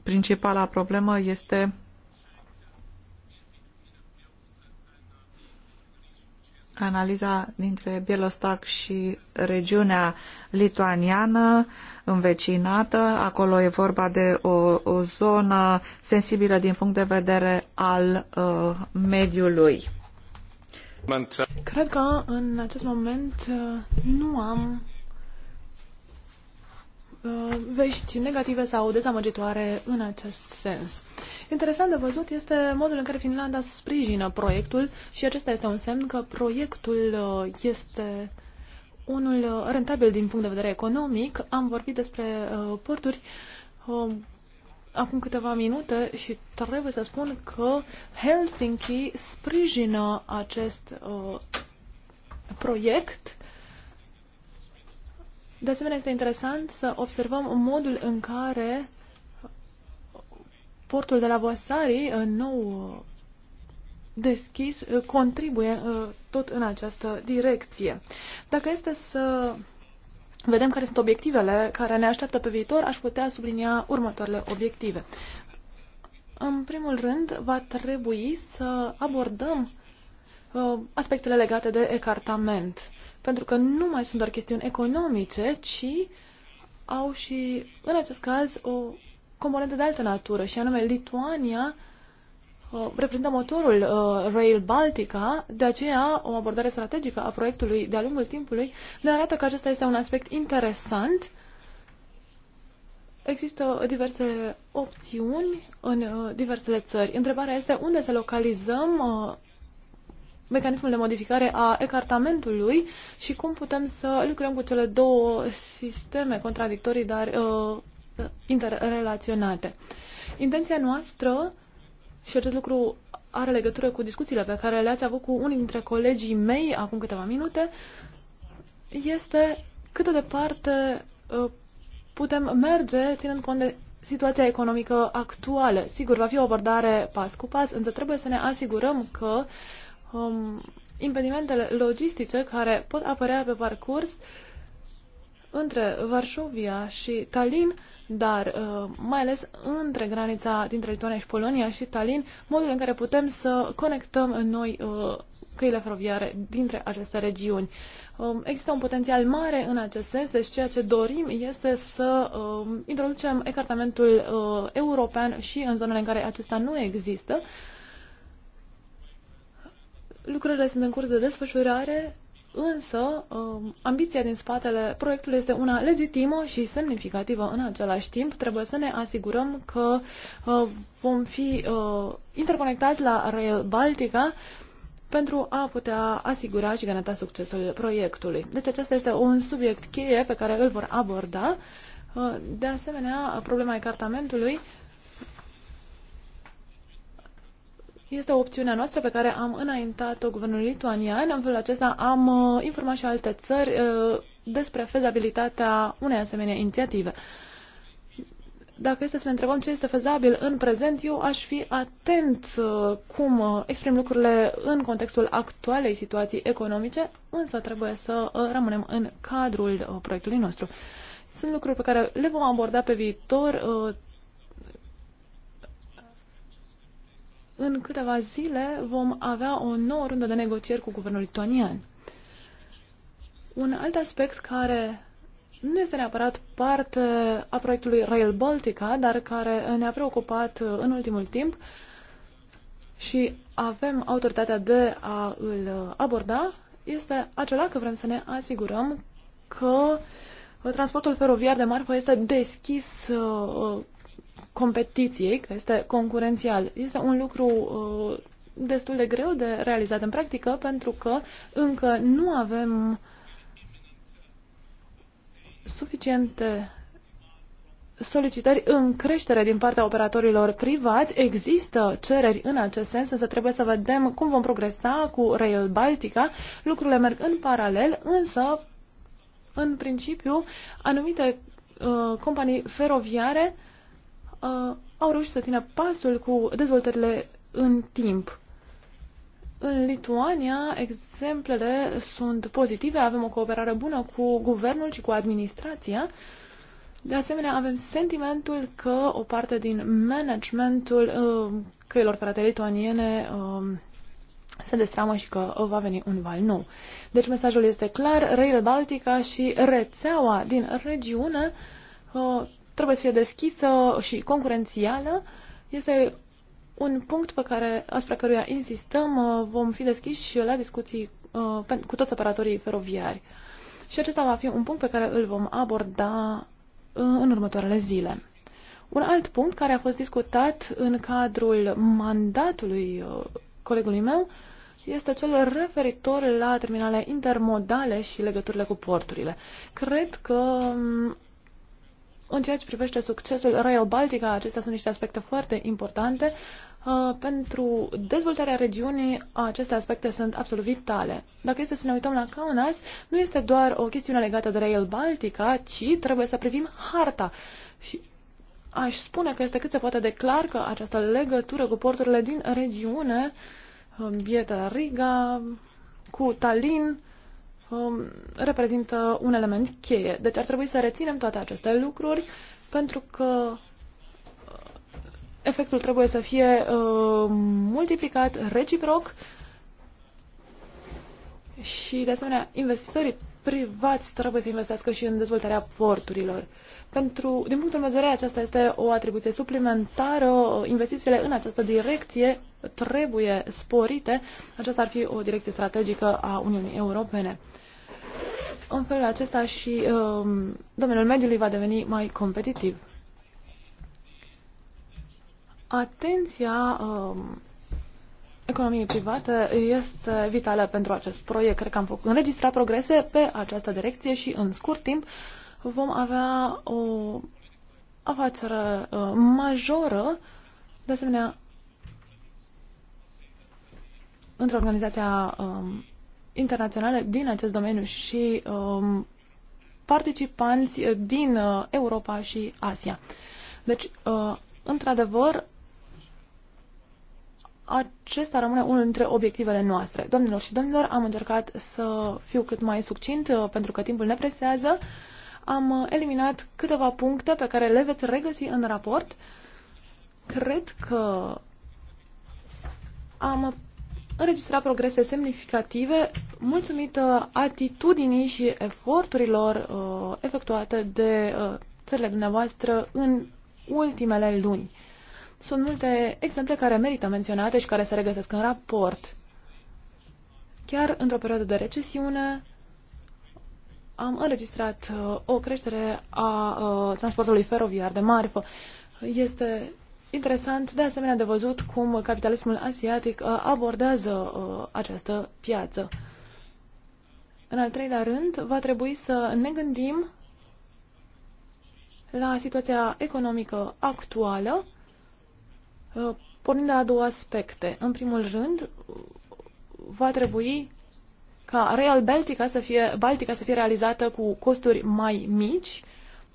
principala problemă este analiza dintre Bielostac și regiunea lituaniană învecinată. Acolo e vorba de o, o zonă sensibilă din punct de vedere al uh, mediului. Cred că în acest moment uh, nu am Uh, vești negative sau dezamăgitoare în acest sens. Interesant de văzut este modul în care Finlanda sprijină proiectul și acesta este un semn că proiectul uh, este unul uh, rentabil din punct de vedere economic. Am vorbit despre porturi acum câteva minute și trebuie să spun că Helsinki sprijină acest proiect de asemenea, este interesant să observăm modul în care portul de la Boasari, uh, nou uh, deschis, uh, contribuie tot în această direcție. Dacă este să vedem care sunt obiectivele care ne așteaptă pe viitor, aș putea sublinia următoarele obiective. În primul rând, va trebui să abordăm Uh, aspectele legate de ecartament. Pentru că nu mai sunt doar chestiuni economice, ci au și, în acest caz, o componentă de altă natură, și anume Lituania uh, reprezintă motorul uh, Rail Baltica, de aceea o abordare strategică a proiectului de-a lungul timpului ne arată că acesta este un aspect interesant. Există diverse opțiuni în uh, diversele țări. Întrebarea este unde să localizăm uh, mecanismul de modificare a ecartamentului și cum putem să lucrăm cu cele două sisteme contradictorii, dar uh, interrelaționate. Intenția noastră, și acest lucru are legătură cu discuțiile pe care le-ați avut cu unii dintre colegii mei acum câteva minute, este cât de departe uh, putem merge ținând cont de situația economică actuală. Sigur, va fi o abordare pas cu pas, însă trebuie să ne asigurăm că um, impedimentele logistice care pot apărea pe parcurs între Varșovia și Tallinn, dar uh, mai ales între granița dintre Lituania și Polonia și Tallinn, modul în care putem să conectăm noi uh, căile feroviare dintre aceste regiuni. Um, există un potențial mare în acest sens, deci ceea ce dorim este să um, introducem ecartamentul uh, european și în zonele în care acesta nu există, uh, Lucrurile sunt în curs de desfășurare, însă um, ambiția din spatele proiectului este una legitimă și semnificativă în același timp. Trebuie să ne asigurăm că uh, vom fi uh, interconectați la Rail Baltica pentru a putea asigura și garanta succesul proiectului. Deci acesta este un subiect cheie pe care îl vor aborda. Uh, de asemenea, problema ecartamentului Este o opțiune noastră pe care am înaintat-o guvernul lituanian. În felul acesta am uh, informat și alte țări uh, despre fezabilitatea unei asemenea inițiative. Dacă este să ne întrebăm ce este fezabil în prezent, eu aș fi atent uh, cum uh, exprim lucrurile în contextul actualei situații economice, însă trebuie să uh, rămânem în cadrul uh, proiectului nostru. Sunt lucruri pe care le vom aborda pe viitor, în câteva zile vom avea o nouă rundă de negocieri cu guvernul lituanian. Un alt aspect care nu este neapărat parte a proiectului Rail Baltica, dar care ne-a preocupat uh, în ultimul timp și avem autoritatea de a îl uh, aborda, este acela că vrem să ne asigurăm că uh, transportul feroviar de marfă este deschis competiției, că este concurențial. Este un lucru uh, destul de greu de realizat în practică pentru că încă nu avem suficiente solicitări în creștere din partea operatorilor privați. Există cereri în acest sens, însă trebuie să vedem cum vom progresa cu Rail Baltica. Lucrurile merg în paralel, însă, în principiu, anumite uh, companii feroviare uh, uh, au reușit să țină pasul cu dezvoltările în timp. În Lituania, exemplele sunt pozitive, avem o cooperare bună cu guvernul și cu administrația. De asemenea, avem sentimentul că o parte din managementul uh, căilor ferate lituaniene uh, se destramă și că va veni un val nou. Deci mesajul este clar, Rail Baltica și rețeaua din regiune uh, trebuie să fie deschisă și concurențială. Este un punct pe care, asupra căruia insistăm, uh, vom fi deschiși la discuții uh, cu toți operatorii feroviari. Și acesta va fi un punct pe care îl vom aborda uh, în următoarele zile. Un alt punct care a fost discutat în cadrul mandatului colegului meu este cel referitor la terminale intermodale și legăturile cu porturile. Cred că um, în ceea ce privește succesul Rail Baltica, acestea sunt niște aspecte foarte importante. Uh, pentru dezvoltarea regiunii, aceste aspecte sunt absolut vitale. Dacă este să ne uităm la Kaunas, nu este doar o chestiune legată de Rail Baltica, ci trebuie să privim harta. Și aș spune că este cât se poate de clar că această legătură cu porturile din regiune, uh, Bieta Riga, cu Tallinn, Um, reprezintă un element cheie. Deci ar trebui să reținem toate aceste lucruri pentru că uh, efectul trebuie să fie uh, multiplicat reciproc și, de asemenea, investitorii privați trebuie să investească și în dezvoltarea porturilor. Pentru, din punctul meu de vedere, aceasta este o atribuție suplimentară. Investițiile în această direcție trebuie sporite. Aceasta ar fi o direcție strategică a Uniunii Europene. În felul acesta și um, domeniul mediului va deveni mai competitiv. Atenția um, economiei private este vitală pentru acest proiect. Cred că am înregistrat progrese pe această direcție și în scurt timp uh, vom avea o afacere uh, majoră, de asemenea, între organizația um, internațională din acest domeniu și um, participanți uh, din uh, Europa și Asia. Deci, uh, într-adevăr, acesta rămâne unul dintre obiectivele noastre. Domnilor și domnilor, am încercat să fiu cât mai succint uh, pentru că timpul ne presează. Uh, am uh, eliminat câteva puncte pe care le veți regăsi în raport. Cred că am înregistrat progrese semnificative mulțumită atitudinii și eforturilor uh, efectuate de uh, țările dumneavoastră în ultimele luni. Sunt multe exemple care merită menționate și care se regăsesc în raport. Chiar într-o perioadă de recesiune, am înregistrat uh, o creștere a uh, transportului feroviar de marfă. Este interesant de asemenea de văzut cum capitalismul asiatic uh, abordează această piață. În al treilea rând, va trebui să ne gândim la situația economică actuală, pornind de la două aspecte. În primul rând, va trebui ca Real Baltica să fie, Baltica să fie realizată cu costuri mai mici.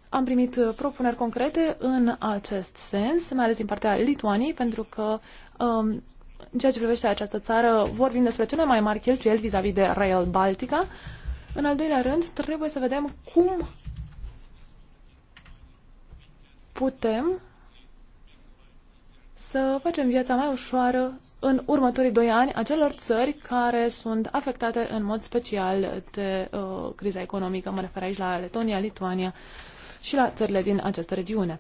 Am primit uh, propuneri concrete în acest sens, mai ales din partea Lituaniei, pentru că um, în ceea ce privește această țară vorbim despre cele mai mari cheltuieli vis-a-vis de Rail Baltica. În al doilea rând, trebuie să vedem cum putem să facem viața mai ușoară în următorii doi ani acelor țări care sunt afectate în mod special de uh, criza economică. Mă refer aici la Letonia, Lituania și la țările din această regiune.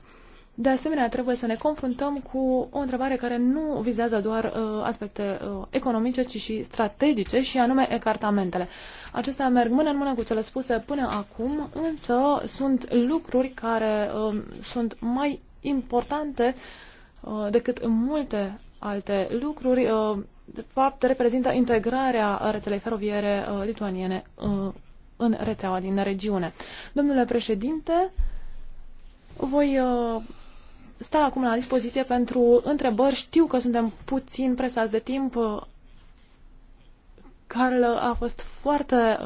De asemenea, trebuie să ne confruntăm cu o întrebare care nu vizează doar uh, aspecte uh, economice, ci și strategice, și anume ecartamentele. Acestea merg mână în mână cu cele spuse până acum, însă sunt lucruri care uh, sunt mai importante uh, Uh, decât în multe alte lucruri, uh, de fapt reprezintă integrarea rețelei feroviere uh, lituaniene în rețeaua din regiune. Domnule președinte, voi sta acum la dispoziție pentru întrebări. Știu că suntem puțin presați de timp. Carl a fost foarte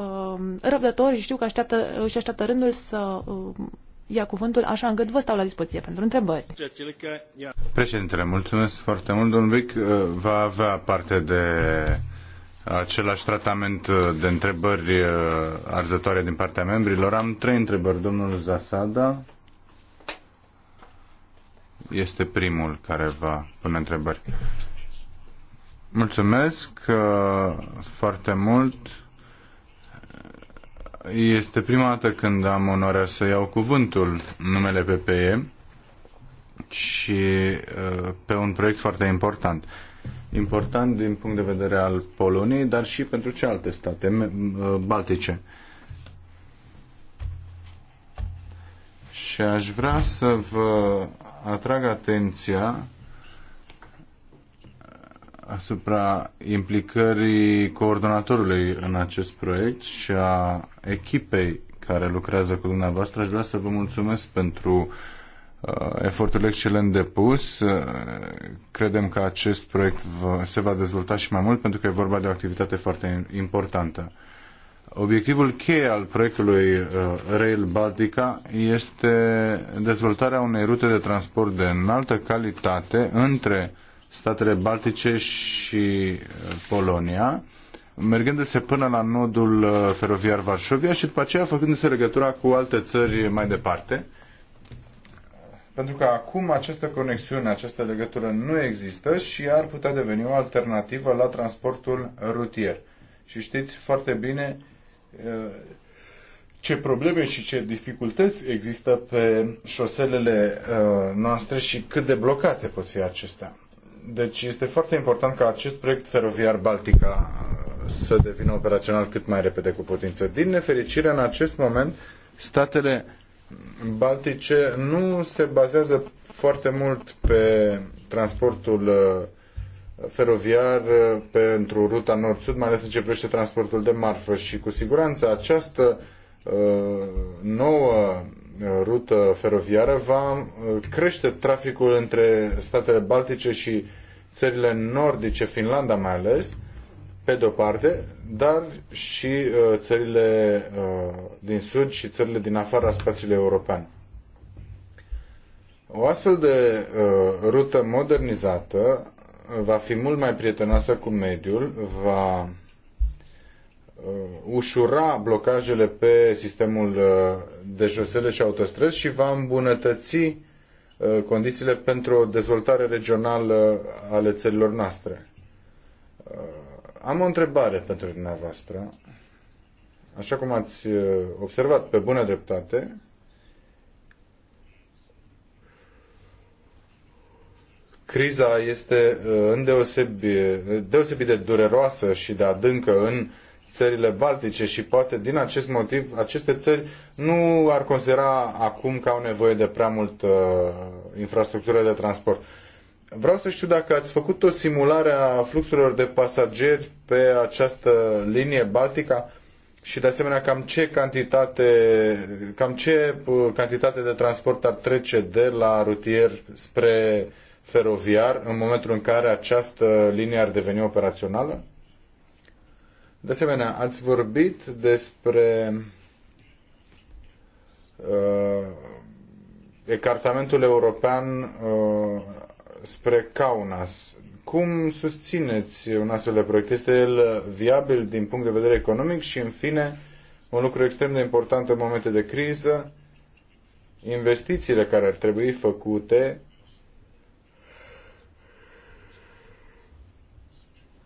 răbdător și știu că așteaptă, își așteaptă rândul să ia cuvântul așa încât vă stau la dispoziție pentru întrebări. Președintele, mulțumesc foarte mult. Domnul Bic uh, va avea parte de același tratament uh, de întrebări uh, arzătoare din partea membrilor. Am trei întrebări. Domnul Zasada este primul care va pune întrebări. Mulțumesc foarte mult. Este prima dată când am onoarea să iau cuvântul numele PPE și uh, pe un proiect foarte important. Important din punct de vedere al Poloniei, dar și pentru celelalte state uh, baltice. Și aș vrea să vă atrag atenția asupra implicării coordonatorului în acest proiect și a echipei care lucrează cu dumneavoastră. Aș vrea să vă mulțumesc pentru uh, efortul excelent depus. Uh, credem că acest proiect se va dezvolta și mai mult pentru că e vorba de o activitate foarte importantă. Obiectivul cheie al proiectului uh, Rail Baltica este dezvoltarea unei rute de transport de înaltă calitate între uh, statele Baltice și uh, Polonia, mergându-se până la nodul uh, feroviar Varșovia și după aceea făcându-se legătura cu alte țări mai departe. Pentru că acum această conexiune, această legătură nu există și ar putea deveni o alternativă la transportul rutier. Și știți foarte bine uh, ce probleme și ce dificultăți există pe șoselele noastre și cât de blocate pot fi acestea. Deci este foarte important ca acest proiect feroviar Baltica uh, să devină operațional cât mai repede cu putință. Din nefericire, în acest moment, statele baltice nu se bazează foarte mult pe transportul uh, feroviar uh, pentru ruta nord-sud, mai ales în ce privește transportul de marfă și cu siguranță această uh, nouă rută feroviară va uh, crește traficul între statele baltice și țările nordice, Finlanda mai ales, pe de-o parte, dar și uh, țările uh, din sud și țările din afara spațiului european. O astfel de rută modernizată va fi mult mai prietenoasă cu mediul, va Uh, ușura blocajele pe sistemul uh, de josele și autostrăzi și va îmbunătăți uh, condițiile pentru o dezvoltare regională ale țărilor noastre. Am o întrebare pentru dumneavoastră. Așa cum ați observat pe bună dreptate, criza este îndeosebi, deosebit de dureroasă și de adâncă în țările baltice și poate din acest motiv aceste țări nu ar considera acum că au nevoie de prea mult uh, infrastructură de transport. Vreau să știu dacă ați făcut o simulare a fluxurilor de pasageri pe această linie baltică și de asemenea cam ce cantitate, cam ce uh, cantitate de transport ar trece de la rutier spre feroviar în momentul în care această linie ar deveni operațională? De asemenea, ați vorbit despre uh, ecartamentul european uh, spre Kaunas. Cum susțineți un astfel de proiect? Este el viabil din punct de vedere economic și, în fine, un lucru extrem de important în momente de criză, investițiile care ar trebui făcute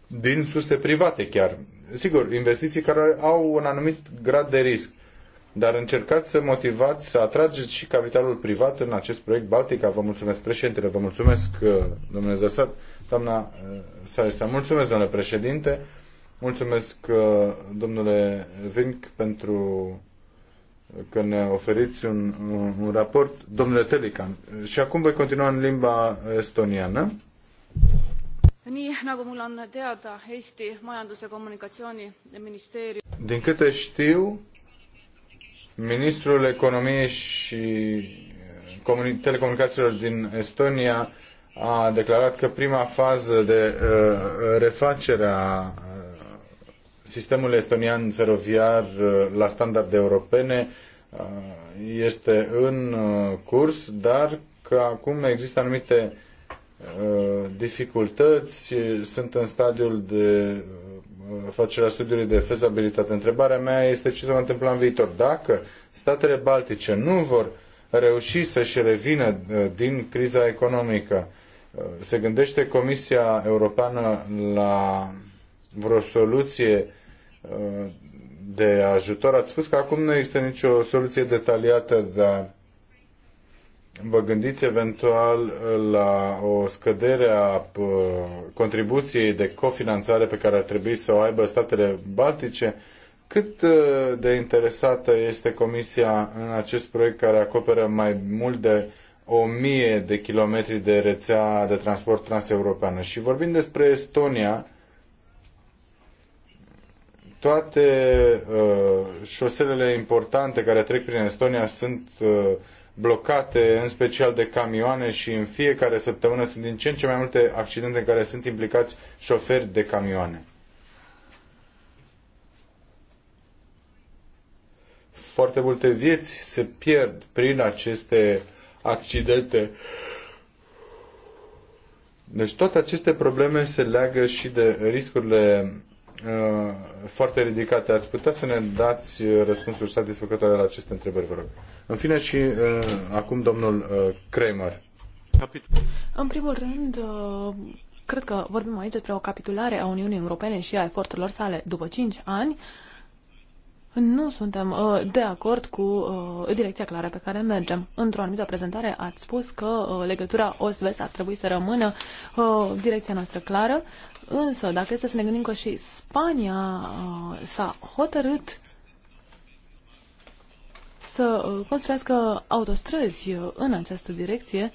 din surse private chiar sigur, investiții care au un anumit grad de risc. Dar încercați să motivați, să atrageți și capitalul privat în acest proiect Baltica. Vă mulțumesc, președintele, vă mulțumesc, uh, domnule Zăsat, doamna uh, Sarisa, mulțumesc, domnule președinte, mulțumesc, uh, domnule Vinc, pentru că ne oferiți un, un, un raport, domnule Telican. Și acum voi continua în limba estoniană. Nii nagu mul on teada Eesti Din câte știu, Ministrul Economiei și eh, Telecomunicațiilor din Estonia a declarat că prima fază de uh, refacere a eh, sistemului estonian feroviar uh, la standarde europene uh, este în uh, curs, dar că acum există anumite uh, Uh, dificultăți, sunt în stadiul de uh, facerea studiului de fezabilitate. Întrebarea mea este ce se va întâmpla în viitor. Dacă statele baltice nu vor reuși să-și revină uh, din criza economică, se gândește Comisia Europeană la vreo soluție de ajutor? Ați spus că acum nu există nicio soluție detaliată, dar vă gândiți eventual uh, la o scădere a uh, contribuției de cofinanțare pe care ar trebui să o aibă statele baltice? Cât uh, de interesată este Comisia în acest proiect care acoperă mai mult de o mie de kilometri de rețea de transport transeuropeană? Și vorbind despre Estonia, toate uh, șoselele importante care trec prin Estonia sunt uh, blocate, în special de camioane și în fiecare săptămână sunt din ce în ce mai multe accidente în care sunt implicați șoferi de camioane. Foarte multe vieți se pierd prin aceste accidente. Deci toate aceste probleme se leagă și de riscurile Uh, foarte ridicate. Ați putea să ne dați uh, răspunsuri satisfăcătoare la aceste întrebări, vă rog. În fine și uh, acum domnul Kramer. În primul rând, cred că vorbim aici despre o capitulare a Uniunii Europene și a eforturilor sale după 5 ani. Nu suntem uh, de acord cu uh, direcția clară pe care mergem. Într-o anumită prezentare ați spus că uh, legătura Ost-Vest ar trebui să rămână uh, direcția noastră clară. Însă, dacă este să ne gândim că și Spania uh, s-a hotărât să uh, construiască autostrăzi uh, în această direcție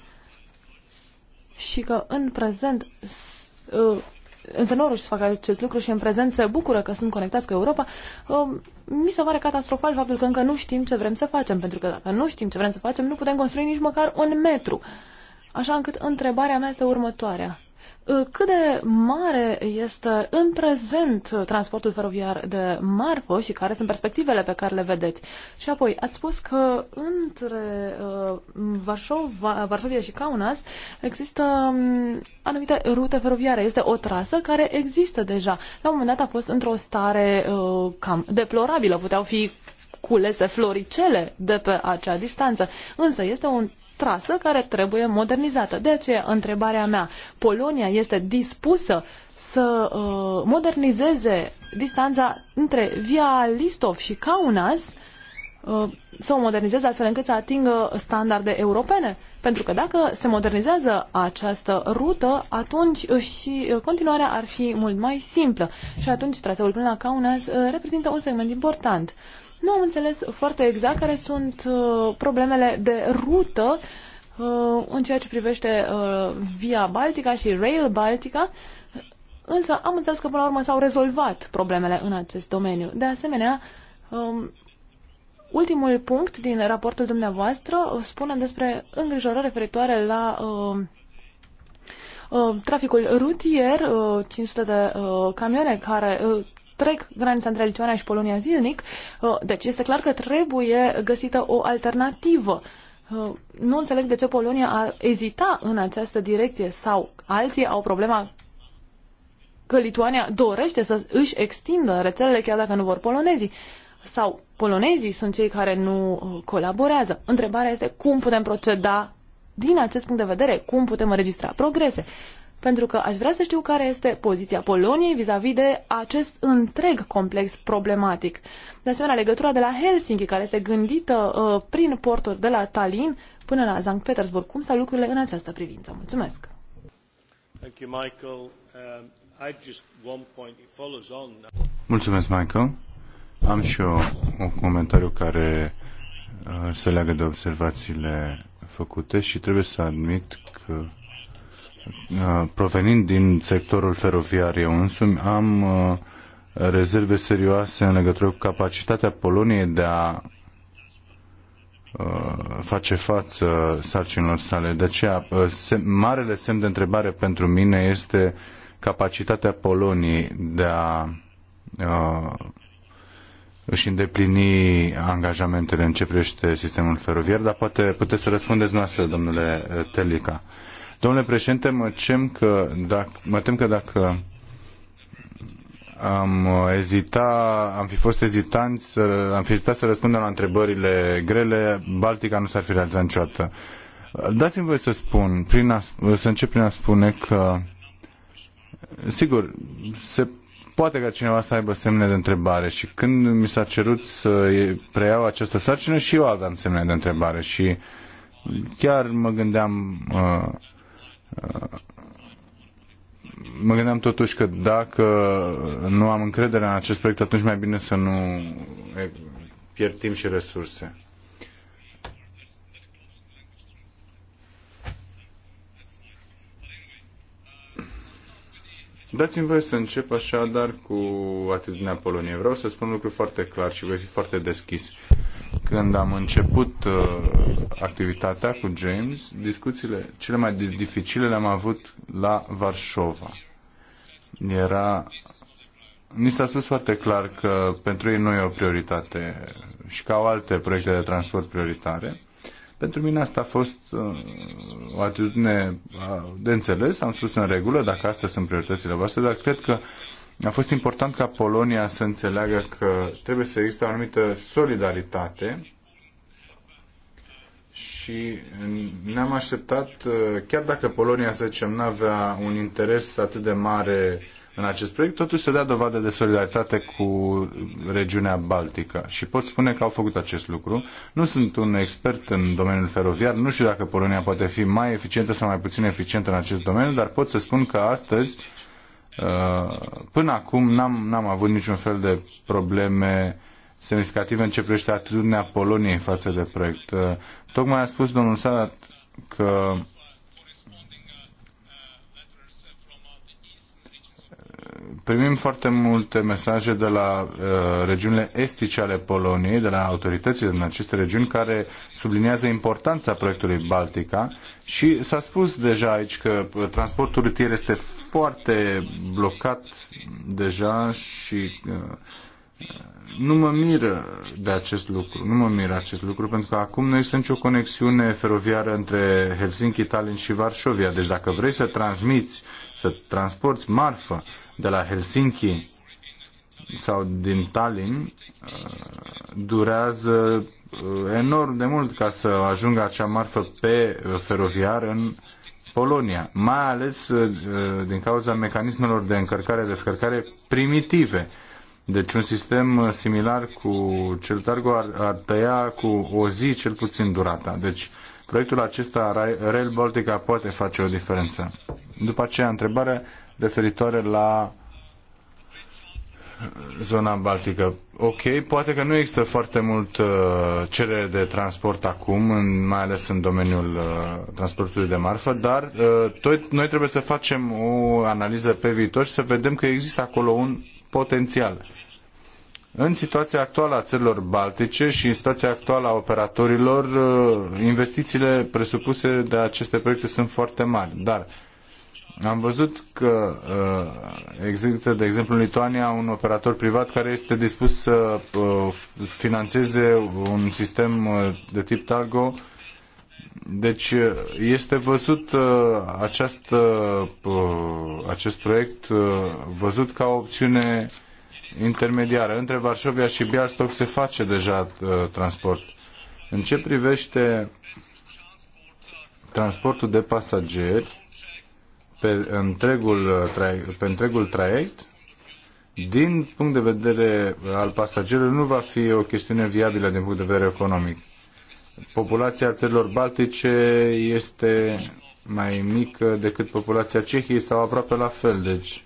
și că în prezent însă nu să fac acest lucru și în prezent se bucură că sunt conectați cu Europa, uh, mi se pare catastrofal faptul că încă nu știm ce vrem să facem, pentru că dacă nu știm ce vrem să facem, nu putem construi nici măcar un metru. Așa încât întrebarea mea este următoarea. Ă, cât de mare este în prezent transportul feroviar de marfă și care sunt perspectivele pe care le vedeți. Și apoi, ați spus că între uh, ă, Varșova, Varșovia și Kaunas există um, anumite rute feroviare. Este o trasă care există deja. La un moment dat a fost într-o stare uh, cam deplorabilă. Puteau fi culese floricele de pe acea distanță. Însă este un trasă care trebuie modernizată. De aceea, întrebarea mea, Polonia este dispusă să uh, modernizeze distanța între Via Listov și Kaunas, uh, să o modernizeze astfel încât să atingă standarde europene? Pentru că dacă se modernizează această rută, atunci și uh, continuarea ar fi mult mai simplă. Și atunci traseul până la Kaunas uh, reprezintă un segment important. Nu am înțeles foarte exact care sunt uh, problemele de rută uh, în ceea ce privește uh, Via Baltica și Rail Baltica, însă am înțeles că până la urmă s-au rezolvat problemele în acest domeniu. De asemenea, um, ultimul punct din raportul dumneavoastră spune despre îngrijorări referitoare la um, uh, traficul rutier, 500 uh, de uh, camioane care uh, trec granița între Lituania și Polonia zilnic, uh, deci este clar că trebuie găsită o alternativă. Uh, nu înțeleg de ce Polonia ar ezita în această direcție sau alții au problema că Lituania dorește să își extindă rețelele chiar dacă nu vor polonezii sau polonezii sunt cei care nu uh, colaborează. Întrebarea este cum putem proceda din acest punct de vedere, cum putem înregistra progrese pentru că aș vrea să știu care este poziția Poloniei vis-a-vis -vis de acest întreg complex problematic. De asemenea, legătura de la Helsinki, care este gândită uh, prin porturi de la Tallinn până la Sankt Petersburg. Cum stau lucrurile în această privință? Mulțumesc! Thank you, Michael. Um, I just one point. It follows on. Mulțumesc, Michael. Am și eu un comentariu care uh, se leagă de observațiile făcute și trebuie să admit că Uh, provenind din sectorul feroviar eu însumi, am uh, rezerve serioase în legătură cu capacitatea Poloniei de a uh, face față sarcinilor sale. De aceea, marele semn de întrebare pentru mine este capacitatea Poloniei de a își îndeplini angajamentele în ce privește sistemul feroviar, dar poate puteți să răspundeți noastră, domnule Telica. Domnule președinte, mă, cem că dacă, mă tem că dacă am ezita, am fi fost ezitanți, să, am fi ezitat să răspundem la întrebările grele, Baltica nu s-ar fi realizat niciodată. Dați-mi voi să spun, prin a, să încep prin a spune că, sigur, se poate ca cineva să aibă semne de întrebare și când mi s-a cerut să preiau această sarcină și eu aveam semne de întrebare și chiar mă gândeam uh, Mă gândeam totuși că dacă nu am încredere în acest proiect, atunci mai bine să nu pierd timp și resurse. Dați-mi voie să încep așadar cu atitudinea Poloniei. Vreau să spun lucru foarte clar și voi fi foarte deschis. Când am început uh, activitatea cu James, discuțiile cele mai dificile le-am avut la Varșova. Era Mi s-a spus foarte clar că pentru ei nu e o prioritate și ca au alte proiecte de transport prioritare. Pentru mine asta a fost uh, o atitudine uh, de înțeles, am spus în regulă, dacă astea sunt prioritățile voastre, dar cred că a fost important ca Polonia să înțeleagă că trebuie să existe o anumită solidaritate și ne-am așteptat, chiar dacă Polonia, să zicem, nu avea un interes atât de mare în acest proiect, totuși să dea dovadă de solidaritate cu regiunea Baltică. Și pot spune că au făcut acest lucru. Nu sunt un expert în domeniul feroviar, nu știu dacă Polonia poate fi mai eficientă sau mai puțin eficientă în acest domeniu, dar pot să spun că astăzi Uh, până acum n-am, n-am avut niciun fel de probleme semnificative în ce privește atitudinea Poloniei față de proiect. Uh, tocmai a spus domnul Sadat că primim foarte multe mesaje de la uh, regiunile estice ale Poloniei, de la autoritățile din aceste regiuni, care subliniază importanța proiectului Baltica și s-a spus deja aici că transportul rutier este foarte blocat deja și uh, nu mă miră de acest lucru. Nu mă miră acest lucru pentru că acum nu există nicio conexiune feroviară între Helsinki, Tallinn și Varșovia. Deci dacă vrei să transmiți, să transporti marfă de la Helsinki sau din Tallinn, uh, durează Uh, enorm de mult ca să ajungă acea marfă pe uh, feroviar în Polonia, mai ales uh, din cauza mecanismelor de încărcare-descărcare primitive. Deci un sistem similar cu cel Targo ar, ar tăia cu o zi cel puțin durata. Deci proiectul acesta Rail Baltica poate face o diferență. După aceea întrebarea referitoare la zona Baltică. Ok, poate că nu există foarte mult uh, cerere de transport acum, în, mai ales în domeniul uh, transportului de marfă, dar uh, tot, noi trebuie să facem o analiză pe viitor și să vedem că există acolo un potențial. În situația actuală a țărilor baltice și în situația actuală a operatorilor, uh, investițiile presupuse de aceste proiecte sunt foarte mari, dar uh, am văzut că uh, există, de exemplu, în Lituania un operator privat care este dispus să uh, financeze un sistem uh, de tip Targo. Deci este văzut acest, acest proiect văzut ca o opțiune intermediară. Între Varșovia și Bialstok se face deja transport. În ce privește transportul de pasageri, pe întregul, trai, pe întregul traiect, din punct de vedere al pasagerilor, nu va fi o chestiune viabilă din punct de vedere economic. Populația țărilor baltice este mai mică decât populația Cehiei sau aproape la fel, deci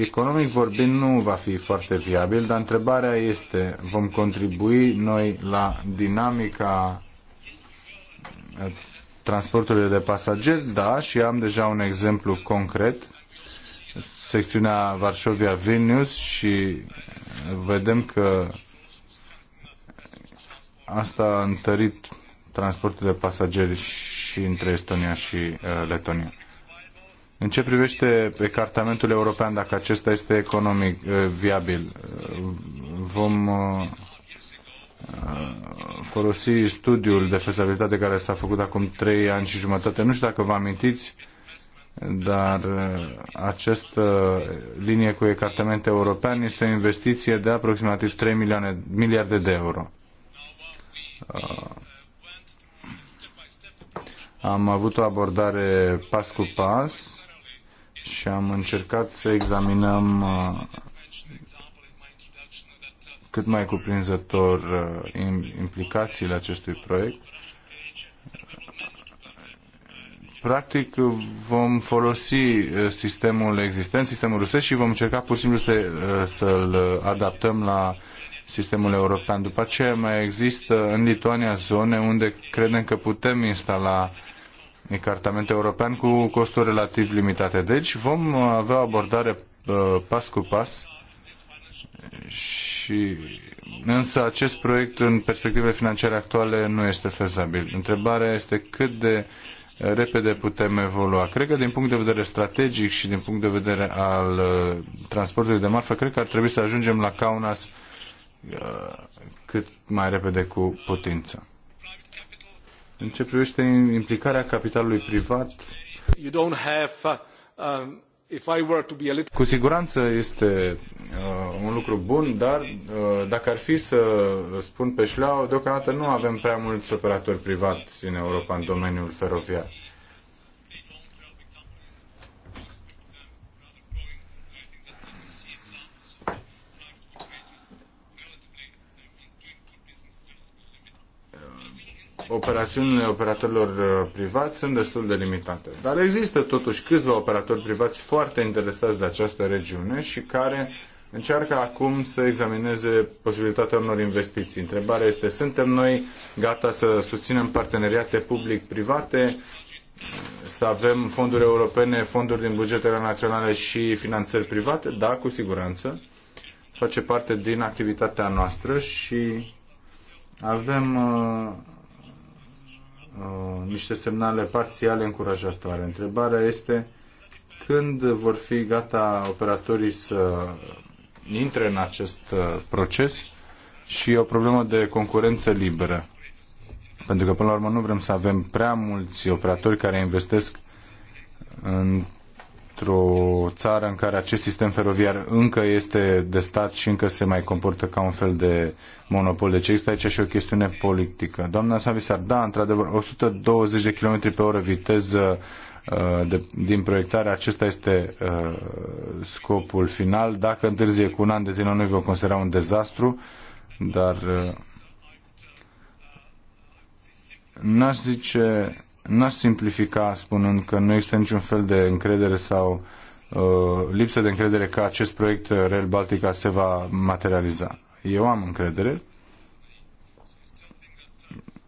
economic vorbind nu va fi foarte viabil, dar întrebarea este, vom contribui noi la dinamica transporturile de pasageri, da, și am deja un exemplu concret, secțiunea Varșovia-Vilnius și vedem că asta a întărit transportul de pasageri și între Estonia și uh, Letonia. În ce privește ecartamentul european, dacă acesta este economic uh, viabil, uh, vom Uh, folosi studiul de fezabilitate care s-a făcut acum trei ani și jumătate. Nu știu dacă vă amintiți, dar uh, această linie cu ecartament european este o investiție de aproximativ 3 milioane, miliarde de euro. Uh, am avut o abordare pas cu pas și am încercat să examinăm cât mai cuprinzător uh, implicațiile acestui proiect. Practic vom folosi uh, sistemul existent, sistemul rusesc și vom încerca pur și simplu să, uh, să-l adaptăm la sistemul european. După aceea mai există în Lituania zone unde credem că putem instala ecartament european cu costuri relativ limitate. Deci vom avea o abordare pas cu pas și, însă acest proiect în perspectivele financiare actuale nu este fezabil. Întrebarea este cât de uh, repede putem evolua. Cred că din punct de vedere strategic și din punct de vedere al uh, transportului de marfă, cred că ar trebui să ajungem la Kaunas uh, cât mai repede cu putință. În ce privește implicarea capitalului privat, you don't have, um cu siguranță este uh, un lucru bun, dar uh, dacă ar fi să spun pe șleau, deocamdată nu avem prea mulți operatori privați în Europa în domeniul feroviar. operațiunile operatorilor uh, privați sunt destul de limitate. Dar există totuși câțiva operatori privați foarte interesați de această regiune și care încearcă acum să examineze posibilitatea unor investiții. Întrebarea este, suntem noi gata să susținem parteneriate public-private, să avem fonduri europene, fonduri din bugetele naționale și finanțări private? Da, cu siguranță. Face parte din activitatea noastră și avem uh, Uh, niște semnale parțiale încurajatoare. Întrebarea este când vor fi gata operatorii să intre în acest uh, proces și e o problemă de concurență liberă. Pentru că, până la urmă, nu vrem să avem prea mulți operatori care investesc în într-o țară în care acest sistem feroviar încă este de stat și încă se mai comportă ca un fel de monopol. Deci există aici și o chestiune politică. Doamna Savisar, da, într-adevăr, 120 de km pe oră viteză uh, de, din proiectare, acesta este uh, scopul final. Dacă întârzie cu un an de zi, noi vom considera un dezastru, dar uh, n-aș zice n-aș simplifica spunând că nu există niciun fel de încredere sau uh, lipsă de încredere că acest proiect uh, Rail Baltica se va materializa. Eu am încredere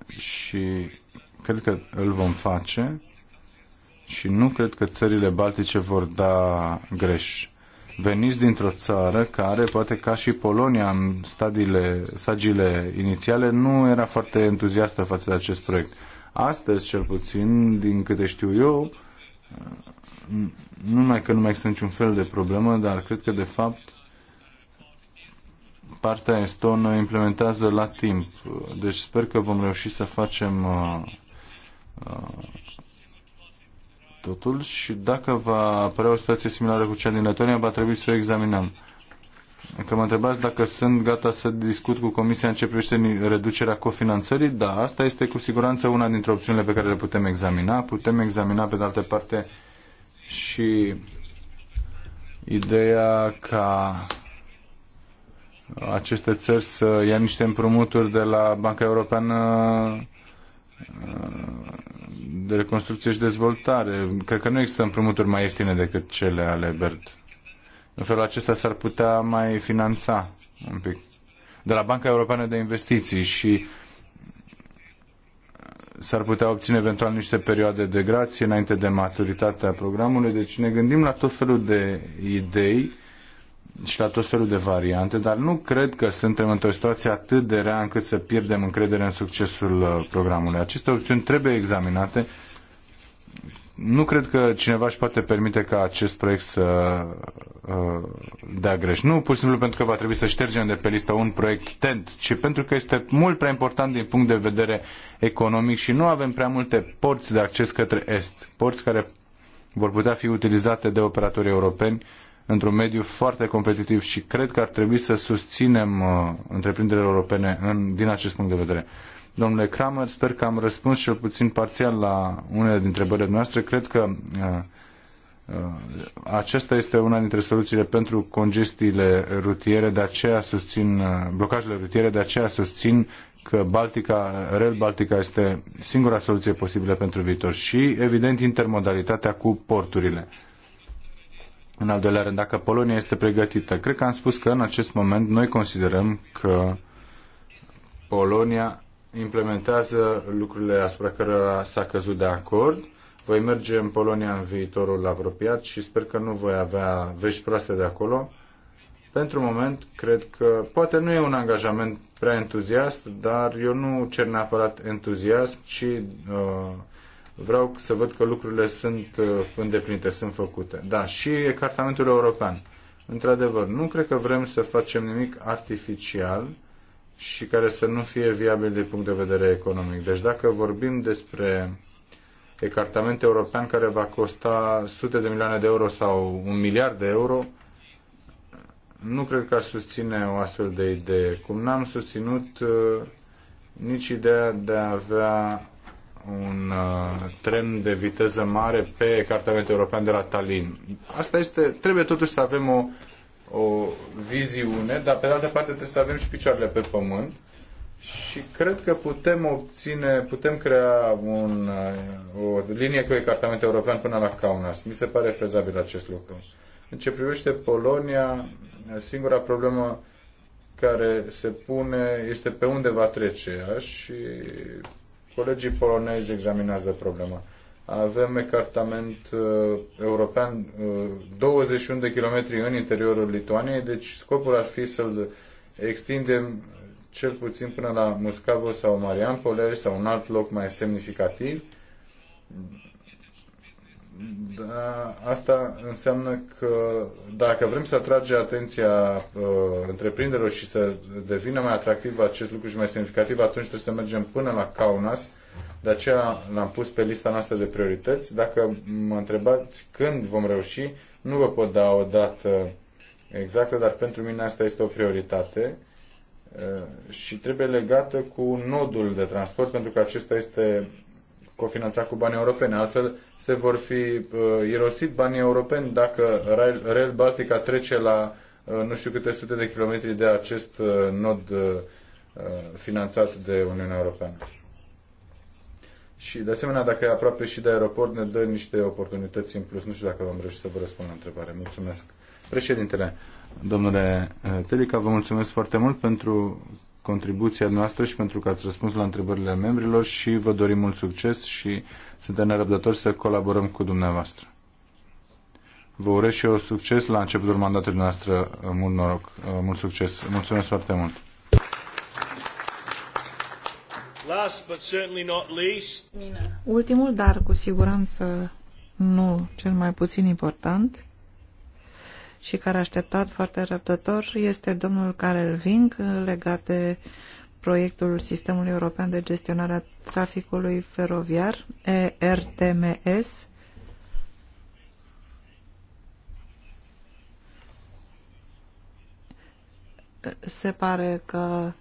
și cred că îl vom face și nu cred că țările baltice vor da greș. Veniți dintr-o țară care, poate ca și Polonia în stadiile, stagiile inițiale, nu era foarte entuziastă față de acest proiect Astăzi, cel puțin, din câte știu eu, nu numai că nu mai există niciun fel de problemă, dar cred că, de fapt, partea estonă implementează la timp. Deci sper că vom reuși să facem uh, uh, totul și dacă va apărea o situație similară cu cea din Letonia, va trebui să o examinăm. Că mă întrebați dacă sunt gata să discut cu Comisia în ce privește reducerea cofinanțării, da, asta este cu siguranță una dintre opțiunile pe care le putem examina. Putem examina, pe de altă parte, și ideea ca aceste țări să ia niște împrumuturi de la Banca Europeană de reconstrucție și dezvoltare. Cred că nu există împrumuturi mai ieftine decât cele ale BERD. În felul acesta s-ar putea mai finanța un pic. De la Banca Europeană de Investiții și s-ar putea obține eventual niște perioade de grație înainte de maturitatea programului. Deci ne gândim la tot felul de idei și la tot felul de variante, dar nu cred că suntem într-o situație atât de rea încât să pierdem încredere în succesul uh, programului. Aceste opțiuni trebuie examinate nu cred că cineva își poate permite ca acest proiect să uh, dea greș. Nu pur și simplu pentru că va trebui să ștergem de pe listă un proiect TENT, ci pentru că este mult prea important din punct de vedere economic și nu avem prea multe porți de acces către Est. Porți care vor putea fi utilizate de operatorii europeni într-un mediu foarte competitiv și cred că ar trebui să susținem uh, întreprinderile europene în, din acest punct de vedere. Domnule Kramer, sper că am răspuns cel puțin parțial la unele dintre întrebările noastre. Cred că uh, uh, aceasta este una dintre soluțiile pentru congestiile rutiere, de aceea susțin uh, blocajele rutiere, de aceea susțin că Baltica, Rail Baltica este singura soluție posibilă pentru viitor și, evident, intermodalitatea cu porturile. În al doilea rând, dacă Polonia este pregătită, cred că am spus că în acest moment noi considerăm că Polonia implementează lucrurile asupra cărora s-a căzut de acord. Voi merge în Polonia în viitorul apropiat și sper că nu voi avea vești proaste de acolo. Pentru moment, cred că poate nu e un angajament prea entuziast, dar eu nu cer neapărat entuziasm, ci uh, vreau să văd că lucrurile sunt uh, îndeplinite, sunt făcute. Da, și ecartamentul european. Într-adevăr, nu cred că vrem să facem nimic artificial, și care să nu fie viabil din punct de vedere economic. Deci dacă vorbim despre ecartament european care va costa sute de milioane de euro sau un miliard de euro, nu cred că aș susține o astfel de idee. Cum n-am susținut uh, nici ideea de a avea un uh, tren de viteză mare pe cartamentul european de la Tallinn. Asta este, trebuie totuși să avem o o viziune, dar pe de altă parte trebuie să avem și picioarele pe pământ și cred că putem obține, putem crea un, uh, o linie cu ecartament european până la Kaunas. Mi se pare fezabil acest lucru. În ce privește Polonia, singura problemă care se pune este pe unde va trece ea și colegii polonezi examinează problema avem ecartament uh, european uh, 21 de kilometri în interiorul Lituaniei, deci scopul ar fi să-l extindem cel puțin până la Muscavo sau Mariampole sau un alt loc mai semnificativ. Da, asta înseamnă că dacă vrem să atrage atenția uh, întreprinderilor și să devină mai atractiv acest lucru și mai semnificativ, atunci trebuie să mergem până la Kaunas, uh, de aceea l-am pus pe lista noastră de priorități. Dacă mă întrebați când vom reuși, nu vă pot da o dată exactă, dar pentru mine asta este o prioritate uh, și trebuie legată cu nodul de transport, pentru că acesta este cofinanțat cu bani europene. Altfel se vor fi uh, irosit banii europeni dacă Rail, Baltica trece la uh, nu știu câte sute de kilometri de acest nod finanțat de Uniunea Europeană. Și, de asemenea, dacă e aproape și de aeroport, ne dă niște oportunități în plus. Nu știu dacă vom reuși să vă răspund la întrebare. Mulțumesc. Președintele, domnule eh, Telica, vă mulțumesc foarte mult pentru contribuția noastră și pentru că ați răspuns la întrebările membrilor și vă dorim mult succes și suntem nerăbdători să colaborăm cu dumneavoastră. Vă urez și eu succes la începutul mandatului noastră. Mult noroc, eh, mult succes. Mulțumesc foarte mult. Last, but certainly not least. Ultimul, dar cu siguranță nu cel mai puțin important și care a așteptat foarte răbdător este domnul Karel Vink legat de proiectul Sistemului European de Gestionare a Traficului Feroviar, ERTMS, se pare că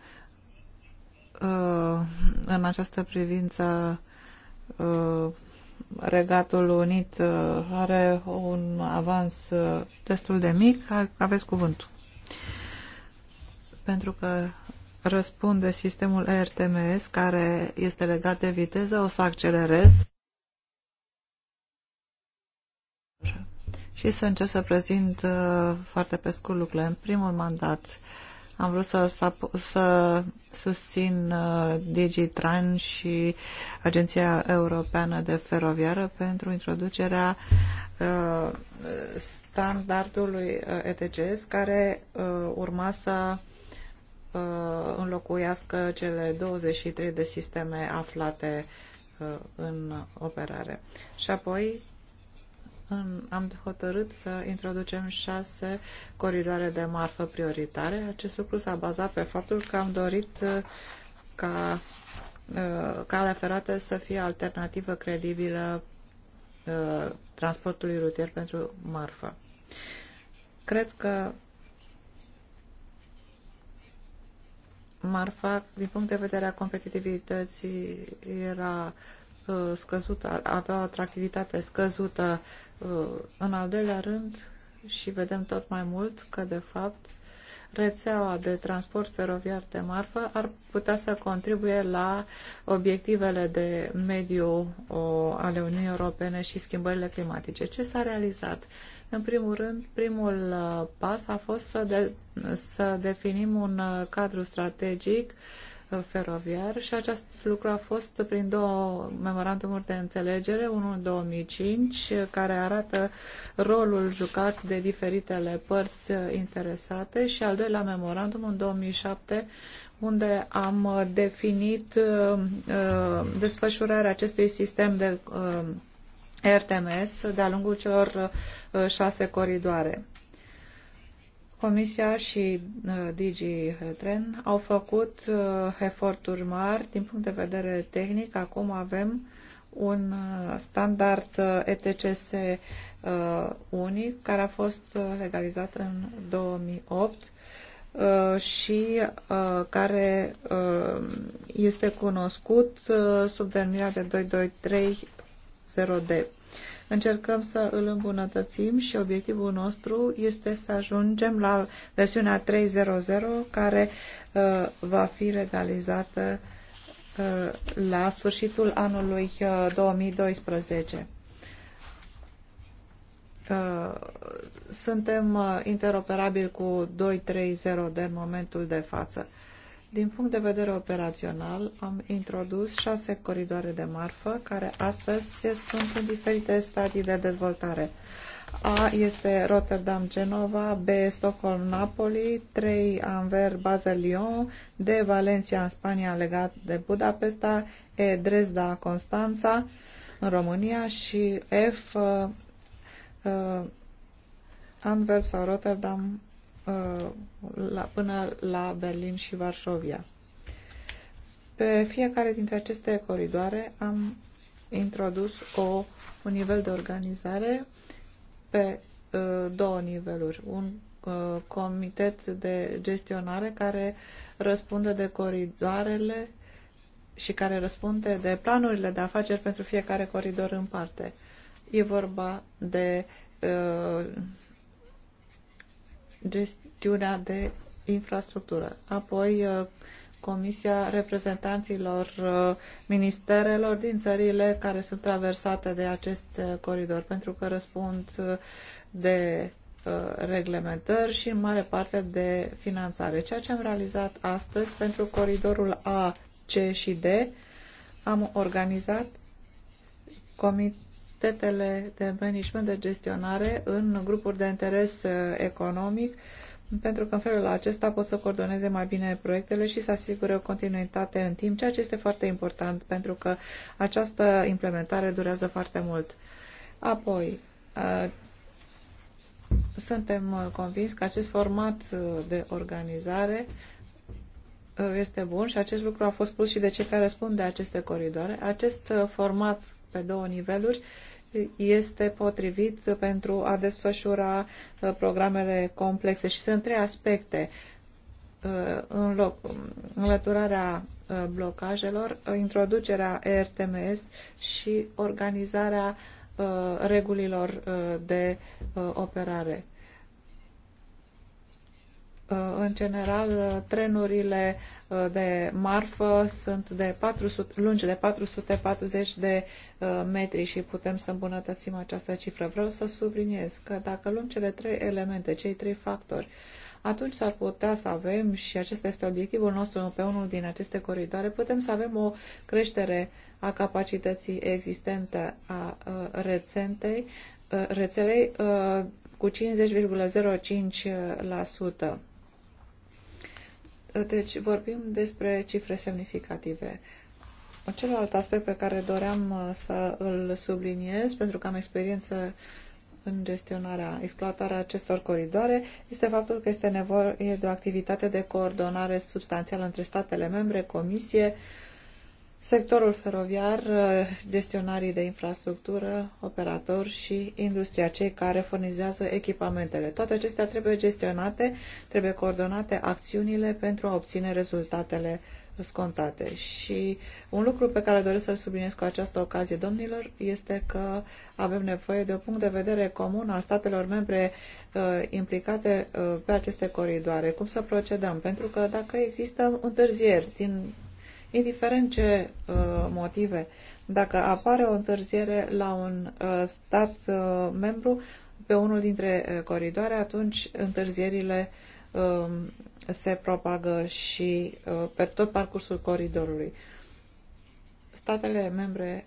Uh, în această privință uh, Regatul Unit uh, are un avans destul de mic, aveți cuvântul. Pentru că răspunde sistemul ERTMS care este legat de viteză, o să accelerez și să încerc să prezint foarte pe scurt lucrurile. În primul mandat am vrut să, să susțin uh, DigiTran și Agenția Europeană de Feroviară pentru introducerea uh, standardului uh, ETCS care urma să înlocuiască cele 23 de sisteme aflate în operare. Și apoi am hotărât să introducem șase coridoare de marfă prioritare. Acest lucru s-a bazat pe faptul că am dorit uh, ca uh, calea ferată să fie alternativă credibilă uh, transportului rutier pentru marfă. Cred că marfa, din punct de vedere a competitivității, era scăzută, avea o atractivitate scăzută Uh, în al doilea rând, și vedem tot mai mult că, de fapt, rețeaua de transport feroviar de marfă ar putea să contribuie la obiectivele de mediu ale Uniunii Europene și schimbările climatice. Ce s-a realizat? În primul rând, primul uh, pas a fost să, de, să definim un uh, cadru strategic uh, feroviar și acest lucru a fost prin două memorandumuri de înțelegere, unul în 2005, care arată rolul jucat de diferitele părți interesate și al doilea memorandum în 2007, unde am definit uh, uh, desfășurarea acestui sistem de uh, RTMS de-a lungul celor uh, șase coridoare. Comisia și uh, DG Tren au făcut uh, eforturi mari din punct de vedere tehnic. Acum avem un uh, standard uh, ETCS uh, unic care a fost uh, legalizat în 2008 uh, și uh, care uh, este cunoscut uh, sub denumirea de 2230 d Încercăm să îl îmbunătățim și obiectivul nostru este să ajungem la versiunea 3.0.0 care uh, va fi legalizată uh, la sfârșitul anului uh, 2012 uh, suntem uh, interoperabili cu 230 de momentul de față. Din punct de vedere operațional, am introdus șase coridoare de marfă, care astăzi sunt în diferite stadii de dezvoltare. A este Rotterdam-Genova, B Stockholm-Napoli, 3 Anver-Basel-Lyon, D Valencia în Spania legat de Budapesta, E Dresda-Constanța în România și F uh, uh, Antwerp sau Rotterdam Uh, la, până la Berlin și Varșovia. Pe fiecare dintre aceste coridoare am introdus o, un nivel de organizare pe uh, două niveluri. Un uh, comitet de gestionare care răspunde de coridoarele și care răspunde de planurile de afaceri pentru fiecare coridor în parte. E vorba de uh, gestiunea de infrastructură. Apoi, uh, Comisia Reprezentanților uh, Ministerelor din țările care sunt traversate de acest uh, coridor, pentru că răspund de reglementări și în mare parte de finanțare. Ceea ce am realizat astăzi pentru coridorul A, C și D, am organizat comit comitetele de management de gestionare în grupuri de interes uh, economic, pentru că în felul acesta pot să coordoneze mai bine proiectele și să asigure o continuitate în timp, ceea ce este foarte important pentru că această implementare durează foarte mult. Apoi, uh, suntem uh, convins că acest format de organizare este bun și acest lucru a fost spus și de cei care răspund de aceste coridoare. Acest format pe două niveluri este potrivit pentru a desfășura uh, programele complexe și sunt trei aspecte. Uh, în loc, înlăturarea uh, blocajelor, introducerea ERTMS și organizarea regulilor de operare. Uh, în general, uh, trenurile uh, de marfă sunt de 400, lungi de 440 de metri și putem să îmbunătățim această cifră. Vreau să subliniez că dacă luăm cele trei elemente, cei trei factori, atunci s-ar putea să avem, și acesta este obiectivul nostru pe unul din aceste coridoare, putem să avem o creștere a capacității existente a rețentei, rețelei cu 50,05%. Deci vorbim despre cifre semnificative. Celălalt aspect pe care doream uh, să îl subliniez, pentru că am experiență în gestionarea, exploatarea acestor coridoare este faptul că este nevoie de o activitate de coordonare substanțială între statele membre, Comisie, uh, sectorul feroviar, uh, gestionarii de infrastructură, operatori și industria, cei care furnizează echipamentele. Toate acestea trebuie gestionate, trebuie coordonate acțiunile pentru a obține rezultatele scontate. Și un lucru pe care doresc să-l subliniez cu această ocazie, domnilor, este că avem nevoie de un punct de vedere comun al statelor membre uh, implicate uh, pe aceste coridoare. Cum să procedăm? Pentru că dacă există întârzieri din indiferent ce uh, motive. Dacă apare o întârziere la un uh, stat uh, membru pe unul dintre uh, coridoare, atunci întârzierile uh, se propagă și uh, pe tot parcursul coridorului. Statele membre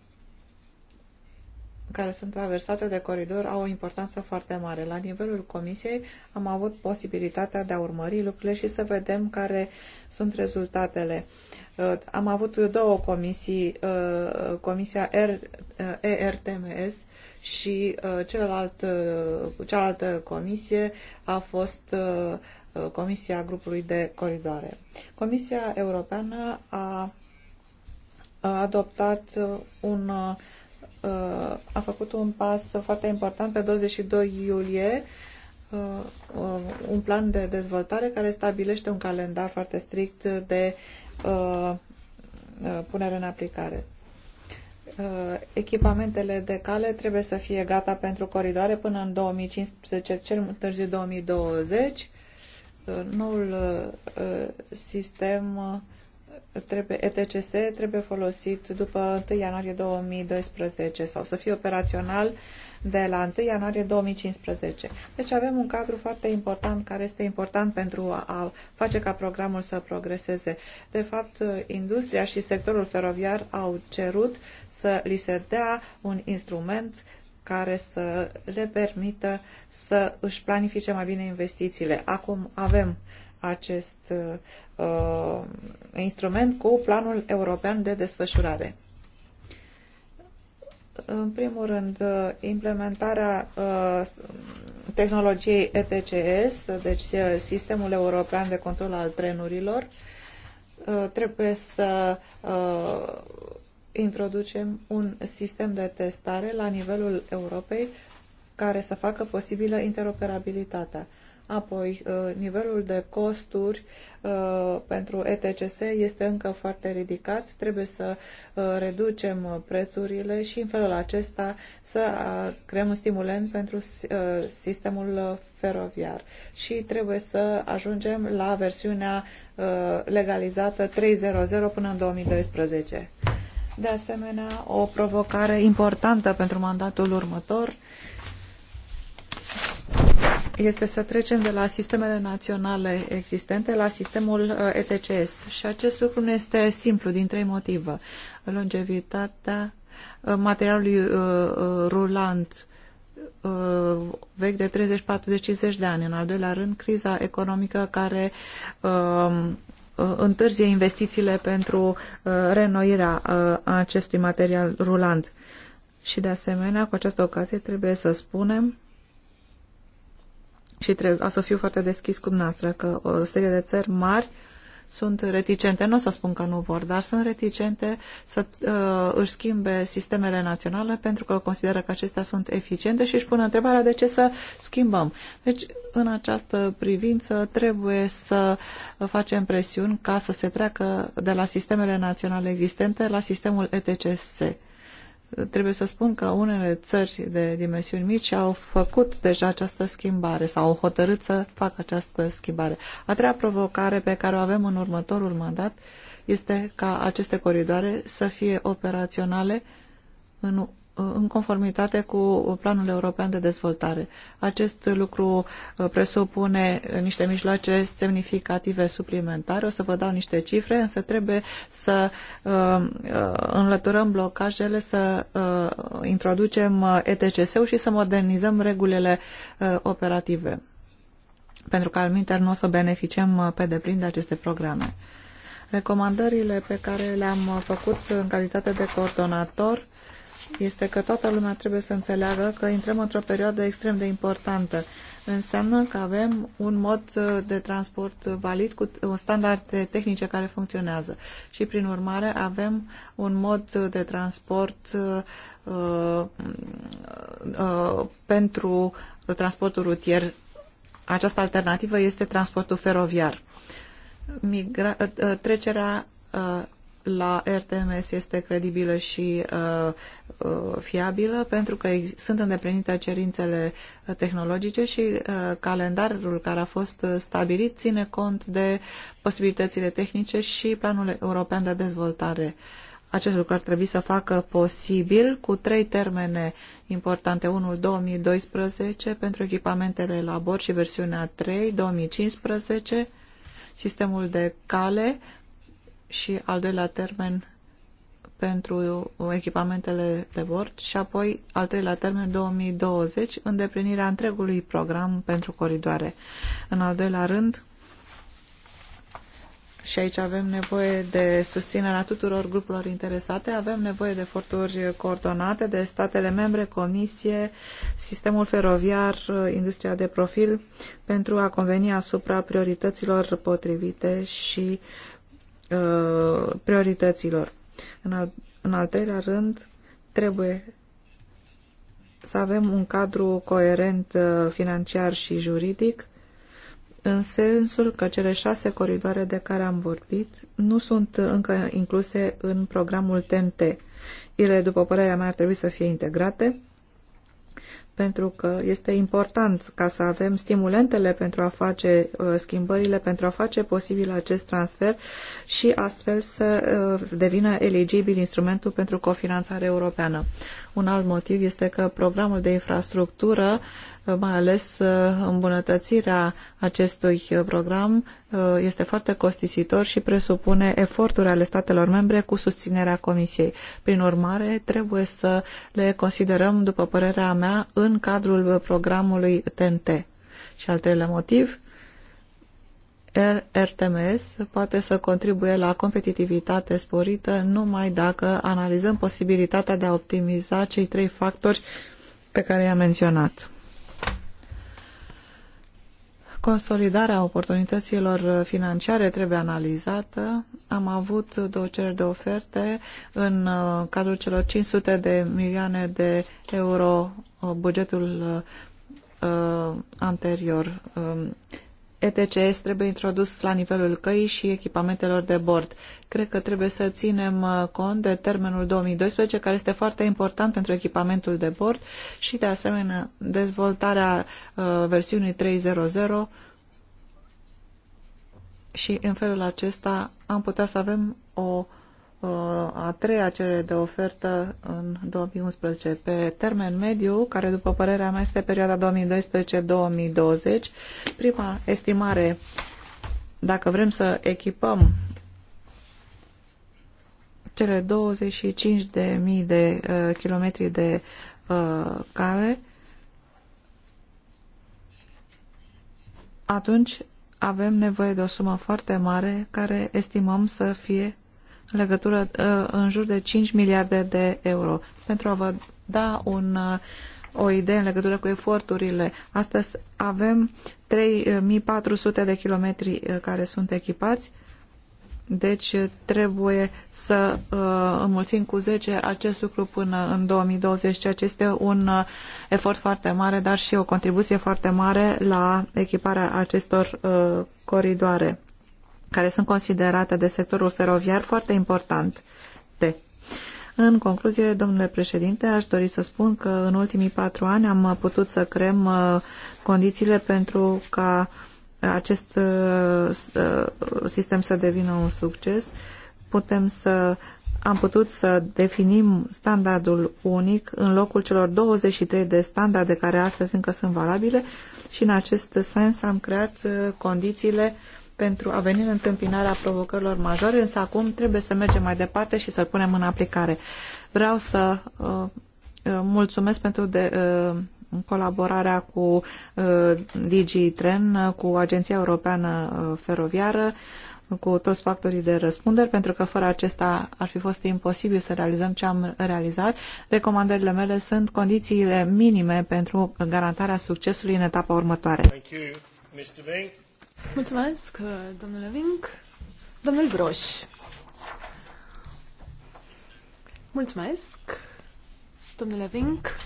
care sunt traversate de coridor au o importanță foarte mare. La nivelul comisiei am avut posibilitatea de a urmări lucrurile și să vedem care sunt rezultatele. Uh, am avut două comisii, uh, comisia uh, ERTMS și celălalt, cealaltă comisie a fost comisia grupului de coridoare. Comisia Europeană a adoptat un uh, Uh, a făcut un pas foarte important pe 22 iulie, uh, uh, un plan de dezvoltare care stabilește un calendar foarte strict de punere în aplicare. Echipamentele de cale trebuie să fie gata pentru coridoare până în 2015, cel târziu 2020. Noul sistem trebuie, ETCS trebuie folosit după 1 ianuarie 2012 sau să fie operațional de la 1 ianuarie 2015. Deci avem un cadru foarte important care este important pentru a face ca programul să progreseze. De fapt, industria și sectorul feroviar au cerut să li se dea un instrument care să le permită să își planifice mai bine investițiile. Acum avem acest uh, uh, instrument cu planul european de desfășurare. În primul rând, uh, implementarea uh, tehnologiei ETCS, deci uh, Sistemul European de Control al Trenurilor, trebuie să uh, introducem un sistem de testare la nivelul Europei care să facă posibilă interoperabilitatea. Apoi, uh, nivelul de costuri uh, pentru ETCS este încă foarte ridicat, trebuie să uh, reducem prețurile și în felul acesta să creăm un stimulent pentru sistemul feroviar. Și trebuie să ajungem la versiunea legalizată 3.0.0 până în 2012. De asemenea, o provocare importantă pentru mandatul următor este să trecem de la sistemele naționale existente la sistemul uh, ETCS. Și acest lucru nu este simplu din trei motive. Longevitatea uh, materialului uh, rulant vechi de 30, 40, 50 de ani. În al doilea rând, criza economică care um, întârzie investițiile pentru renoirea acestui material rulant. Și de asemenea, cu această ocazie trebuie să spunem și trebuie să fiu foarte deschis cu noastră că o uh, serie de țări mari sunt reticente, nu o să spun că nu vor, dar sunt reticente să uh, își schimbe sistemele naționale pentru că consideră că acestea sunt eficiente și își pun întrebarea de ce să schimbăm. Deci, în această privință, trebuie să facem presiuni ca să se treacă de la sistemele naționale existente la sistemul ETCS trebuie să spun că unele țări de dimensiuni mici au făcut deja această schimbare sau au hotărât să facă această schimbare. A treia provocare pe care o avem în următorul mandat este ca aceste coridoare să fie operaționale în în conformitate cu Planul European de Dezvoltare. Acest lucru uh, presupune niște mijloace semnificative suplimentare. O să vă dau niște cifre, însă trebuie să uh, uh, înlăturăm blocajele, să introducem ETCS-ul și să modernizăm regulile operative pentru că al minter nu o să beneficiem pe deplin de aceste programe. Recomandările pe care le-am făcut în calitate de coordonator uh, este că toată lumea trebuie să înțeleagă că intrăm într-o perioadă extrem de importantă. Înseamnă că avem un mod de transport valid cu standarde tehnice care funcționează și, prin urmare, avem un mod de transport uh, uh, pentru transportul rutier. Această alternativă este transportul feroviar. Migra uh, trecerea uh, la RTMS este credibilă și uh, uh, fiabilă pentru că sunt îndeplinite cerințele tehnologice și uh, calendarul care a fost stabilit ține cont de posibilitățile tehnice și planul european de dezvoltare. Acest lucru ar trebui să facă posibil cu trei termene importante. Unul 2012 pentru echipamentele la bord și versiunea 3, 2015 sistemul de cale și al doilea termen pentru echipamentele de bord și apoi al treilea termen 2020, îndeplinirea întregului program pentru coridoare. În al doilea rând, și aici avem nevoie de susținerea tuturor grupurilor interesate, avem nevoie de eforturi coordonate de statele membre, comisie, sistemul feroviar, industria de profil, pentru a conveni asupra priorităților potrivite și uh, Uh, priorităților. În al, în al treilea rând, trebuie să avem un cadru coerent uh, financiar și juridic, în sensul că cele șase coridoare de care am vorbit nu sunt încă incluse în programul TNT. Ele, după părerea mea, ar trebui să fie integrate pentru că este important ca să avem stimulentele pentru a face uh, schimbările, pentru a face posibil acest transfer și astfel să uh, devină eligibil instrumentul pentru cofinanțare europeană. Un alt motiv este că programul de infrastructură mai ales uh, îmbunătățirea acestui uh, program uh, este foarte costisitor și presupune eforturi ale statelor membre cu susținerea Comisiei. Prin urmare, trebuie să le considerăm, după părerea mea, în cadrul programului TNT. Și al treilea motiv, RTMS poate să contribuie la competitivitate sporită numai dacă analizăm posibilitatea de a optimiza cei trei factori pe care i-am menționat. Consolidarea oportunităților financiare trebuie analizată. Am avut două cereri de oferte în uh, cadrul celor 500 de milioane de euro uh, bugetul uh, anterior um, ETCS trebuie introdus la nivelul căii și echipamentelor de bord. Cred că trebuie să ținem uh, cont de termenul 2012, care este foarte important pentru echipamentul de bord și, de asemenea, dezvoltarea uh, versiunii 3.0.0 și, în felul acesta, am putea să avem o uh, a treia cerere de ofertă în 2011 pe termen mediu, care după părerea mea este perioada 2012-2020. Prima estimare, dacă vrem să echipăm cele 25.000 de mii de uh, kilometri de uh, cale, atunci avem nevoie de o sumă foarte mare care estimăm să fie în legătură uh, în jur de 5 miliarde de euro. Pentru a vă da un, uh, o idee în legătură cu eforturile, astăzi avem 3400 uh, de kilometri care sunt echipați, deci trebuie să uh, înmulțim cu 10 acest lucru până în 2020, ceea ce este un uh, efort foarte mare, dar și o contribuție foarte mare la echiparea acestor uh, coridoare care sunt considerate de sectorul feroviar foarte importante. În concluzie, domnule președinte, aș dori să spun că în ultimii patru ani am putut să creăm uh, condițiile pentru ca acest uh, uh, sistem să devină un succes. Putem să am putut să definim standardul unic în locul celor 23 de standarde care astăzi încă sunt valabile și în acest sens am creat condițiile uh, pentru a veni în întâmpinarea provocărilor majore, însă acum trebuie să mergem mai departe și să-l punem în aplicare. Vreau să uh, uh mulțumesc pentru de, uh, colaborarea cu uh, DG Tren, cu Agenția Europeană uh, Feroviară, cu toți factorii de răspundere, pentru că fără acesta ar fi fost imposibil să realizăm ce am realizat. Recomandările mele sunt condițiile minime pentru garantarea succesului în etapa următoare. Thank you, Mr. Uh, Mulțumesc, domnule Vinc. Domnul Broș. Mulțumesc, domnule Vinc.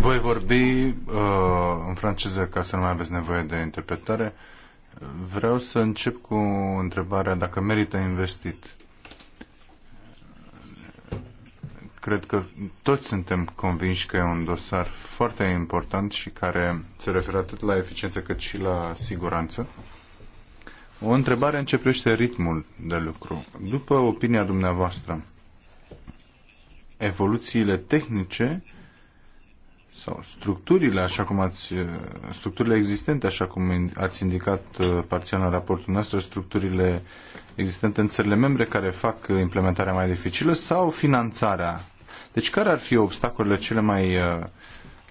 Voi vorbi uh, în franceză ca să nu mai aveți nevoie de interpretare. Vreau să încep cu întrebarea dacă merită investit. Uh, Cred că toți suntem convinși că e un dosar foarte important și care se referă atât la eficiență cât și la siguranță. O întrebare începește ritmul de lucru. După opinia dumneavoastră, evoluțiile tehnice sau structurile, așa cum ați, structurile existente, așa cum ați indicat uh, parțial în raportul nostru, structurile existente în țările membre care fac uh, implementarea mai dificilă sau finanțarea deci care ar fi obstacolele cele mai uh,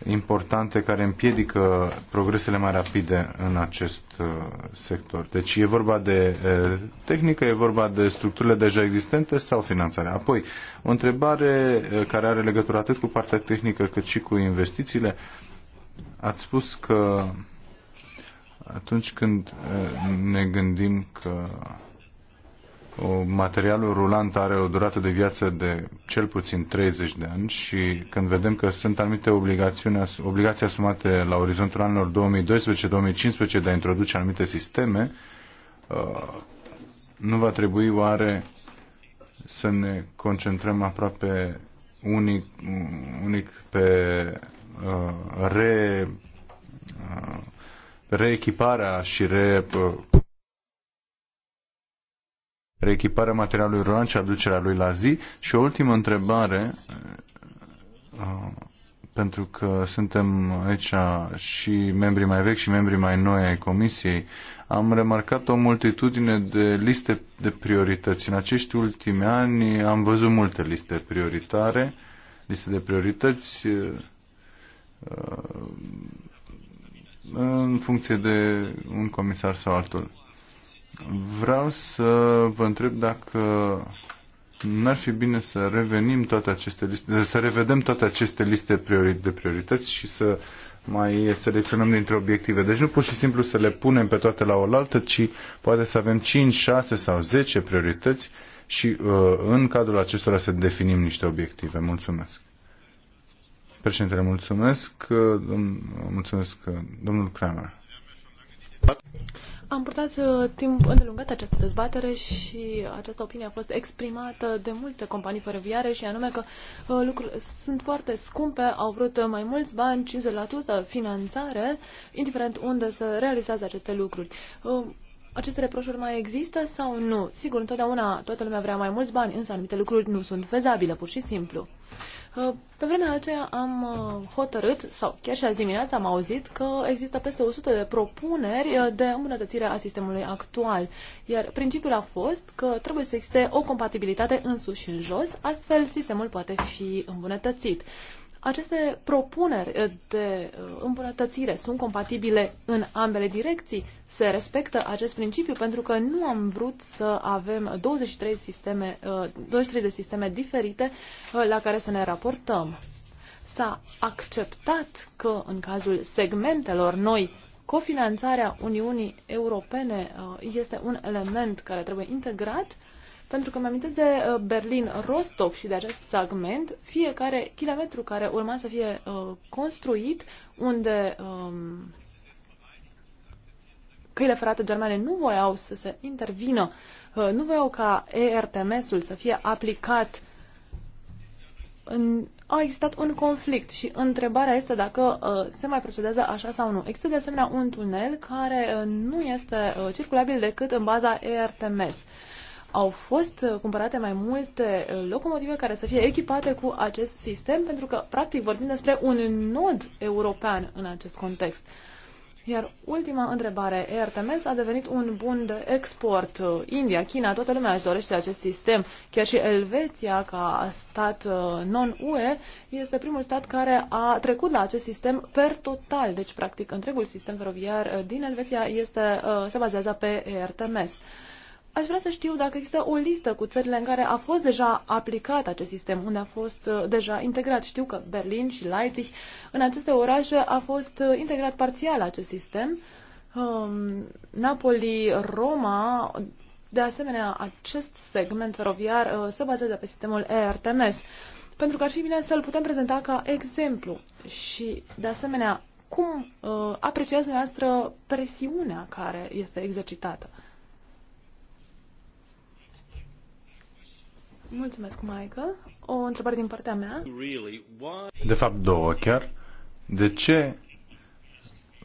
importante care împiedică progresele mai rapide în acest uh, sector? Deci e vorba de uh, tehnică, e vorba de structurile deja existente sau finanțarea? Apoi, o întrebare care are legătură atât cu partea tehnică cât și cu investițiile. Ați spus că atunci când ne gândim că materialul rulant are o durată de viață de cel puțin 30 de ani și când vedem că sunt anumite obligațiuni, obligații asumate la orizontul anilor 2012-2015 de a introduce anumite sisteme, uh, nu va trebui oare să ne concentrăm aproape unic, unic pe uh, re, uh, reechiparea și re reechiparea materialului rural și aducerea lui la zi. Și o ultimă întrebare, uh, pentru că suntem aici și membrii mai vechi și membrii mai noi ai Comisiei, am remarcat o multitudine de liste de priorități. În acești ultimi ani am văzut multe liste prioritare, liste de priorități uh, uh, în funcție de un comisar sau altul. Vreau să vă întreb dacă n-ar fi bine să revenim toate aceste liste, să revedem toate aceste liste de priorități și să mai selecționăm dintre obiective. Deci nu pur și simplu să le punem pe toate la oaltă, ci poate să avem 5, 6 sau 10 priorități și uh, în cadrul acestora să definim niște obiective. Mulțumesc. Președintele, mulțumesc. Uh, mulțumesc, uh, domnul Kramer. Am purtat uh, timp îndelungat această dezbatere și această opinie a fost exprimată de multe companii feroviare și anume că uh, lucrurile sunt foarte scumpe, au vrut mai mulți bani, 50% finanțare, indiferent unde se realizează aceste lucruri. Uh, aceste reproșuri mai există sau nu? Sigur, întotdeauna toată lumea vrea mai mulți bani, însă anumite lucruri nu sunt fezabile, pur și simplu. Uh, pe vremea aceea am uh, hotărât, sau chiar și azi dimineața am auzit că există peste 100 de propuneri uh, de îmbunătățire a sistemului actual, iar principiul a fost că trebuie să existe o compatibilitate în sus și în jos, astfel sistemul poate fi îmbunătățit. Aceste propuneri de îmbunătățire sunt compatibile în ambele direcții? se respectă acest principiu pentru că nu am vrut să avem 23, sisteme, 23 uh, de sisteme diferite uh, la care să ne raportăm. S-a acceptat că în cazul segmentelor noi cofinanțarea Uniunii Europene uh, este un element care trebuie integrat pentru că mă amintesc de Berlin-Rostock și de acest segment, fiecare kilometru care urma să fie construit, unde um, căile ferate germane nu voiau să se intervină, uh, nu voiau ca ERTMS-ul să fie aplicat. În... A existat un conflict și întrebarea este dacă uh, se mai procedează așa sau nu. Există de asemenea un tunel care uh, nu este circulabil decât în baza ERTMS au fost cumpărate mai multe locomotive care să fie echipate cu acest sistem, pentru că, practic, vorbim despre un nod european în acest context. Iar ultima întrebare, ERTMS a devenit un bun de export. India, China, toată lumea își dorește acest sistem. Chiar și Elveția, ca stat uh, non-UE, este primul stat care a trecut la acest sistem per total. Deci, practic, întregul sistem feroviar uh, din Elveția este, uh, se bazează pe ERTMS. Aș vrea să știu dacă există o listă cu țările în care a fost deja aplicat acest sistem, unde a fost uh, deja integrat. Știu că Berlin și Leipzig, în aceste orașe, a fost uh, integrat parțial acest sistem. Um, Napoli, Roma, de asemenea, acest segment feroviar uh, se bazează pe sistemul ERTMS, pentru că ar fi bine să-l putem prezenta ca exemplu. Și, de asemenea, cum apreciați dumneavoastră presiunea care este exercitată? Mulțumesc, Michael. O întrebare din partea mea. De fapt, două chiar. De ce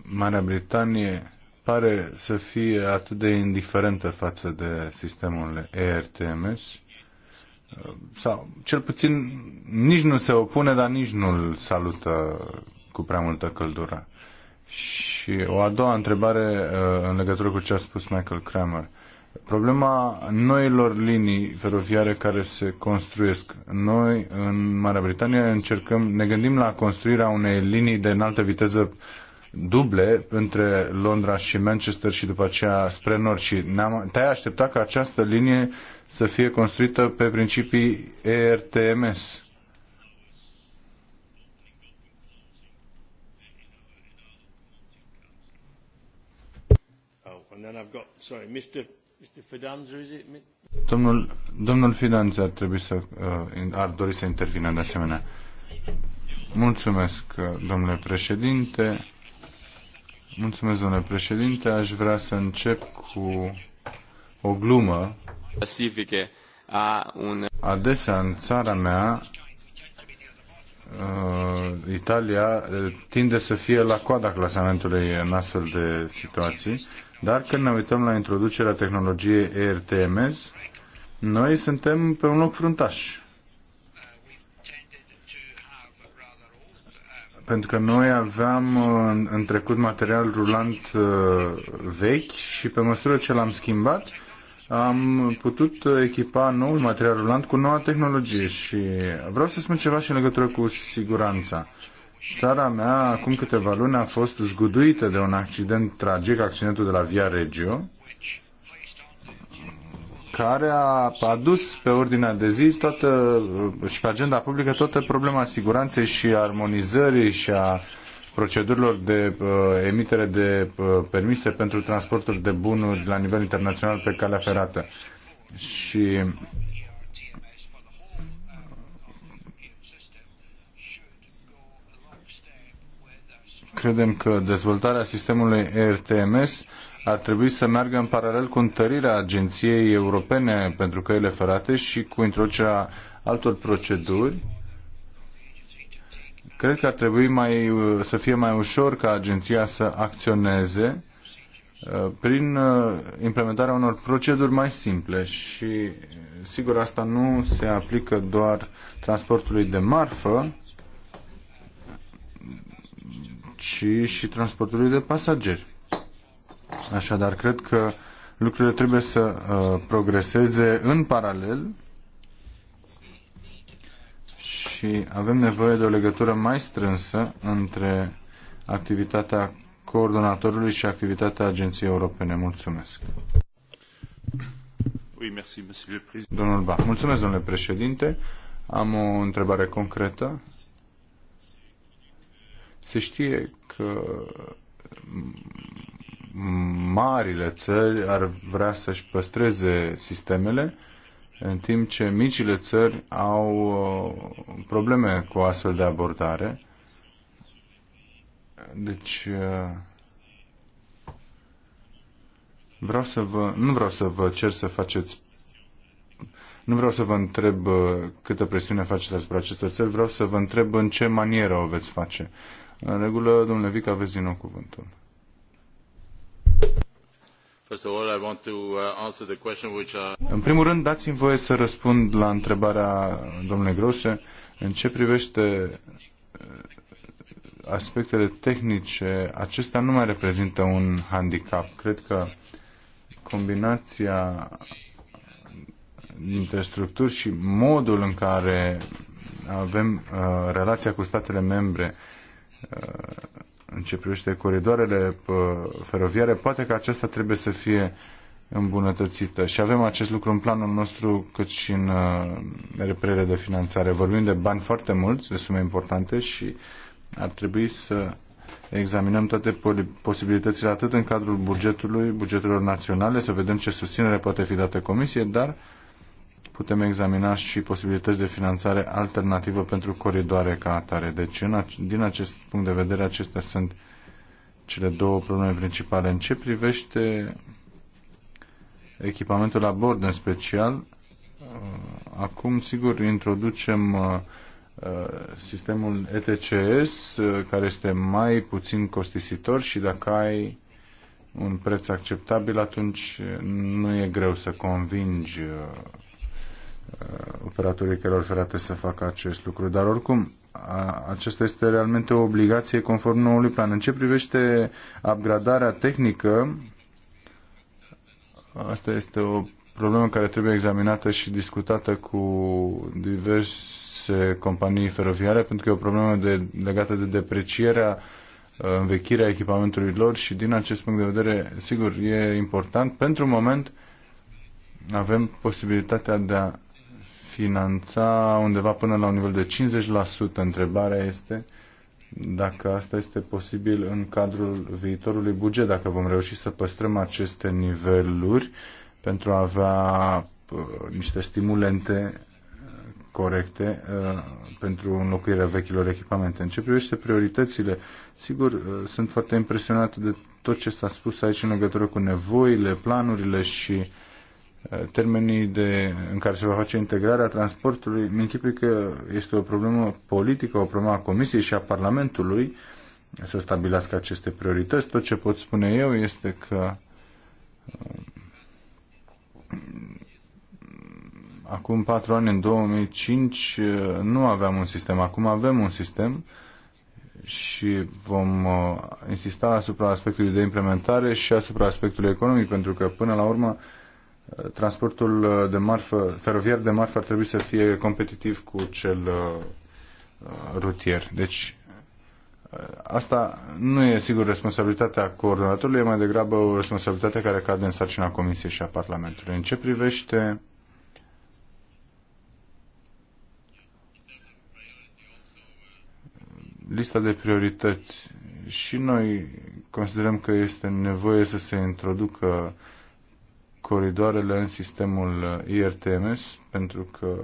Marea Britanie pare să fie atât de indiferentă față de sistemul ERTMS? Sau, cel puțin, nici nu se opune, dar nici nu îl salută cu prea multă căldură. Și o a doua întrebare uh, în legătură cu ce a spus Michael Kramer problema noilor linii feroviare care se construiesc. Noi, în Marea Britanie, încercăm, ne gândim la construirea unei linii de înaltă viteză duble între Londra și Manchester și după aceea spre nord și ne-am, te-ai aștepta ca această linie să fie construită pe principii ERTMS. Oh, and then I've got, sorry, Mr. Domnul, domnul Fidanțe ar trebui să, uh, ar dori să intervină de asemenea. Mulțumesc, uh, domnule președinte. Mulțumesc, domnule președinte. Aș vrea să încep cu o glumă. Adesea, în țara mea, uh, Italia tinde să fie la coada clasamentului în astfel de situații dar când ne uităm la introducerea tehnologiei ERTMS, noi suntem pe un loc fruntaș. Pentru că noi aveam în trecut material rulant uh, vechi și pe măsură ce l-am schimbat, am putut echipa noul material rulant cu noua tehnologie și vreau să spun ceva și în legătură cu siguranța. Țara mea, acum câteva luni, a fost zguduită de un accident tragic, accidentul de la Via Regio, care a adus pe ordinea de zi toată, și pe agenda publică toată problema siguranței și armonizării și a procedurilor de uh, emitere de uh, permise pentru transportul de bunuri la nivel internațional pe calea ferată. Și credem că dezvoltarea sistemului ERTMS ar trebui să meargă în paralel cu întărirea Agenției Europene pentru Căile Ferate și cu introducerea altor proceduri. Cred că ar trebui mai, să fie mai ușor ca agenția să acționeze uh, prin uh, implementarea unor proceduri mai simple și sigur asta nu se aplică doar transportului de marfă ci și transportului de pasageri. Așadar, cred că lucrurile trebuie să uh, progreseze în paralel și avem nevoie de o legătură mai strânsă între activitatea coordonatorului și activitatea Agenției Europene. Mulțumesc. Oui, merci, Domnul ba. Mulțumesc, domnule președinte. Am o întrebare concretă. Se știe că marile țări ar vrea să-și păstreze sistemele, în timp ce micile țări au uh, probleme cu astfel de abordare. Deci, uh, vreau să vă, nu vreau să vă cer să faceți nu vreau să vă întreb uh, câtă presiune faceți asupra acestor țări, vreau să vă întreb în ce manieră o veți face. În regulă, domnule Vic, aveți din nou cuvântul. Uh, uh, în primul rând, dați-mi voie să răspund la întrebarea domnului Groșe în ce privește uh, aspectele tehnice, acestea nu mai reprezintă un handicap. Cred că combinația dintre structuri și modul în care avem uh, relația cu statele membre în ce privește coridoarele feroviare, poate că aceasta trebuie să fie îmbunătățită și avem acest lucru în planul nostru cât și în uh, reprele de finanțare. Vorbim de bani foarte mulți, de sume importante și ar trebui să examinăm toate posibilitățile atât în cadrul bugetului, bugetelor naționale, să vedem ce susținere poate fi dată comisie, dar putem examina și posibilități de finanțare alternativă pentru coridoare ca atare. Deci, în, din acest punct de vedere, acestea sunt cele două probleme principale. În ce privește echipamentul la bord în special, uh, acum, sigur, introducem uh, uh, sistemul ETCS, care este mai puțin costisitor și dacă ai un preț acceptabil, atunci nu e greu să convingi operatorii căilor ferate să facă acest lucru. Dar oricum, acesta este realmente o obligație conform noului plan. În ce privește upgradarea tehnică, asta este o problemă care trebuie examinată și discutată cu diverse companii feroviare, pentru că e o problemă de, legată de deprecierea, învechirea echipamentului lor și din acest punct de vedere, sigur, e important. Pentru moment avem posibilitatea de a finanța undeva până la un nivel de 50%. Întrebarea este dacă asta este posibil în cadrul viitorului buget, dacă vom reuși să păstrăm aceste niveluri pentru a avea niște stimulente uh, corecte uh, pentru înlocuirea vechilor echipamente. În ce privește prioritățile, sigur, uh, sunt foarte impresionat de tot ce s-a spus aici în legătură cu nevoile, planurile și termenii de, în care se va face integrarea transportului, mi închipui că este o problemă politică, o problemă a Comisiei și a Parlamentului să stabilească aceste priorități. Tot ce pot spune eu este că um, acum patru ani, în 2005, nu aveam un sistem. Acum avem un sistem și vom uh, insista asupra aspectului de implementare și asupra aspectului economic, pentru că până la urmă transportul de marfă, feroviar de marfă ar trebui să fie competitiv cu cel uh, uh, rutier. Deci uh, asta nu e sigur responsabilitatea coordonatorului, e mai degrabă o responsabilitate care cade în sarcina Comisiei și a Parlamentului. În ce privește lista de priorități și noi considerăm că este nevoie să se introducă coridoarele în sistemul IRTMS, pentru că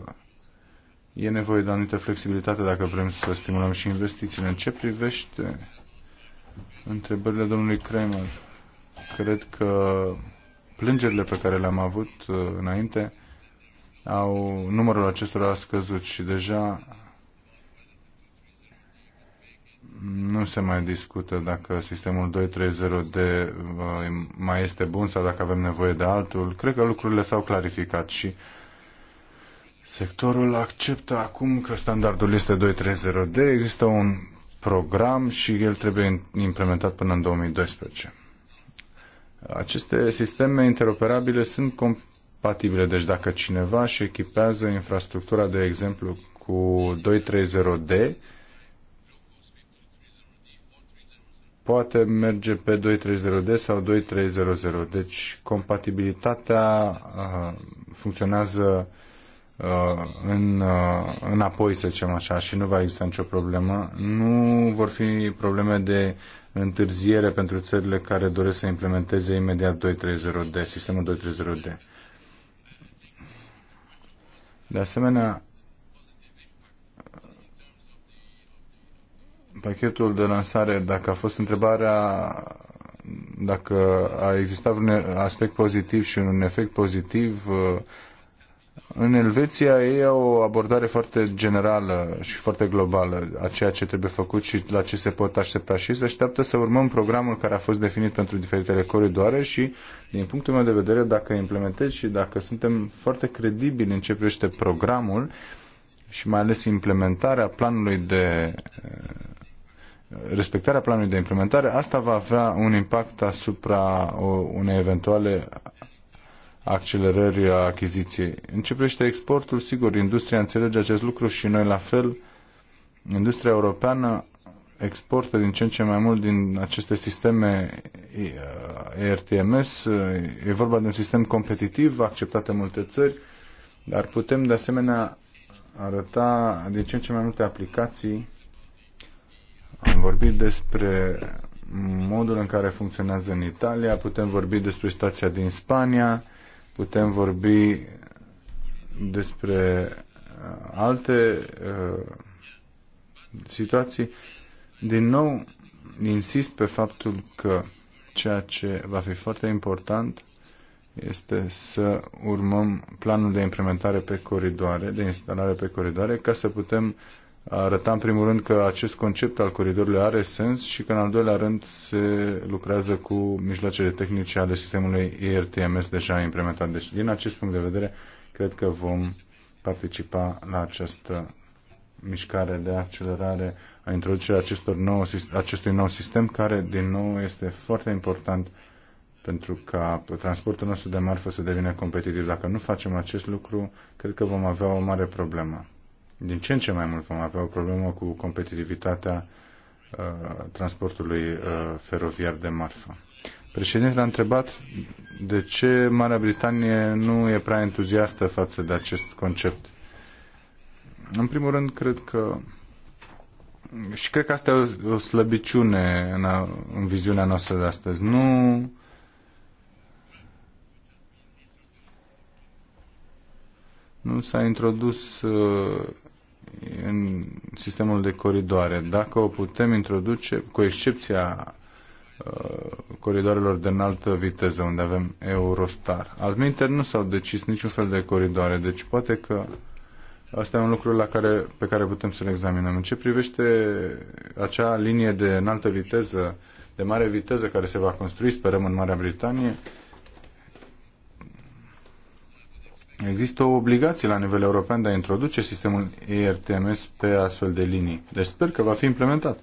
e nevoie de anumită flexibilitate dacă vrem să stimulăm și investițiile. În ce privește întrebările domnului Kramer, cred că plângerile pe care le-am avut uh, înainte au, numărul acestora a scăzut și deja nu se mai discută dacă sistemul 230 d uh, mai este bun sau dacă avem nevoie de altul. Cred că lucrurile s-au clarificat și sectorul acceptă acum că standardul este 230D, există un program și el trebuie implementat până în 2012. Aceste sisteme interoperabile sunt compatibile, deci dacă cineva și echipează infrastructura, de exemplu, cu 230D, poate merge pe 230 d sau 2300. Deci compatibilitatea uh, funcționează uh, în, uh, înapoi, să zicem așa, și nu va exista nicio problemă. Nu vor fi probleme de întârziere pentru țările care doresc să implementeze imediat 230D, sistemul 230D. De asemenea, pachetul de lansare, dacă a fost întrebarea dacă a existat un aspect pozitiv și un efect pozitiv, uh, în Elveția ei au o abordare foarte generală și foarte globală a ceea ce trebuie făcut și la ce se pot aștepta și se așteaptă să urmăm programul care a fost definit pentru diferitele coridoare și, din punctul meu de vedere, dacă implementez și dacă suntem foarte credibili în ce privește programul și mai ales implementarea planului de uh, respectarea planului de implementare, asta va avea un impact asupra unei eventuale accelerări a achiziției. Începește exportul, sigur, industria înțelege acest lucru și noi la fel. Industria europeană exportă din ce în ce mai mult din aceste sisteme ERTMS. Uh, uh, e vorba de un sistem competitiv, acceptat în multe țări, dar putem de asemenea arăta din ce în ce mai multe aplicații am vorbit despre modul în care funcționează în Italia, putem vorbi despre stația din Spania, putem vorbi despre uh, alte uh, situații. Din nou, insist pe faptul că ceea ce va fi foarte important este să urmăm planul de implementare pe coridoare, de instalare pe coridoare, ca să putem uh, arăta în primul rând că acest concept al coridorului are sens și că în al doilea rând se lucrează cu mijloacele tehnice ale sistemului ERTMS deja implementat. Deci din acest punct de vedere cred că vom participa la această mișcare de accelerare a introducerii acestor nou, acestui nou sistem care din nou este foarte important pentru ca transportul nostru de marfă să devină competitiv. Dacă nu facem acest lucru, cred că vom avea o mare problemă din ce în ce mai mult vom avea o problemă cu competitivitatea uh, transportului uh, feroviar de marfă. Președintele a întrebat de ce Marea Britanie nu e prea entuziastă față de acest concept. În primul rând, cred că și cred că asta e o, o slăbiciune în, a, în viziunea noastră de astăzi. Nu nu s-a introdus uh, în sistemul de coridoare. Dacă o putem introduce, cu excepția uh, coridoarelor de înaltă viteză, unde avem Eurostar. Altminte, nu s-au decis niciun fel de coridoare, deci poate că asta e un lucru la care, pe care putem să-l examinăm. În ce privește acea linie de înaltă viteză, de mare viteză care se va construi, sperăm, în Marea Britanie, uh, Există o obligație la nivel european de a introduce sistemul ERTMS pe astfel de linii. Deci sper că va fi implementat.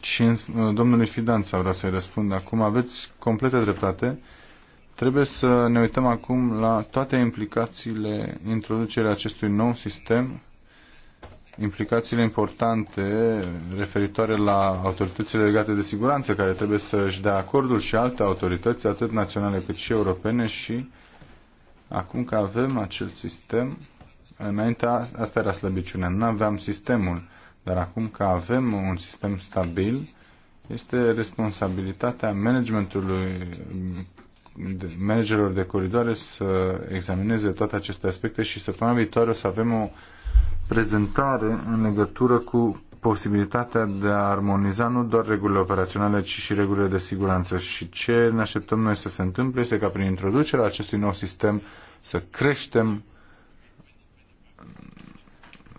Și domnului Fidanța vreau să-i răspund acum. Aveți completă dreptate. Trebuie să ne uităm acum la toate implicațiile introducerii acestui nou sistem, implicațiile importante referitoare la autoritățile legate de siguranță, care trebuie să-și dea acordul și alte autorități, atât naționale cât și europene, și Acum că avem acel sistem, înainte asta era slăbiciunea, nu aveam sistemul, dar acum că avem un sistem stabil, este responsabilitatea managementului managerilor de coridoare să examineze toate aceste aspecte și săptămâna viitoare o să avem o prezentare în legătură cu posibilitatea de a armoniza nu doar regulile operaționale, ci și regulile de siguranță. Și ce ne așteptăm noi să se întâmple este ca prin introducerea acestui nou sistem să creștem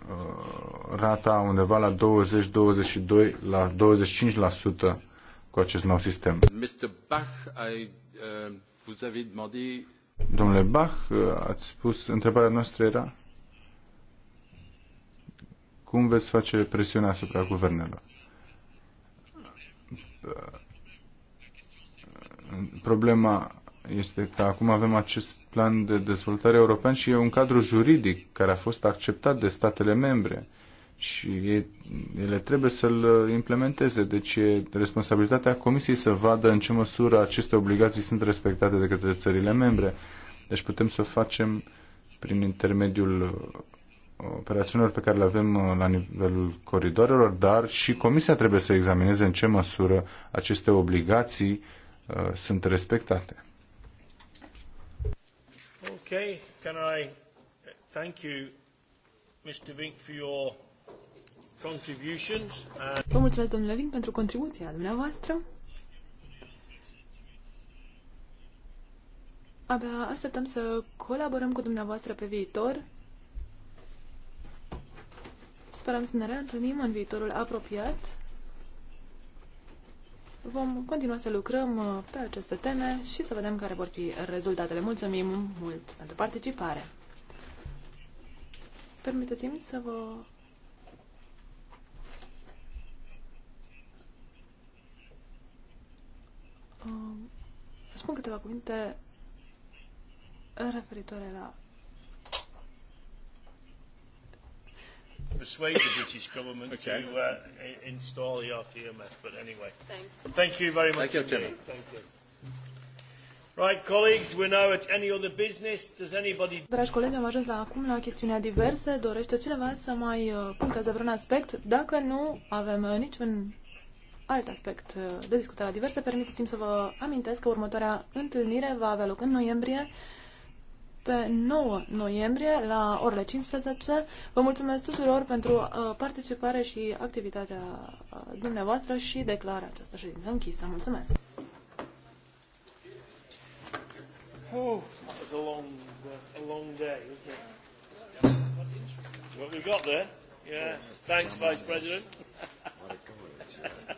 uh, rata undeva la 20-22 la 25% cu acest nou sistem. Mr. Bach, I, uh, vous avez demandé... Domnule Bach, uh, ați spus, întrebarea noastră era cum veți face presiunea asupra guvernelor? Problema este că acum avem acest plan de dezvoltare european și e un cadru juridic care a fost acceptat de statele membre și ele trebuie să-l implementeze. Deci e responsabilitatea Comisiei să vadă în ce măsură aceste obligații sunt respectate de către țările membre. Deci putem să o facem prin intermediul operațiunilor pe care le avem uh, la nivelul coridorelor, dar și Comisia trebuie să examineze în ce măsură aceste obligații uh, sunt respectate. Okay, can I thank you, Mr. Vink, for your contributions. And... Vă mulțumesc, domnule Vink, pentru contribuția dumneavoastră. Abia așteptăm să colaborăm cu dumneavoastră pe viitor Sperăm să ne reîntâlnim în viitorul apropiat. Vom continua să lucrăm uh, pe aceste teme și să vedem care vor fi rezultatele. Mulțumim mult pentru participare. Permiteți-mi să vă uh, spun câteva cuvinte referitoare la persuade the British government okay. to uh, install the RTMS. But anyway, Thanks. thank you very much. Thank you, Right, colleagues, we're now at any other business. Does anybody... Dragi colegi, am ajuns la acum la chestiunea diverse. Dorește cineva să mai uh, puncteze vreun aspect? Dacă nu avem uh, niciun alt aspect uh, de discutat la diverse, permiteți-mi să vă amintesc că următoarea întâlnire va avea loc în noiembrie pe 9 noiembrie la orele 15. Vă mulțumesc tuturor pentru uh, participare și activitatea uh, dumneavoastră și declară această ședință închisă. Mulțumesc! Oh, that was a long, uh, a long day, wasn't it? What we got there? Yeah. Thanks, Vice President.